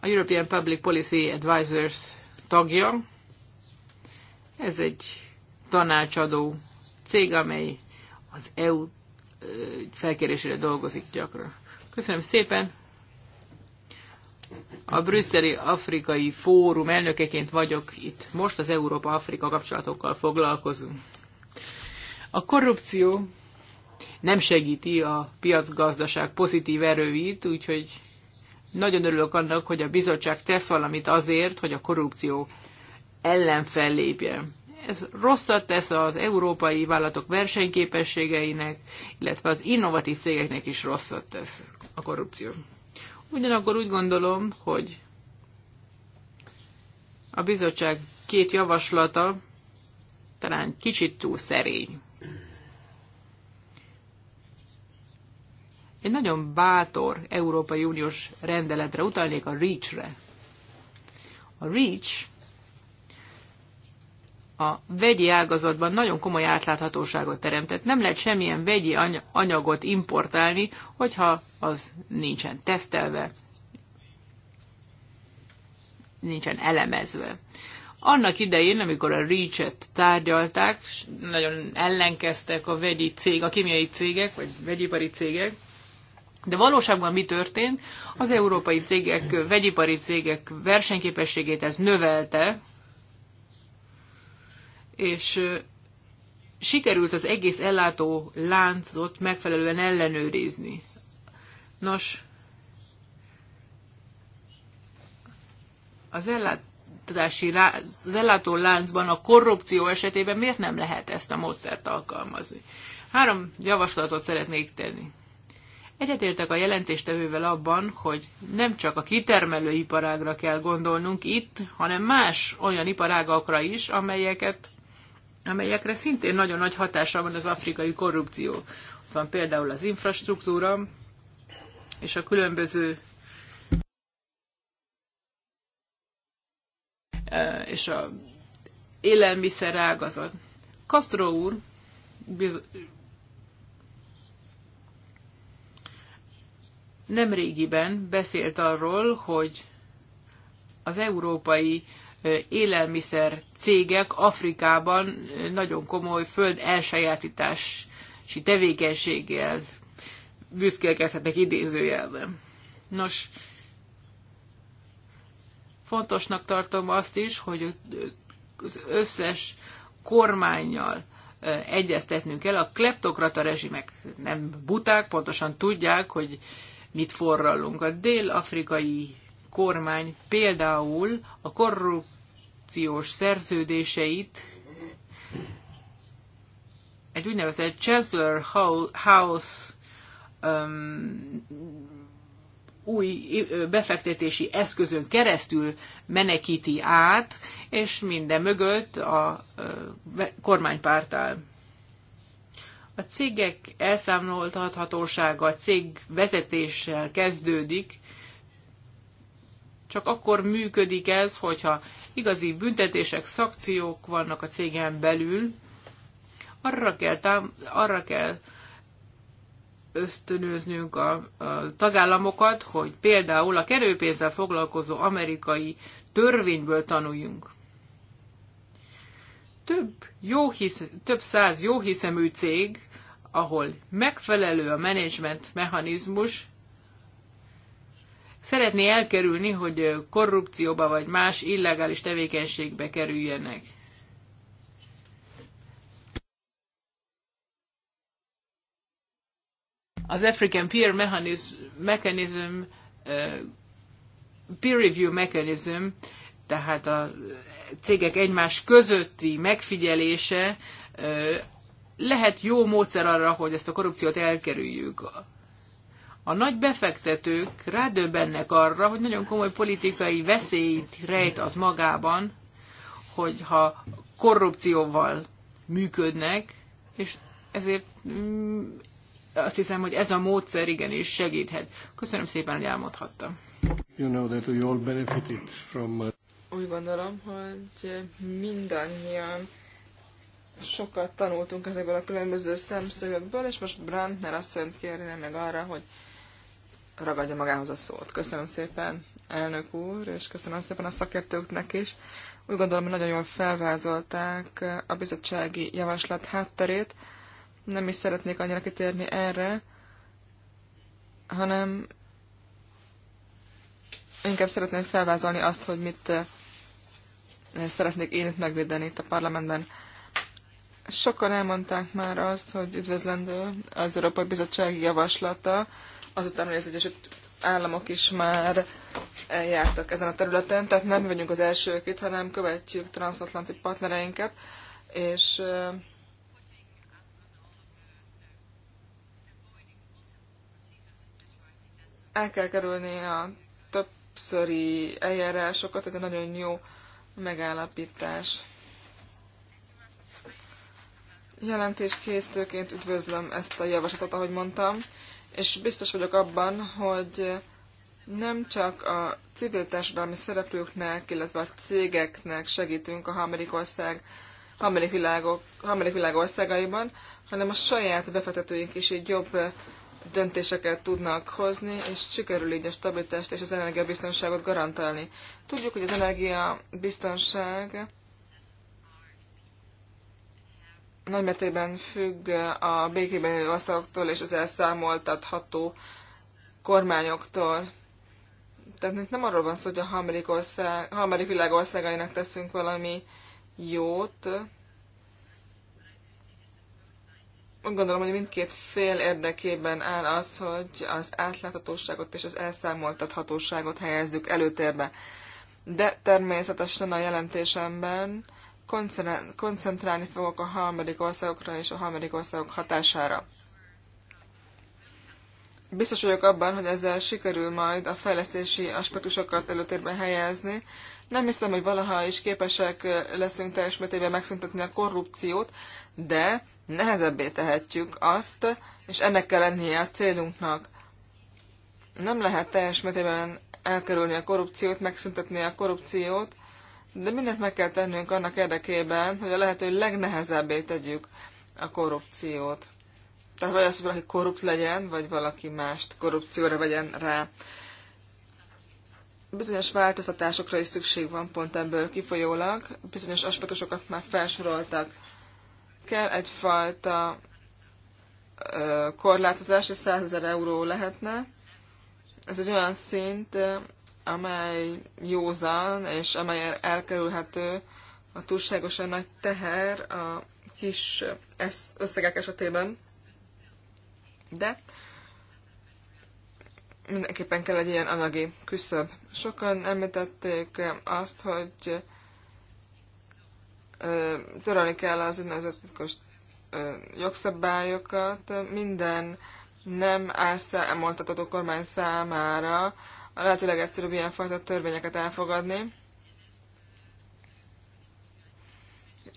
a European Public Policy Advisors tagja. Ez egy tanácsadó cég, amely az EU felkérésére dolgozik gyakran. Köszönöm szépen! A brüsszeli afrikai fórum elnökeként vagyok itt. Most az Európa-Afrika kapcsolatokkal foglalkozunk. A korrupció nem segíti a piacgazdaság pozitív erőit, úgyhogy nagyon örülök annak, hogy a bizottság tesz valamit azért, hogy a korrupció ellen fellépjen. Ez rosszat tesz az európai vállalatok versenyképességeinek, illetve az innovatív cégeknek is rosszat tesz a korrupció. Ugyanakkor úgy gondolom, hogy a bizottság két javaslata talán kicsit túl szerény. Egy nagyon bátor Európai Uniós rendeletre utalnék, a REACH-re. A REACH a vegyi ágazatban nagyon komoly átláthatóságot teremtett. Nem lehet semmilyen vegyi anyagot importálni, hogyha az nincsen tesztelve, nincsen elemezve. Annak idején, amikor a REACH-et tárgyalták, nagyon ellenkeztek a vegyi cég, a kémiai cégek, vagy vegyipari cégek, de valóságban mi történt? Az európai cégek, vegyipari cégek versenyképességét ez növelte, és sikerült az egész ellátó láncot megfelelően ellenőrizni. Nos, az, ellát az ellátó láncban a korrupció esetében miért nem lehet ezt a módszert alkalmazni? Három javaslatot szeretnék tenni. Egyetértek a jelentéstevővel abban, hogy nem csak a kitermelő iparágra kell gondolnunk itt, hanem más olyan iparágakra is, amelyeket, amelyekre szintén nagyon nagy hatása van az afrikai korrupció. Ott van például az infrastruktúra és a különböző e, és a élelmiszerágazat. Castro úr nem régiben beszélt arról, hogy az európai élelmiszer cégek Afrikában nagyon komoly föld elsajátítási tevékenységgel büszkélkedhetnek idézőjelben. Nos, fontosnak tartom azt is, hogy az összes kormányjal egyeztetnünk kell. A kleptokrata rezsimek nem buták, pontosan tudják, hogy mit forrallunk. A dél-afrikai kormány például a korrupciós szerződéseit egy úgynevezett Chancellor House um, új befektetési eszközön keresztül menekíti át, és minden mögött a kormánypárt áll. A cégek elszámoltathatósága a cég vezetéssel kezdődik, csak akkor működik ez, hogyha igazi büntetések, szakciók vannak a cégen belül, arra kell, tám- arra kell ösztönöznünk a, a tagállamokat, hogy például a kerőpénzzel foglalkozó amerikai törvényből tanuljunk. Több, jó hisz, több száz jóhiszemű cég ahol megfelelő a menedzsment mechanizmus, szeretné elkerülni, hogy korrupcióba vagy más illegális tevékenységbe kerüljenek. Az African Peer Mechanism, mechanism peer review mechanism, tehát a cégek egymás közötti megfigyelése lehet jó módszer arra, hogy ezt a korrupciót elkerüljük. A nagy befektetők rádöbbennek arra, hogy nagyon komoly politikai veszélyt rejt az magában, hogyha korrupcióval működnek, és ezért mm, azt hiszem, hogy ez a módszer igenis segíthet. Köszönöm szépen, hogy elmondhattam. You know that we all benefited from... Uh, Úgy gondolom, hogy mindannyian sokat tanultunk ezekből a különböző szemszögökből, és most Brandner azt kérni meg arra, hogy ragadja magához a szót. Köszönöm szépen, elnök úr, és köszönöm szépen a szakértőknek is. Úgy gondolom, hogy nagyon jól felvázolták a bizottsági javaslat hátterét. Nem is szeretnék annyira kitérni erre, hanem inkább szeretném felvázolni azt, hogy mit eh, szeretnék én itt megvédeni itt a parlamentben. Sokan elmondták már azt, hogy üdvözlendő az Európai Bizottsági Javaslata, azután, hogy az Egyesült Államok is már jártak ezen a területen, tehát nem vagyunk az elsők itt, hanem követjük transatlanti partnereinket, és el kell kerülni a többszöri eljárásokat, ez egy nagyon jó megállapítás jelentéskészítőként üdvözlöm ezt a javaslatot, ahogy mondtam, és biztos vagyok abban, hogy nem csak a civil társadalmi szereplőknek, illetve a cégeknek segítünk a harmadik ország, harmadik, világok, harmadik világ országaiban, hanem a saját befektetőink is így jobb döntéseket tudnak hozni, és sikerül így a stabilitást és az energiabiztonságot garantálni. Tudjuk, hogy az energiabiztonság nagymértékben függ a békében élő országoktól és az elszámoltatható kormányoktól. Tehát itt nem arról van szó, hogy a harmadik, ország, harmadik világ országainak teszünk valami jót. Úgy gondolom, hogy mindkét fél érdekében áll az, hogy az átláthatóságot és az elszámoltathatóságot helyezzük előtérbe. De természetesen a jelentésemben koncentrálni fogok a harmadik országokra és a harmadik országok hatására. Biztos vagyok abban, hogy ezzel sikerül majd a fejlesztési aspektusokat előtérbe helyezni. Nem hiszem, hogy valaha is képesek leszünk teljes mértékben megszüntetni a korrupciót, de nehezebbé tehetjük azt, és ennek kell lennie a célunknak. Nem lehet teljes mértékben elkerülni a korrupciót, megszüntetni a korrupciót, de mindent meg kell tennünk annak érdekében, hogy a lehető legnehezebbé tegyük a korrupciót. Tehát vagy az, hogy valaki korrupt legyen, vagy valaki mást korrupcióra vegyen rá. Bizonyos változtatásokra is szükség van pont ebből kifolyólag, bizonyos aspektusokat már felsoroltak. Kell egyfajta korlátozás, és 100 ezer euró lehetne. Ez egy olyan szint, amely józan, és amely elkerülhető a túlságosan nagy teher a kis összegek esetében. De mindenképpen kell egy ilyen anyagi küszöb. Sokan említették azt, hogy törölni kell az úgynevezett jogszabályokat minden nem elszámoltatható kormány számára a lehetőleg egyszerűbb ilyenfajta törvényeket elfogadni.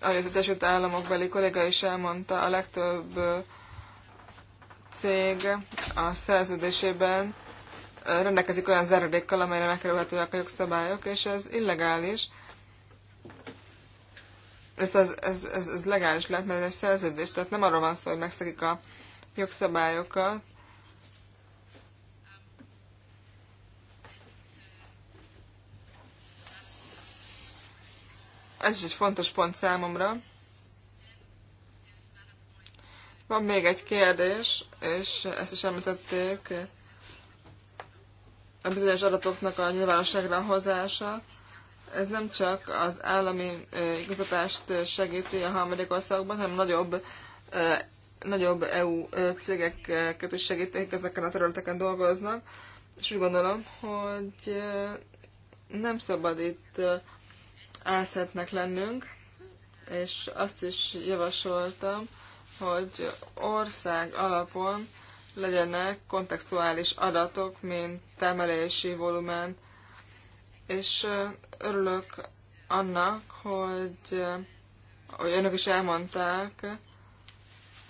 Ahogy az Egyesült Államok beli kolléga is elmondta, a legtöbb cég a szerződésében rendelkezik olyan zárodékkal, amelyre megkerülhetőek a jogszabályok, és ez illegális. Ez, ez, ez, ez legális lehet, mert ez egy szerződés, tehát nem arról van szó, hogy megszegik a jogszabályokat, Ez is egy fontos pont számomra. Van még egy kérdés, és ezt is említették, a bizonyos adatoknak a nyilvánosságra hozása. Ez nem csak az állami igazgatást segíti a harmadik országokban, hanem nagyobb, nagyobb EU cégeket is segítik, ezeken a területeken dolgoznak. És úgy gondolom, hogy nem szabad itt álszentnek lennünk, és azt is javasoltam, hogy ország alapon legyenek kontextuális adatok, mint termelési volumen, és örülök annak, hogy, hogy önök is elmondták,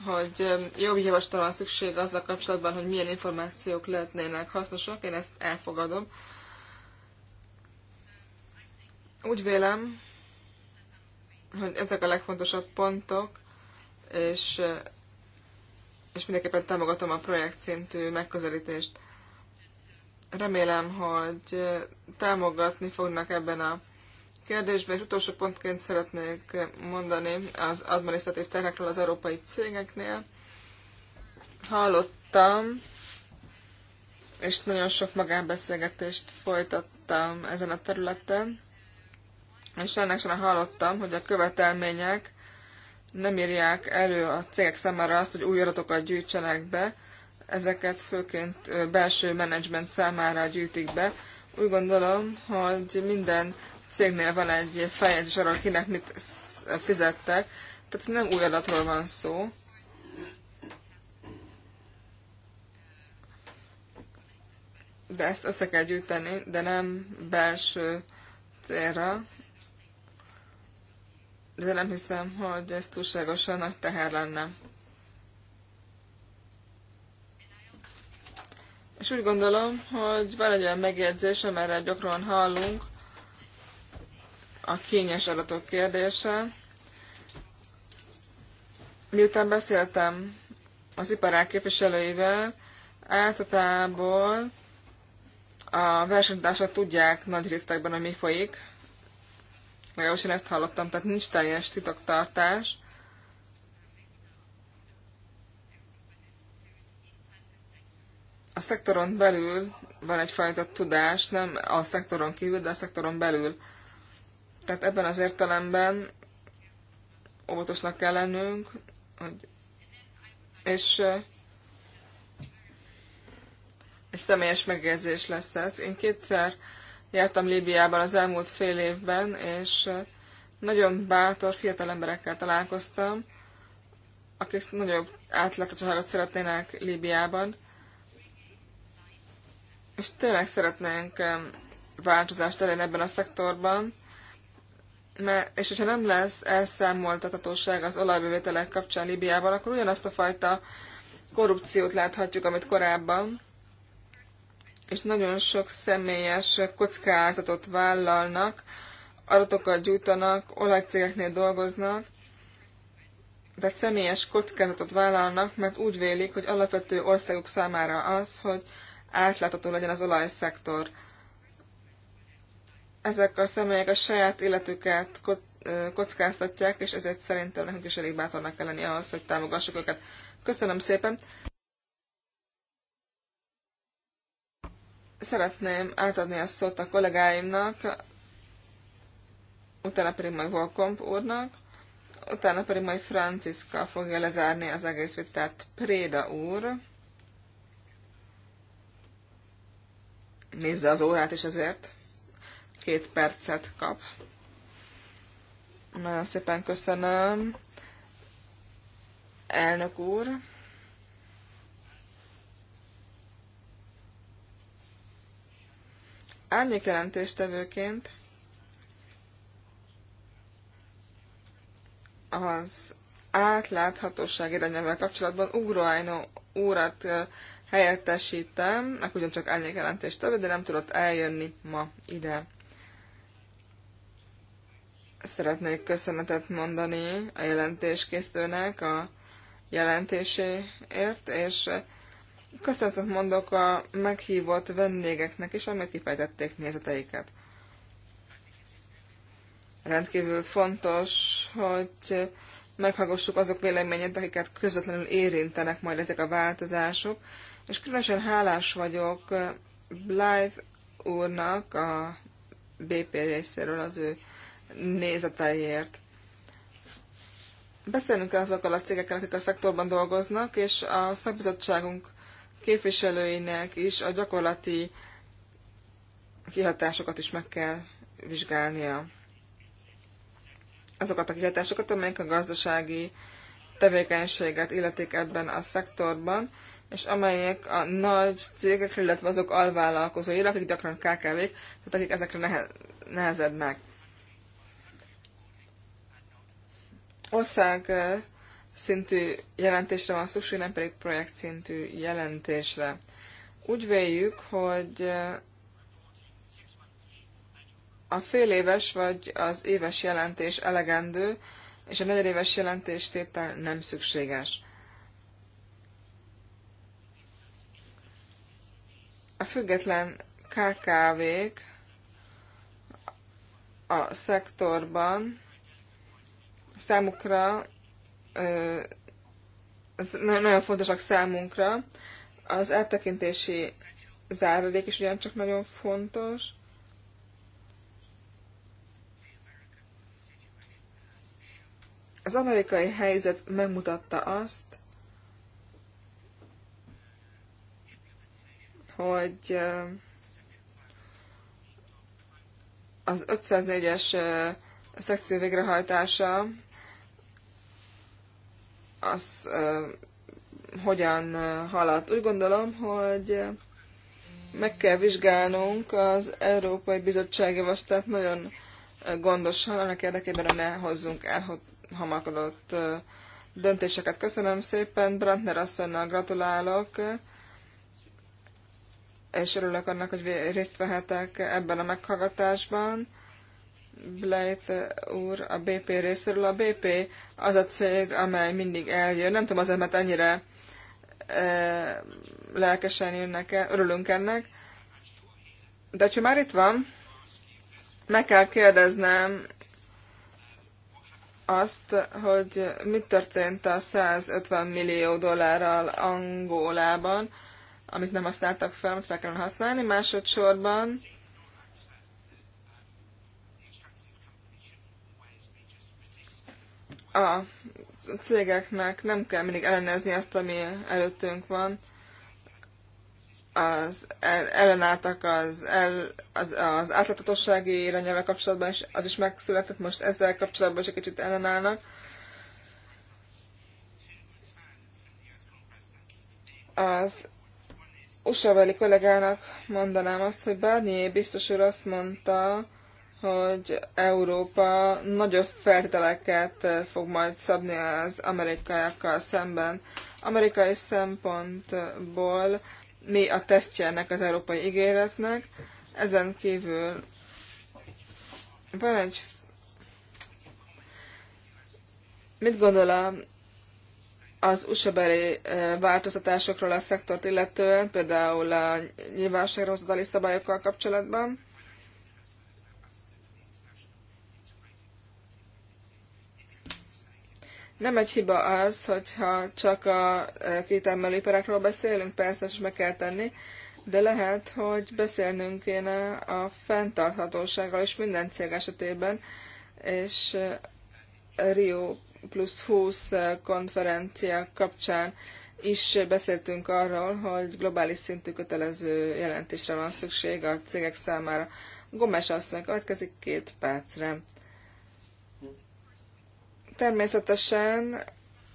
hogy jobb javaslatra van szükség azzal kapcsolatban, hogy milyen információk lehetnének hasznosak, én ezt elfogadom, úgy vélem, hogy ezek a legfontosabb pontok, és, és mindenképpen támogatom a projekt szintű megközelítést. Remélem, hogy támogatni fognak ebben a kérdésben, és utolsó pontként szeretnék mondani az adminisztratív terhekről az európai cégeknél. Hallottam, és nagyon sok magánbeszélgetést folytattam ezen a területen és ennek során hallottam, hogy a követelmények nem írják elő a cégek számára azt, hogy új adatokat gyűjtsenek be, ezeket főként belső menedzsment számára gyűjtik be. Úgy gondolom, hogy minden cégnél van egy feljegyzés arról, kinek mit fizettek, tehát nem új adatról van szó. De ezt össze kell gyűjteni, de nem belső célra, de nem hiszem, hogy ez túlságosan nagy teher lenne. És úgy gondolom, hogy van egy olyan megjegyzés, amelyre gyakran hallunk, a kényes adatok kérdése. Miután beszéltem az iparák képviselőivel, általában a versenytársak tudják nagy részekben, hogy mi folyik, legalábbis én ezt hallottam, tehát nincs teljes titoktartás. A szektoron belül van egyfajta tudás, nem a szektoron kívül, de a szektoron belül. Tehát ebben az értelemben óvatosnak kell lennünk, hogy és eh, egy személyes megjegyzés lesz ez. Én kétszer jártam Líbiában az elmúlt fél évben, és nagyon bátor fiatal emberekkel találkoztam, akik nagyobb átláthatóságot szeretnének Líbiában. És tényleg szeretnénk változást elérni ebben a szektorban, mert, és hogyha nem lesz elszámoltathatóság az olajbevételek kapcsán Líbiában, akkor ugyanazt a fajta korrupciót láthatjuk, amit korábban és nagyon sok személyes kockázatot vállalnak, adatokat gyújtanak, olajcégeknél dolgoznak, tehát személyes kockázatot vállalnak, mert úgy vélik, hogy alapvető országuk számára az, hogy átlátható legyen az olajszektor. Ezek a személyek a saját életüket kockáztatják, és ezért szerintem nekünk is elég bátornak kell lenni ahhoz, hogy támogassuk őket. Köszönöm szépen! Szeretném átadni a szót a kollégáimnak, utána pedig majd Volkomp úrnak, utána pedig majd Franciska fogja lezárni az egész vitát Préda úr. Nézze az órát is azért. Két percet kap. Nagyon szépen köszönöm. Elnök úr. árnyékjelentéstevőként az átláthatóság irányával kapcsolatban ugróájnó úrat helyettesítem, akkor ugyancsak árnyékjelentéstevő, de nem tudott eljönni ma ide. Szeretnék köszönetet mondani a jelentéskészítőnek a jelentéséért, és Köszönetet mondok a meghívott vendégeknek is, amit kifejtették nézeteiket. Rendkívül fontos, hogy meghallgassuk azok véleményét, akiket közvetlenül érintenek majd ezek a változások, és különösen hálás vagyok Blythe úrnak a BP részéről az ő nézeteiért. Beszélünk azokkal a cégekkel, akik a szektorban dolgoznak, és a szakbizottságunk képviselőinek is a gyakorlati kihatásokat is meg kell vizsgálnia. Azokat a kihatásokat, amelyek a gazdasági tevékenységet illetik ebben a szektorban, és amelyek a nagy cégek, illetve azok alvállalkozói, akik gyakran KKV-k, tehát akik ezekre nehezednek. Ország eh, szintű jelentésre van szükség, nem pedig projekt szintű jelentésre. Úgy véljük, hogy eh, a fél éves vagy az éves jelentés elegendő, és a negyedéves jelentéstétel nem szükséges. A független KKV-k a szektorban számukra ez nagyon fontosak számunkra. Az áttekintési záradék is ugyancsak nagyon fontos. Az amerikai helyzet megmutatta azt, hogy az 504-es szekció végrehajtása az hogyan haladt. Úgy gondolom, hogy meg kell vizsgálnunk az Európai Bizottság javaslatát nagyon gondosan, annak érdekében, hogy ne hozzunk el hamakodott döntéseket. Köszönöm szépen, Brantner asszonynal gratulálok, és örülök annak, hogy részt vehetek ebben a meghallgatásban. Blight úr a BP részéről. A BP az a cég, amely mindig eljön. Nem tudom azért, mert ennyire e, lelkesen jönnek el, örülünk ennek. De ha már itt van, meg kell kérdeznem azt, hogy mit történt a 150 millió dollárral Angolában, amit nem használtak fel, amit fel kellene használni. Másodszorban a cégeknek nem kell mindig ellenezni azt, ami előttünk van. Az el, ellenálltak az, el, az, az átláthatósági irányelve kapcsolatban, és az is megszületett, most ezzel kapcsolatban is egy kicsit ellenállnak. Az USA-beli kollégának mondanám azt, hogy Barnier biztos úr azt mondta, hogy Európa nagyobb feltételeket fog majd szabni az amerikaiakkal szemben. Amerikai szempontból mi a tesztje ennek az európai ígéretnek. Ezen kívül van egy... Mit gondol a, az usa változtatásokról a szektort illetően, például a nyilvánosságra hozatali szabályokkal kapcsolatban? Nem egy hiba az, hogyha csak a e, kétermelőiparákról beszélünk, persze ezt is meg kell tenni, de lehet, hogy beszélnünk kéne a fenntarthatóságról és minden cég esetében, és e, Rio plusz 20 e, konferencia kapcsán is beszéltünk arról, hogy globális szintű kötelező jelentésre van szükség a cégek számára. Gomes asszony következik két percre. Természetesen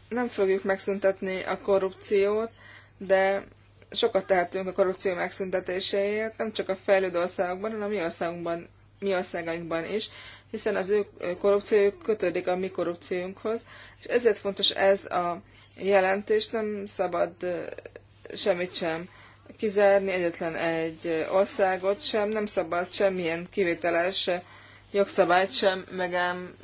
nem fogjuk megszüntetni a korrupciót, de sokat tehetünk a korrupció megszüntetéséért, nem csak a fejlődő országokban, hanem a mi, országunkban, mi országainkban is, hiszen az ő korrupciójuk kötődik a mi korrupciónkhoz, és ezért fontos ez a jelentés, nem szabad semmit sem kizárni, egyetlen egy országot sem, nem szabad semmilyen kivételes jogszabályt sem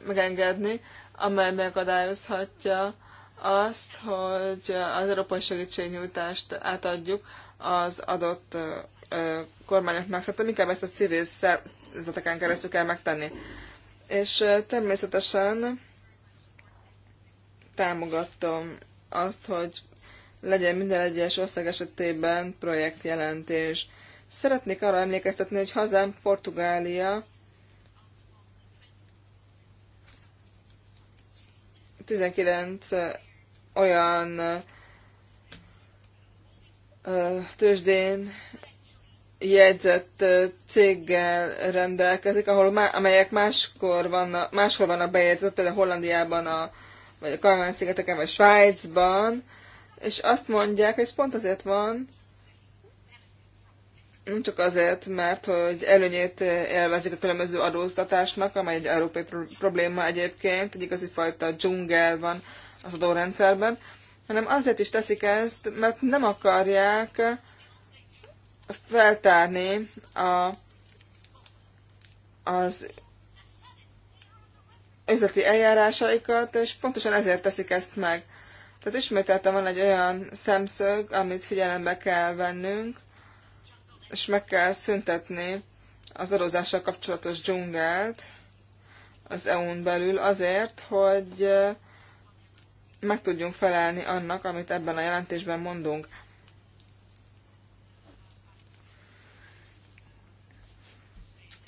megengedni, amely megadályozhatja azt, hogy az európai segítségnyújtást átadjuk az adott kormányoknak. Szerintem inkább ezt a civil szervezeteken keresztül kell megtenni. És természetesen támogatom azt, hogy legyen minden egyes ország esetében projektjelentés. Szeretnék arra emlékeztetni, hogy hazám Portugália 19 olyan tőzsdén jegyzett céggel rendelkezik, ahol má, amelyek máskor vannak, máshol vannak bejegyzett, például Hollandiában, a, vagy a Kalmán-szigeteken, vagy Svájcban, és azt mondják, hogy ez pont azért van, nem csak azért, mert hogy előnyét élvezik a különböző adóztatásnak, amely egy európai probléma egyébként, egy igazi fajta dzsungel van az adórendszerben, hanem azért is teszik ezt, mert nem akarják feltárni a, az üzleti eljárásaikat, és pontosan ezért teszik ezt meg. Tehát ismételten van egy olyan szemszög, amit figyelembe kell vennünk, és meg kell szüntetni az adózással kapcsolatos dzsungelt az EU-n belül azért, hogy meg tudjunk felelni annak, amit ebben a jelentésben mondunk.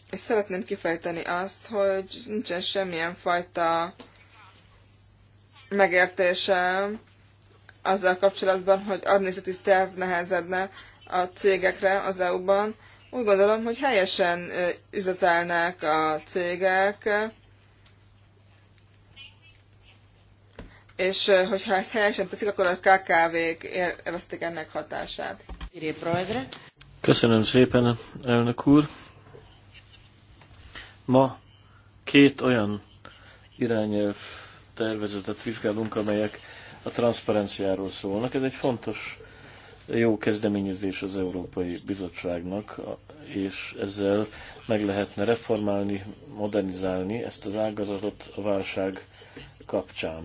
És szeretném kifejteni azt, hogy nincsen semmilyen fajta megértése azzal kapcsolatban, hogy administratív terv nehezedne a cégekre az EU-ban. Úgy gondolom, hogy helyesen üzletelnek a cégek, és hogyha ezt helyesen teszik, akkor a KKV-k élvezték ennek hatását. Köszönöm szépen, elnök úr! Ma két olyan irányelv tervezetet vizsgálunk, amelyek a transzparenciáról szólnak. Ez egy fontos jó kezdeményezés az Európai Bizottságnak, és ezzel meg lehetne reformálni, modernizálni ezt az ágazatot a válság kapcsán.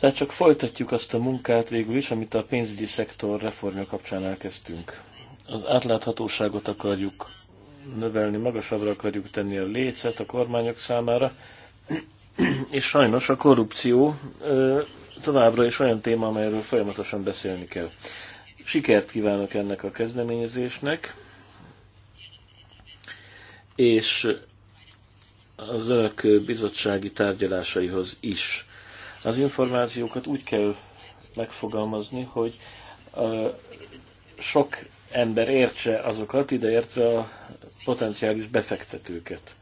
Tehát csak folytatjuk azt a munkát végül is, amit a pénzügyi szektor reformja kapcsán elkezdtünk. Az átláthatóságot akarjuk növelni, magasabbra akarjuk tenni a lécet a kormányok számára, és sajnos a korrupció továbbra is olyan téma, amelyről folyamatosan beszélni kell. Sikert kívánok ennek a kezdeményezésnek, és az önök bizottsági tárgyalásaihoz is. Az információkat úgy kell megfogalmazni, hogy sok ember értse azokat, ideértve a potenciális befektetőket.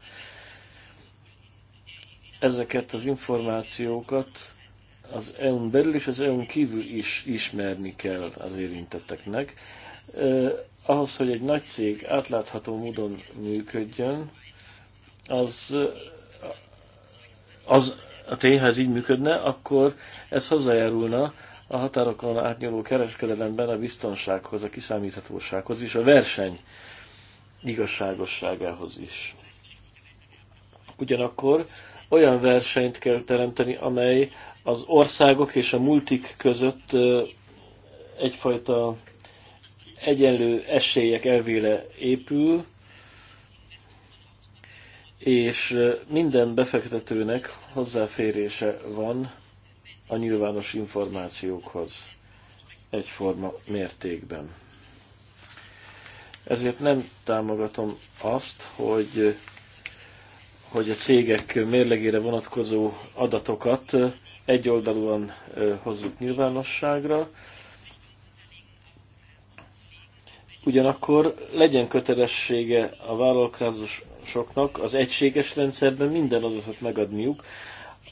Ezeket az információkat az EU-n belül és az EU-n kívül is ismerni kell az érintetteknek. Eh, ahhoz, hogy egy nagy cég átlátható módon működjön, az, az a tény, ha ez így működne, akkor ez hozzájárulna a határokon átnyúló kereskedelemben a biztonsághoz, a kiszámíthatósághoz és a verseny igazságosságához is. Ugyanakkor olyan versenyt kell teremteni, amely az országok és a multik között egyfajta egyenlő esélyek elvéle épül, és minden befektetőnek hozzáférése van a nyilvános információkhoz egyforma mértékben. Ezért nem támogatom azt, hogy, hogy a cégek mérlegére vonatkozó adatokat egyoldalúan hozzuk nyilvánosságra. Ugyanakkor legyen kötelessége a vállalkozásoknak az egységes rendszerben minden adatot megadniuk,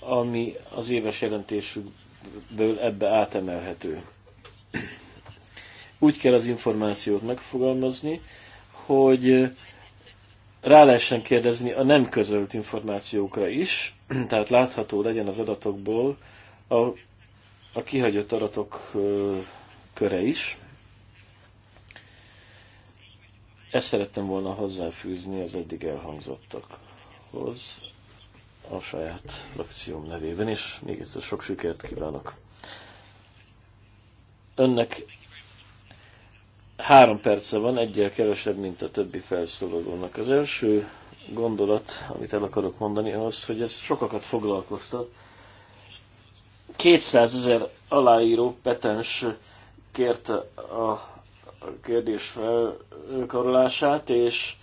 ami az éves jelentésükből ebbe átemelhető. Úgy kell az információt megfogalmazni, hogy rá lehessen kérdezni a nem közölt információkra is, tehát látható legyen az adatokból a, a kihagyott adatok köre is. Ezt szerettem volna hozzáfűzni az eddig elhangzottakhoz a saját frakcióm nevében, és még egyszer sok sikert kívánok. Önnek Három perce van, egyel kevesebb, mint a többi felszólalónak. Az első gondolat, amit el akarok mondani, az, hogy ez sokakat foglalkoztat. 200 ezer aláíró petens kérte a kérdés felkarolását, és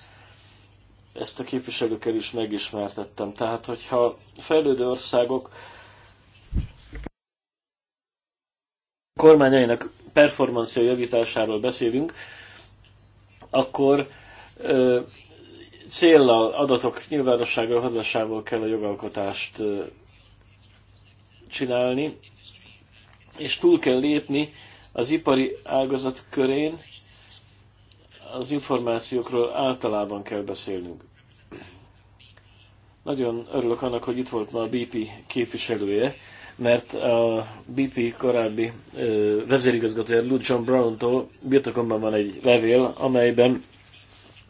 ezt a képviselőkkel is megismertettem. Tehát, hogyha fejlődő országok kormányainak performancia javításáról beszélünk, akkor ö, céllal, adatok nyilvánossága hozásával kell a jogalkotást ö, csinálni, és túl kell lépni az ipari ágazat körén, az információkról általában kell beszélnünk. Nagyon örülök annak, hogy itt volt ma a BP képviselője, mert a BP korábbi ö, vezérigazgatója Lou John Brown-tól birtokomban van egy levél, amelyben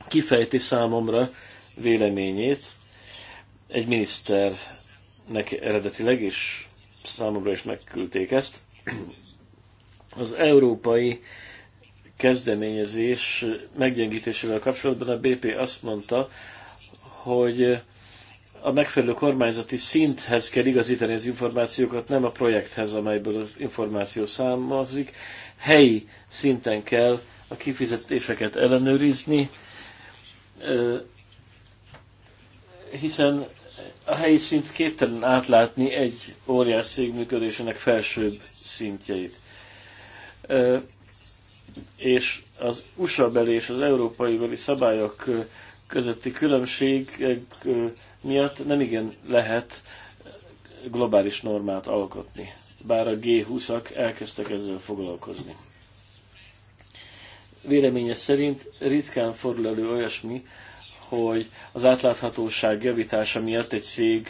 kifejti számomra véleményét egy miniszternek eredetileg, és számomra is megküldték ezt. Az európai kezdeményezés meggyengítésével kapcsolatban a BP azt mondta, hogy a megfelelő kormányzati szinthez kell igazítani az információkat, nem a projekthez, amelyből az információ származik. Helyi szinten kell a kifizetéseket ellenőrizni, hiszen a helyi szint képtelen átlátni egy óriás szég működésének felsőbb szintjeit. És az USA beli és az európai beli szabályok közötti különbség miatt nem igen lehet globális normát alkotni, bár a G20-ak elkezdtek ezzel foglalkozni. Véleménye szerint ritkán fordul elő olyasmi, hogy az átláthatóság javítása miatt egy cég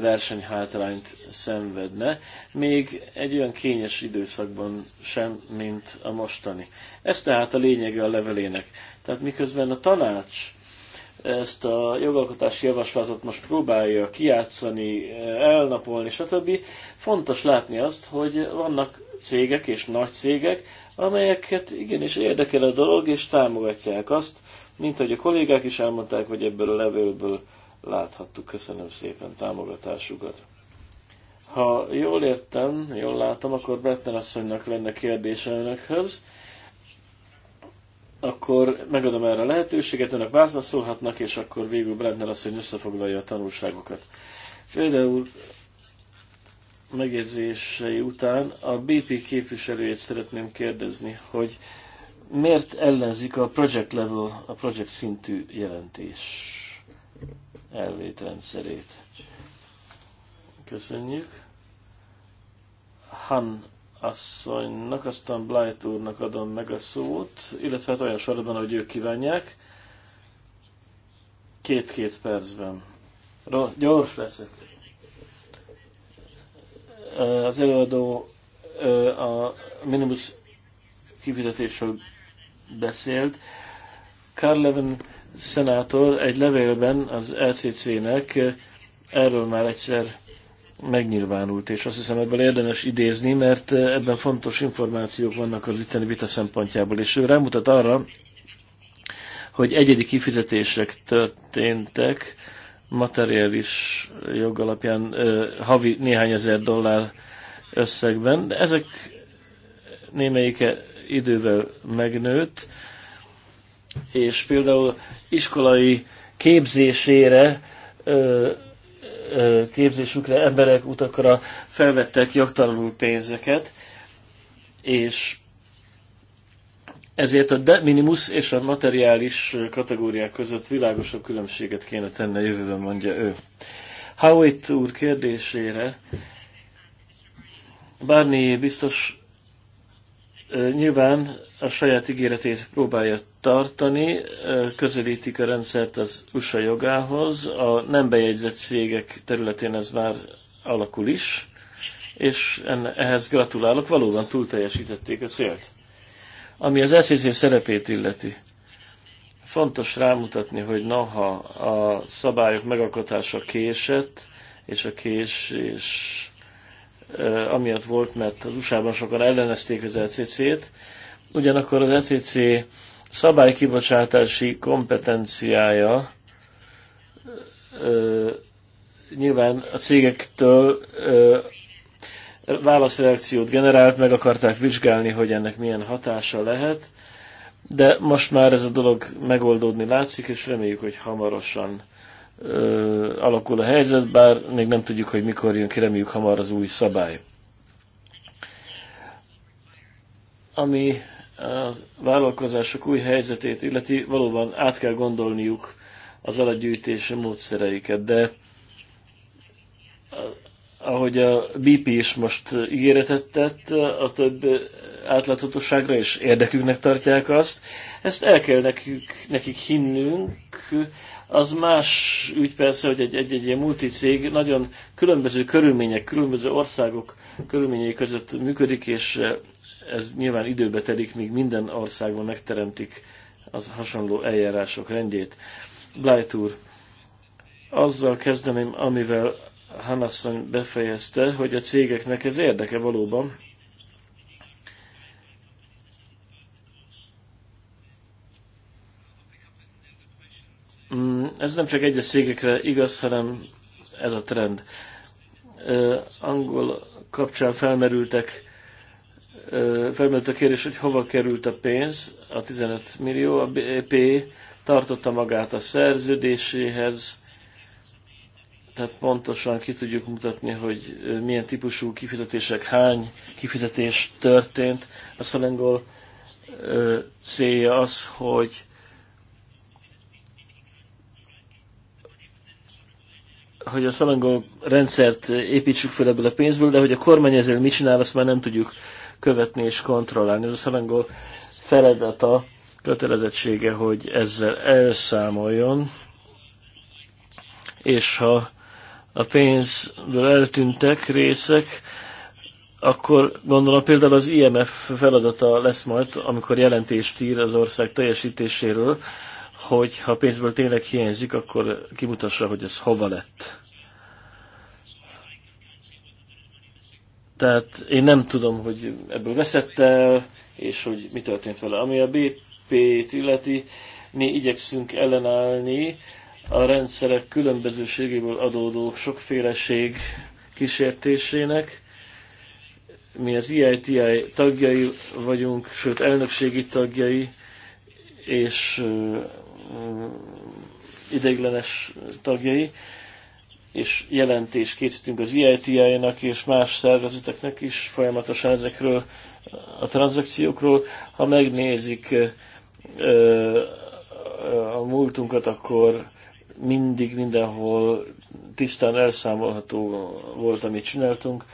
versenyhátrányt szenvedne, még egy olyan kényes időszakban sem, mint a mostani. Ez tehát a lényege a levelének. Tehát miközben a tanács ezt a jogalkotási javaslatot most próbálja kiátszani, elnapolni, stb. Fontos látni azt, hogy vannak cégek és nagy cégek, amelyeket igenis érdekel a dolog, és támogatják azt, mint ahogy a kollégák is elmondták, hogy ebből a levélből láthattuk. Köszönöm szépen támogatásukat. Ha jól értem, jól látom, akkor Bretten asszonynak lenne kérdése önökhöz akkor megadom erre a lehetőséget, önök válaszolhatnak, és akkor végül Brendner asszony összefoglalja a tanulságokat. Például megjegyzései után a BP képviselőjét szeretném kérdezni, hogy miért ellenzik a project level, a project szintű jelentés elvét, Köszönjük. Han asszonynak, aztán Blight úrnak adom meg a szót, illetve hát olyan sorban, ahogy ők kívánják. Két-két percben. Ró, gyors leszek. Az előadó a minimus kifizetésről beszélt. Carl Levin szenátor egy levélben az LCC-nek e erről már egyszer megnyilvánult, és azt hiszem ebből érdemes idézni, mert eh, ebben fontos információk vannak az itteni vita szempontjából, és ő rámutat arra, hogy egyedi kifizetések történtek, materiális jog alapján eh, havi néhány ezer dollár összegben, de ezek némelyike idővel megnőtt, és például iskolai képzésére eh, képzésükre, emberek utakra felvettek jogtalanul pénzeket, és ezért a de minimus és a materiális kategóriák között világosabb különbséget kéne tenni a jövőben, mondja ő. Howitt úr kérdésére Barney biztos nyilván a saját ígéretét próbálja tartani, közelítik a rendszert az USA jogához, a nem bejegyzett cégek területén ez már alakul is, és enne, ehhez gratulálok, valóban túl teljesítették a célt. Ami az SZC szerepét illeti, fontos rámutatni, hogy noha a szabályok megalkotása késett, és a késés e, amiatt volt, mert az USA-ban sokan ellenezték az LCC-t, e ugyanakkor az LCC e szabálykibocsátási kompetenciája ö, nyilván a cégektől ö, válaszreakciót generált, meg akarták vizsgálni, hogy ennek milyen hatása lehet, de most már ez a dolog megoldódni látszik, és reméljük, hogy hamarosan ö, alakul a helyzet, bár még nem tudjuk, hogy mikor jön ki, reméljük hamar az új szabály. Ami a vállalkozások új helyzetét illeti, valóban át kell gondolniuk az adatgyűjtési módszereiket, de ahogy a BP is most ígéretet tett a több átláthatóságra, és érdeküknek tartják azt, ezt el kell nekik, nekik hinnünk. Az más ügy persze, hogy egy-egy ilyen multicég nagyon különböző körülmények, különböző országok körülményei között működik, és ez nyilván időbe telik, míg minden országban megteremtik az hasonló eljárások rendjét. Blight úr, azzal kezdeném, amivel Hanasson befejezte, hogy a cégeknek ez érdeke valóban. Mm, ez nem csak egyes cégekre igaz, hanem ez a trend. Angol kapcsán felmerültek felmerült a kérdés, hogy hova került a pénz, a 15 millió, a BP tartotta magát a szerződéséhez, tehát pontosan ki tudjuk mutatni, hogy milyen típusú kifizetések, hány kifizetés történt. A Szolengol célja az, hogy hogy a szalangó rendszert építsük fel ebből a pénzből, de hogy a kormány ezzel mit csinál, azt már nem tudjuk követni és kontrollálni. Ez a szalangó feladata, kötelezettsége, hogy ezzel elszámoljon, és ha a pénzből eltűntek részek, akkor gondolom például az IMF feladata lesz majd, amikor jelentést ír az ország teljesítéséről, hogy ha pénzből tényleg hiányzik, akkor kimutassa, hogy ez hova lett. Tehát én nem tudom, hogy ebből veszett el, és hogy mi történt vele. Ami a BP-t illeti, mi igyekszünk ellenállni a rendszerek különbözőségéből adódó sokféleség kísértésének. Mi az EITI tagjai vagyunk, sőt elnökségi tagjai, és ideiglenes tagjai és jelentés készítünk az ieti nak és más szervezeteknek is folyamatosan ezekről a tranzakciókról. Ha megnézik a múltunkat, akkor mindig mindenhol tisztán elszámolható volt, amit csináltunk.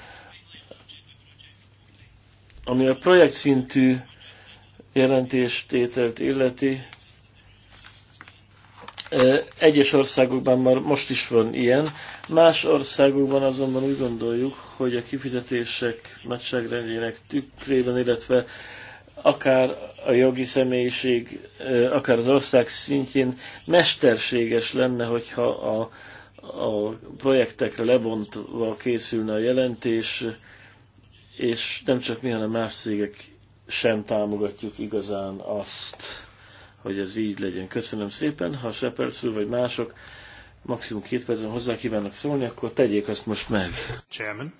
Ami a projekt szintű jelentéstételt illeti, egyes országokban már most is van ilyen, más országokban azonban úgy gondoljuk, hogy a kifizetések nagyságrendjének tükrében, illetve akár a jogi személyiség, akár az ország szintjén mesterséges lenne, hogyha a, a projektekre lebontva készülne a jelentés, és nem csak mi, hanem más cégek sem támogatjuk igazán azt hogy ez így legyen. Köszönöm szépen, ha Shepard úr vagy mások maximum két percben hozzá kívánnak szólni, akkor tegyék azt most meg. Chairman.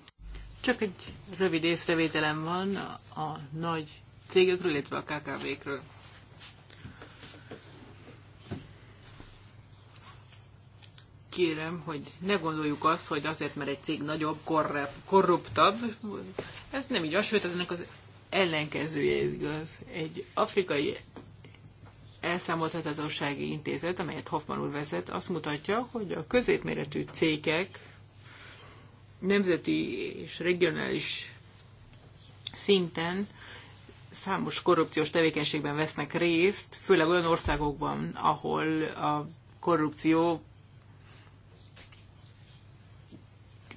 Csak egy rövid észrevételem van a, a nagy cégekről, illetve a KKV-kről. Kérem, hogy ne gondoljuk azt, hogy azért, mert egy cég nagyobb, korrep, korruptabb, ez nem így az, sőt, az ennek az ellenkezője igaz. Egy afrikai elszámoltathatósági intézet, amelyet Hoffman úr vezet, azt mutatja, hogy a középméretű cégek nemzeti és regionális szinten számos korrupciós tevékenységben vesznek részt, főleg olyan országokban, ahol a korrupció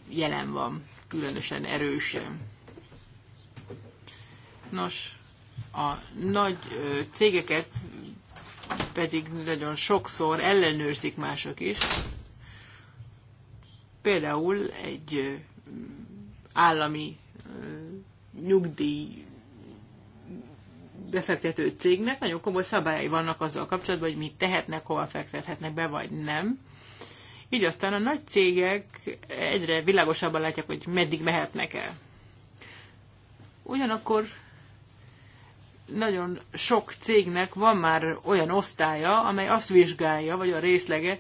jelen van, különösen erősen. Nos, a nagy cégeket pedig nagyon sokszor ellenőrzik mások is. Például egy állami nyugdíj befektető cégnek nagyon komoly szabályai vannak azzal kapcsolatban, hogy mit tehetnek, hova fektethetnek be, vagy nem. Így aztán a nagy cégek egyre világosabban látják, hogy meddig mehetnek el. Ugyanakkor nagyon sok cégnek van már olyan osztálya, amely azt vizsgálja, vagy a részlege,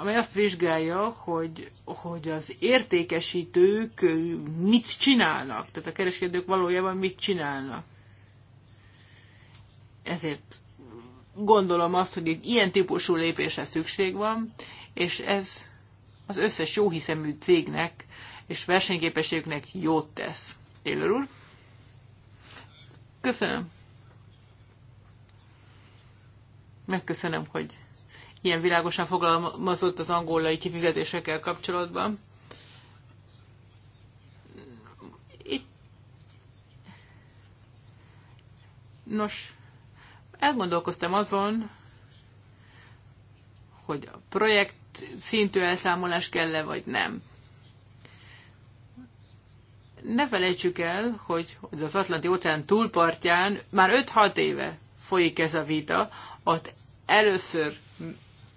amely azt vizsgálja, hogy, hogy az értékesítők mit csinálnak, tehát a kereskedők valójában mit csinálnak. Ezért gondolom azt, hogy egy ilyen típusú lépésre szükség van, és ez az összes jóhiszemű cégnek és versenyképességnek jót tesz. Taylor úr? Köszönöm. Megköszönöm, hogy ilyen világosan fogalmazott az angolai kifizetésekkel kapcsolatban. Itt... Nos, elgondolkoztam azon, hogy a projekt szintű elszámolás kell-e, vagy nem ne felejtsük el, hogy, hogy az Atlanti óceán túlpartján már 5-6 éve folyik ez a vita, ott először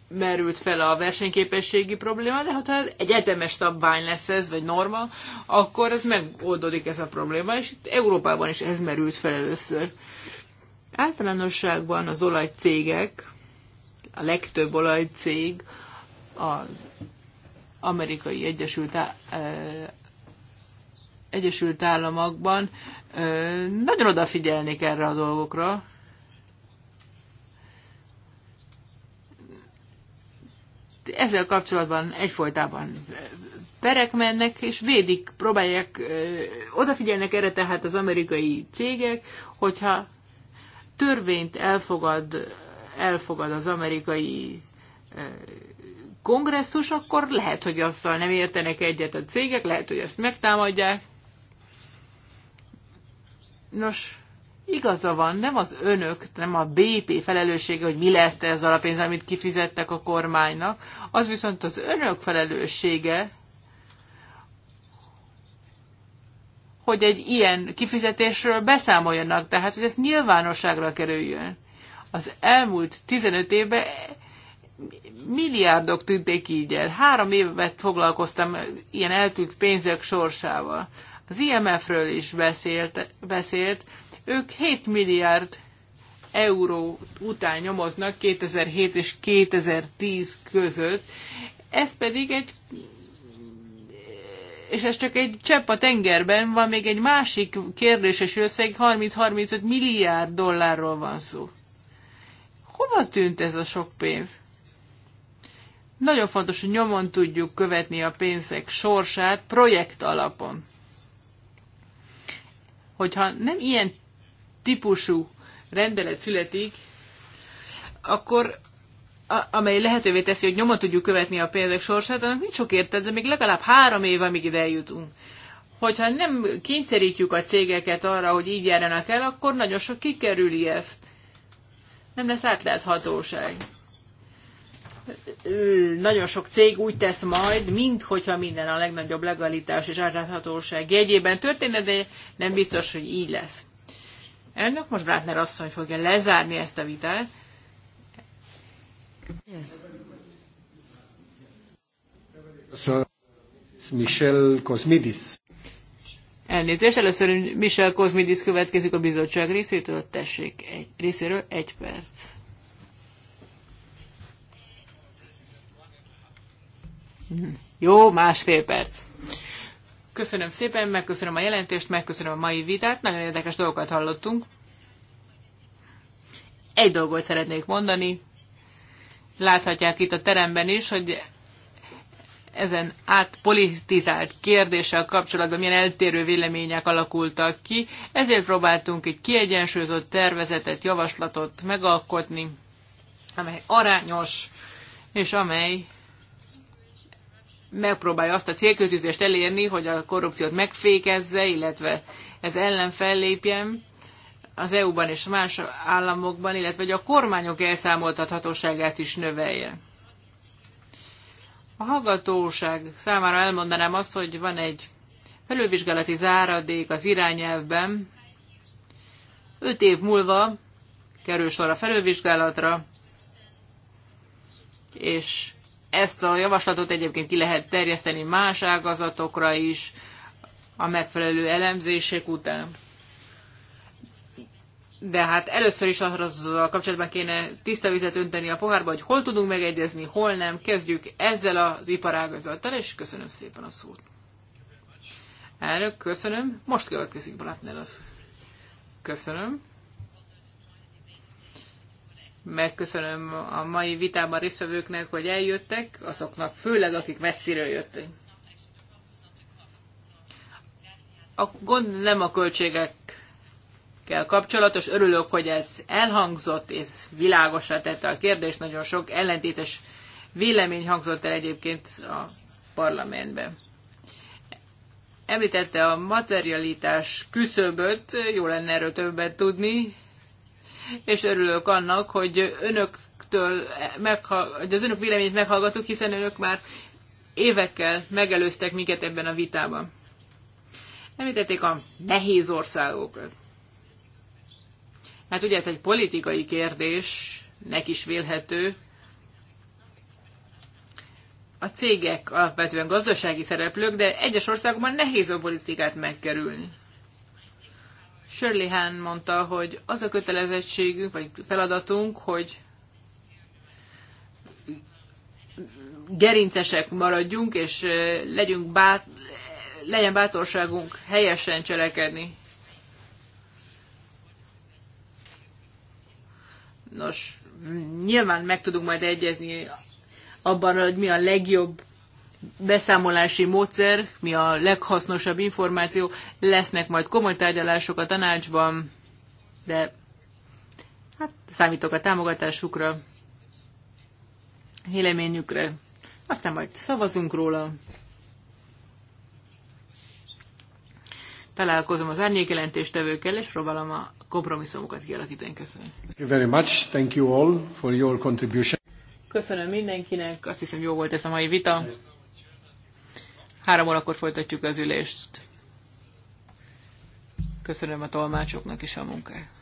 merült fel a versenyképességi probléma, de hát, ha egy egyetemes szabvány lesz ez, vagy norma, akkor ez megoldódik ez a probléma, és itt Európában is ez merült fel először. Általánosságban az olajcégek, a legtöbb olajcég az amerikai Egyesült Egyesült Államokban nagyon odafigyelnék erre a dolgokra. Ezzel kapcsolatban egyfolytában perek mennek, és védik, próbálják, odafigyelnek erre tehát az amerikai cégek, hogyha törvényt elfogad, elfogad az amerikai kongresszus, akkor lehet, hogy azzal nem értenek egyet a cégek, lehet, hogy ezt megtámadják. Nos, igaza van, nem az önök, nem a BP felelőssége, hogy mi lett ez a pénz, amit kifizettek a kormánynak, az viszont az önök felelőssége, hogy egy ilyen kifizetésről beszámoljanak, tehát hogy ez nyilvánosságra kerüljön. Az elmúlt 15 évben milliárdok tűnték így el. Három évet foglalkoztam ilyen eltűnt pénzek sorsával. Az IMF-ről is beszélt, beszélt, ők 7 milliárd euró után nyomoznak 2007 és 2010 között, ez pedig egy és ez csak egy csepp a tengerben, van még egy másik kérdéses összeg, 30-35 milliárd dollárról van szó. Hova tűnt ez a sok pénz? Nagyon fontos, hogy nyomon tudjuk követni a pénzek sorsát projekt alapon hogyha nem ilyen típusú rendelet születik, akkor a, amely lehetővé teszi, hogy nyomon tudjuk követni a pénzek sorsát, annak nincs sok érted, de még legalább három év, amíg ide eljutunk. Hogyha nem kényszerítjük a cégeket arra, hogy így járjanak el, akkor nagyon sok kikerüli ezt. Nem lesz átláthatóság nagyon sok cég úgy tesz majd, hogyha minden a legnagyobb legalitás és átláthatóság jegyében történne, de nem biztos, hogy így lesz. Elnök, most Brátner asszony fogja lezárni ezt a vitát. Yes. Michel Cosmidis. Elnézést, először Michel Cosmidis következik a bizottság részétől, tessék, egy, részéről egy perc. Jó, másfél perc. Köszönöm szépen, megköszönöm a jelentést, megköszönöm a mai vitát, nagyon érdekes dolgokat hallottunk. Egy dolgot szeretnék mondani, láthatják itt a teremben is, hogy ezen átpolitizált kérdéssel kapcsolatban milyen eltérő vélemények alakultak ki, ezért próbáltunk egy kiegyensúlyozott tervezetet, javaslatot megalkotni, amely arányos, és amely megpróbálja azt a célkötűzést elérni, hogy a korrupciót megfékezze, illetve ez ellen fellépjen az EU-ban és más államokban, illetve hogy a kormányok elszámoltathatóságát is növelje. A hallgatóság számára elmondanám azt, hogy van egy felülvizsgálati záradék az irányelvben. Öt év múlva kerül sor a felülvizsgálatra, és ezt a javaslatot egyébként ki lehet terjeszteni más ágazatokra is, a megfelelő elemzések után. De hát először is azzal kapcsolatban kéne tiszta vizet önteni a pohárba, hogy hol tudunk megegyezni, hol nem. Kezdjük ezzel az iparágazattal, és köszönöm szépen a szót. Elnök, köszönöm. Most következik Blatner az. Köszönöm. Megköszönöm a mai vitában résztvevőknek, hogy eljöttek, azoknak főleg, akik messziről jöttek. A gond nem a költségekkel kapcsolatos. Örülök, hogy ez elhangzott, és világosra tette a kérdést. Nagyon sok ellentétes vélemény hangzott el egyébként a parlamentben. Említette a materialitás küszöböt, jó lenne erről többet tudni, és örülök annak, hogy önöktől megha- hogy az önök véleményét meghallgatok, hiszen önök már évekkel megelőztek minket ebben a vitában. Említették a nehéz országokat. Hát ugye ez egy politikai kérdés, nek is vélhető. A cégek alapvetően gazdasági szereplők, de egyes országokban nehéz a politikát megkerülni. Shirley Han mondta, hogy az a kötelezettségünk, vagy feladatunk, hogy gerincesek maradjunk, és legyünk bát, legyen bátorságunk helyesen cselekedni. Nos, nyilván meg tudunk majd egyezni abban, hogy mi a legjobb beszámolási módszer, mi a leghasznosabb információ, lesznek majd komoly tárgyalások a tanácsban, de hát számítok a támogatásukra, véleményükre, aztán majd szavazunk róla. Találkozom az árnyékjelentéstevőkkel, és próbálom a kompromisszumokat kialakítani. Köszönöm. Thank you very much. Thank you all for your contribution. Köszönöm mindenkinek, azt hiszem jó volt ez a mai vita. Három órakor folytatjuk az ülést. Köszönöm a tolmácsoknak is a munkát.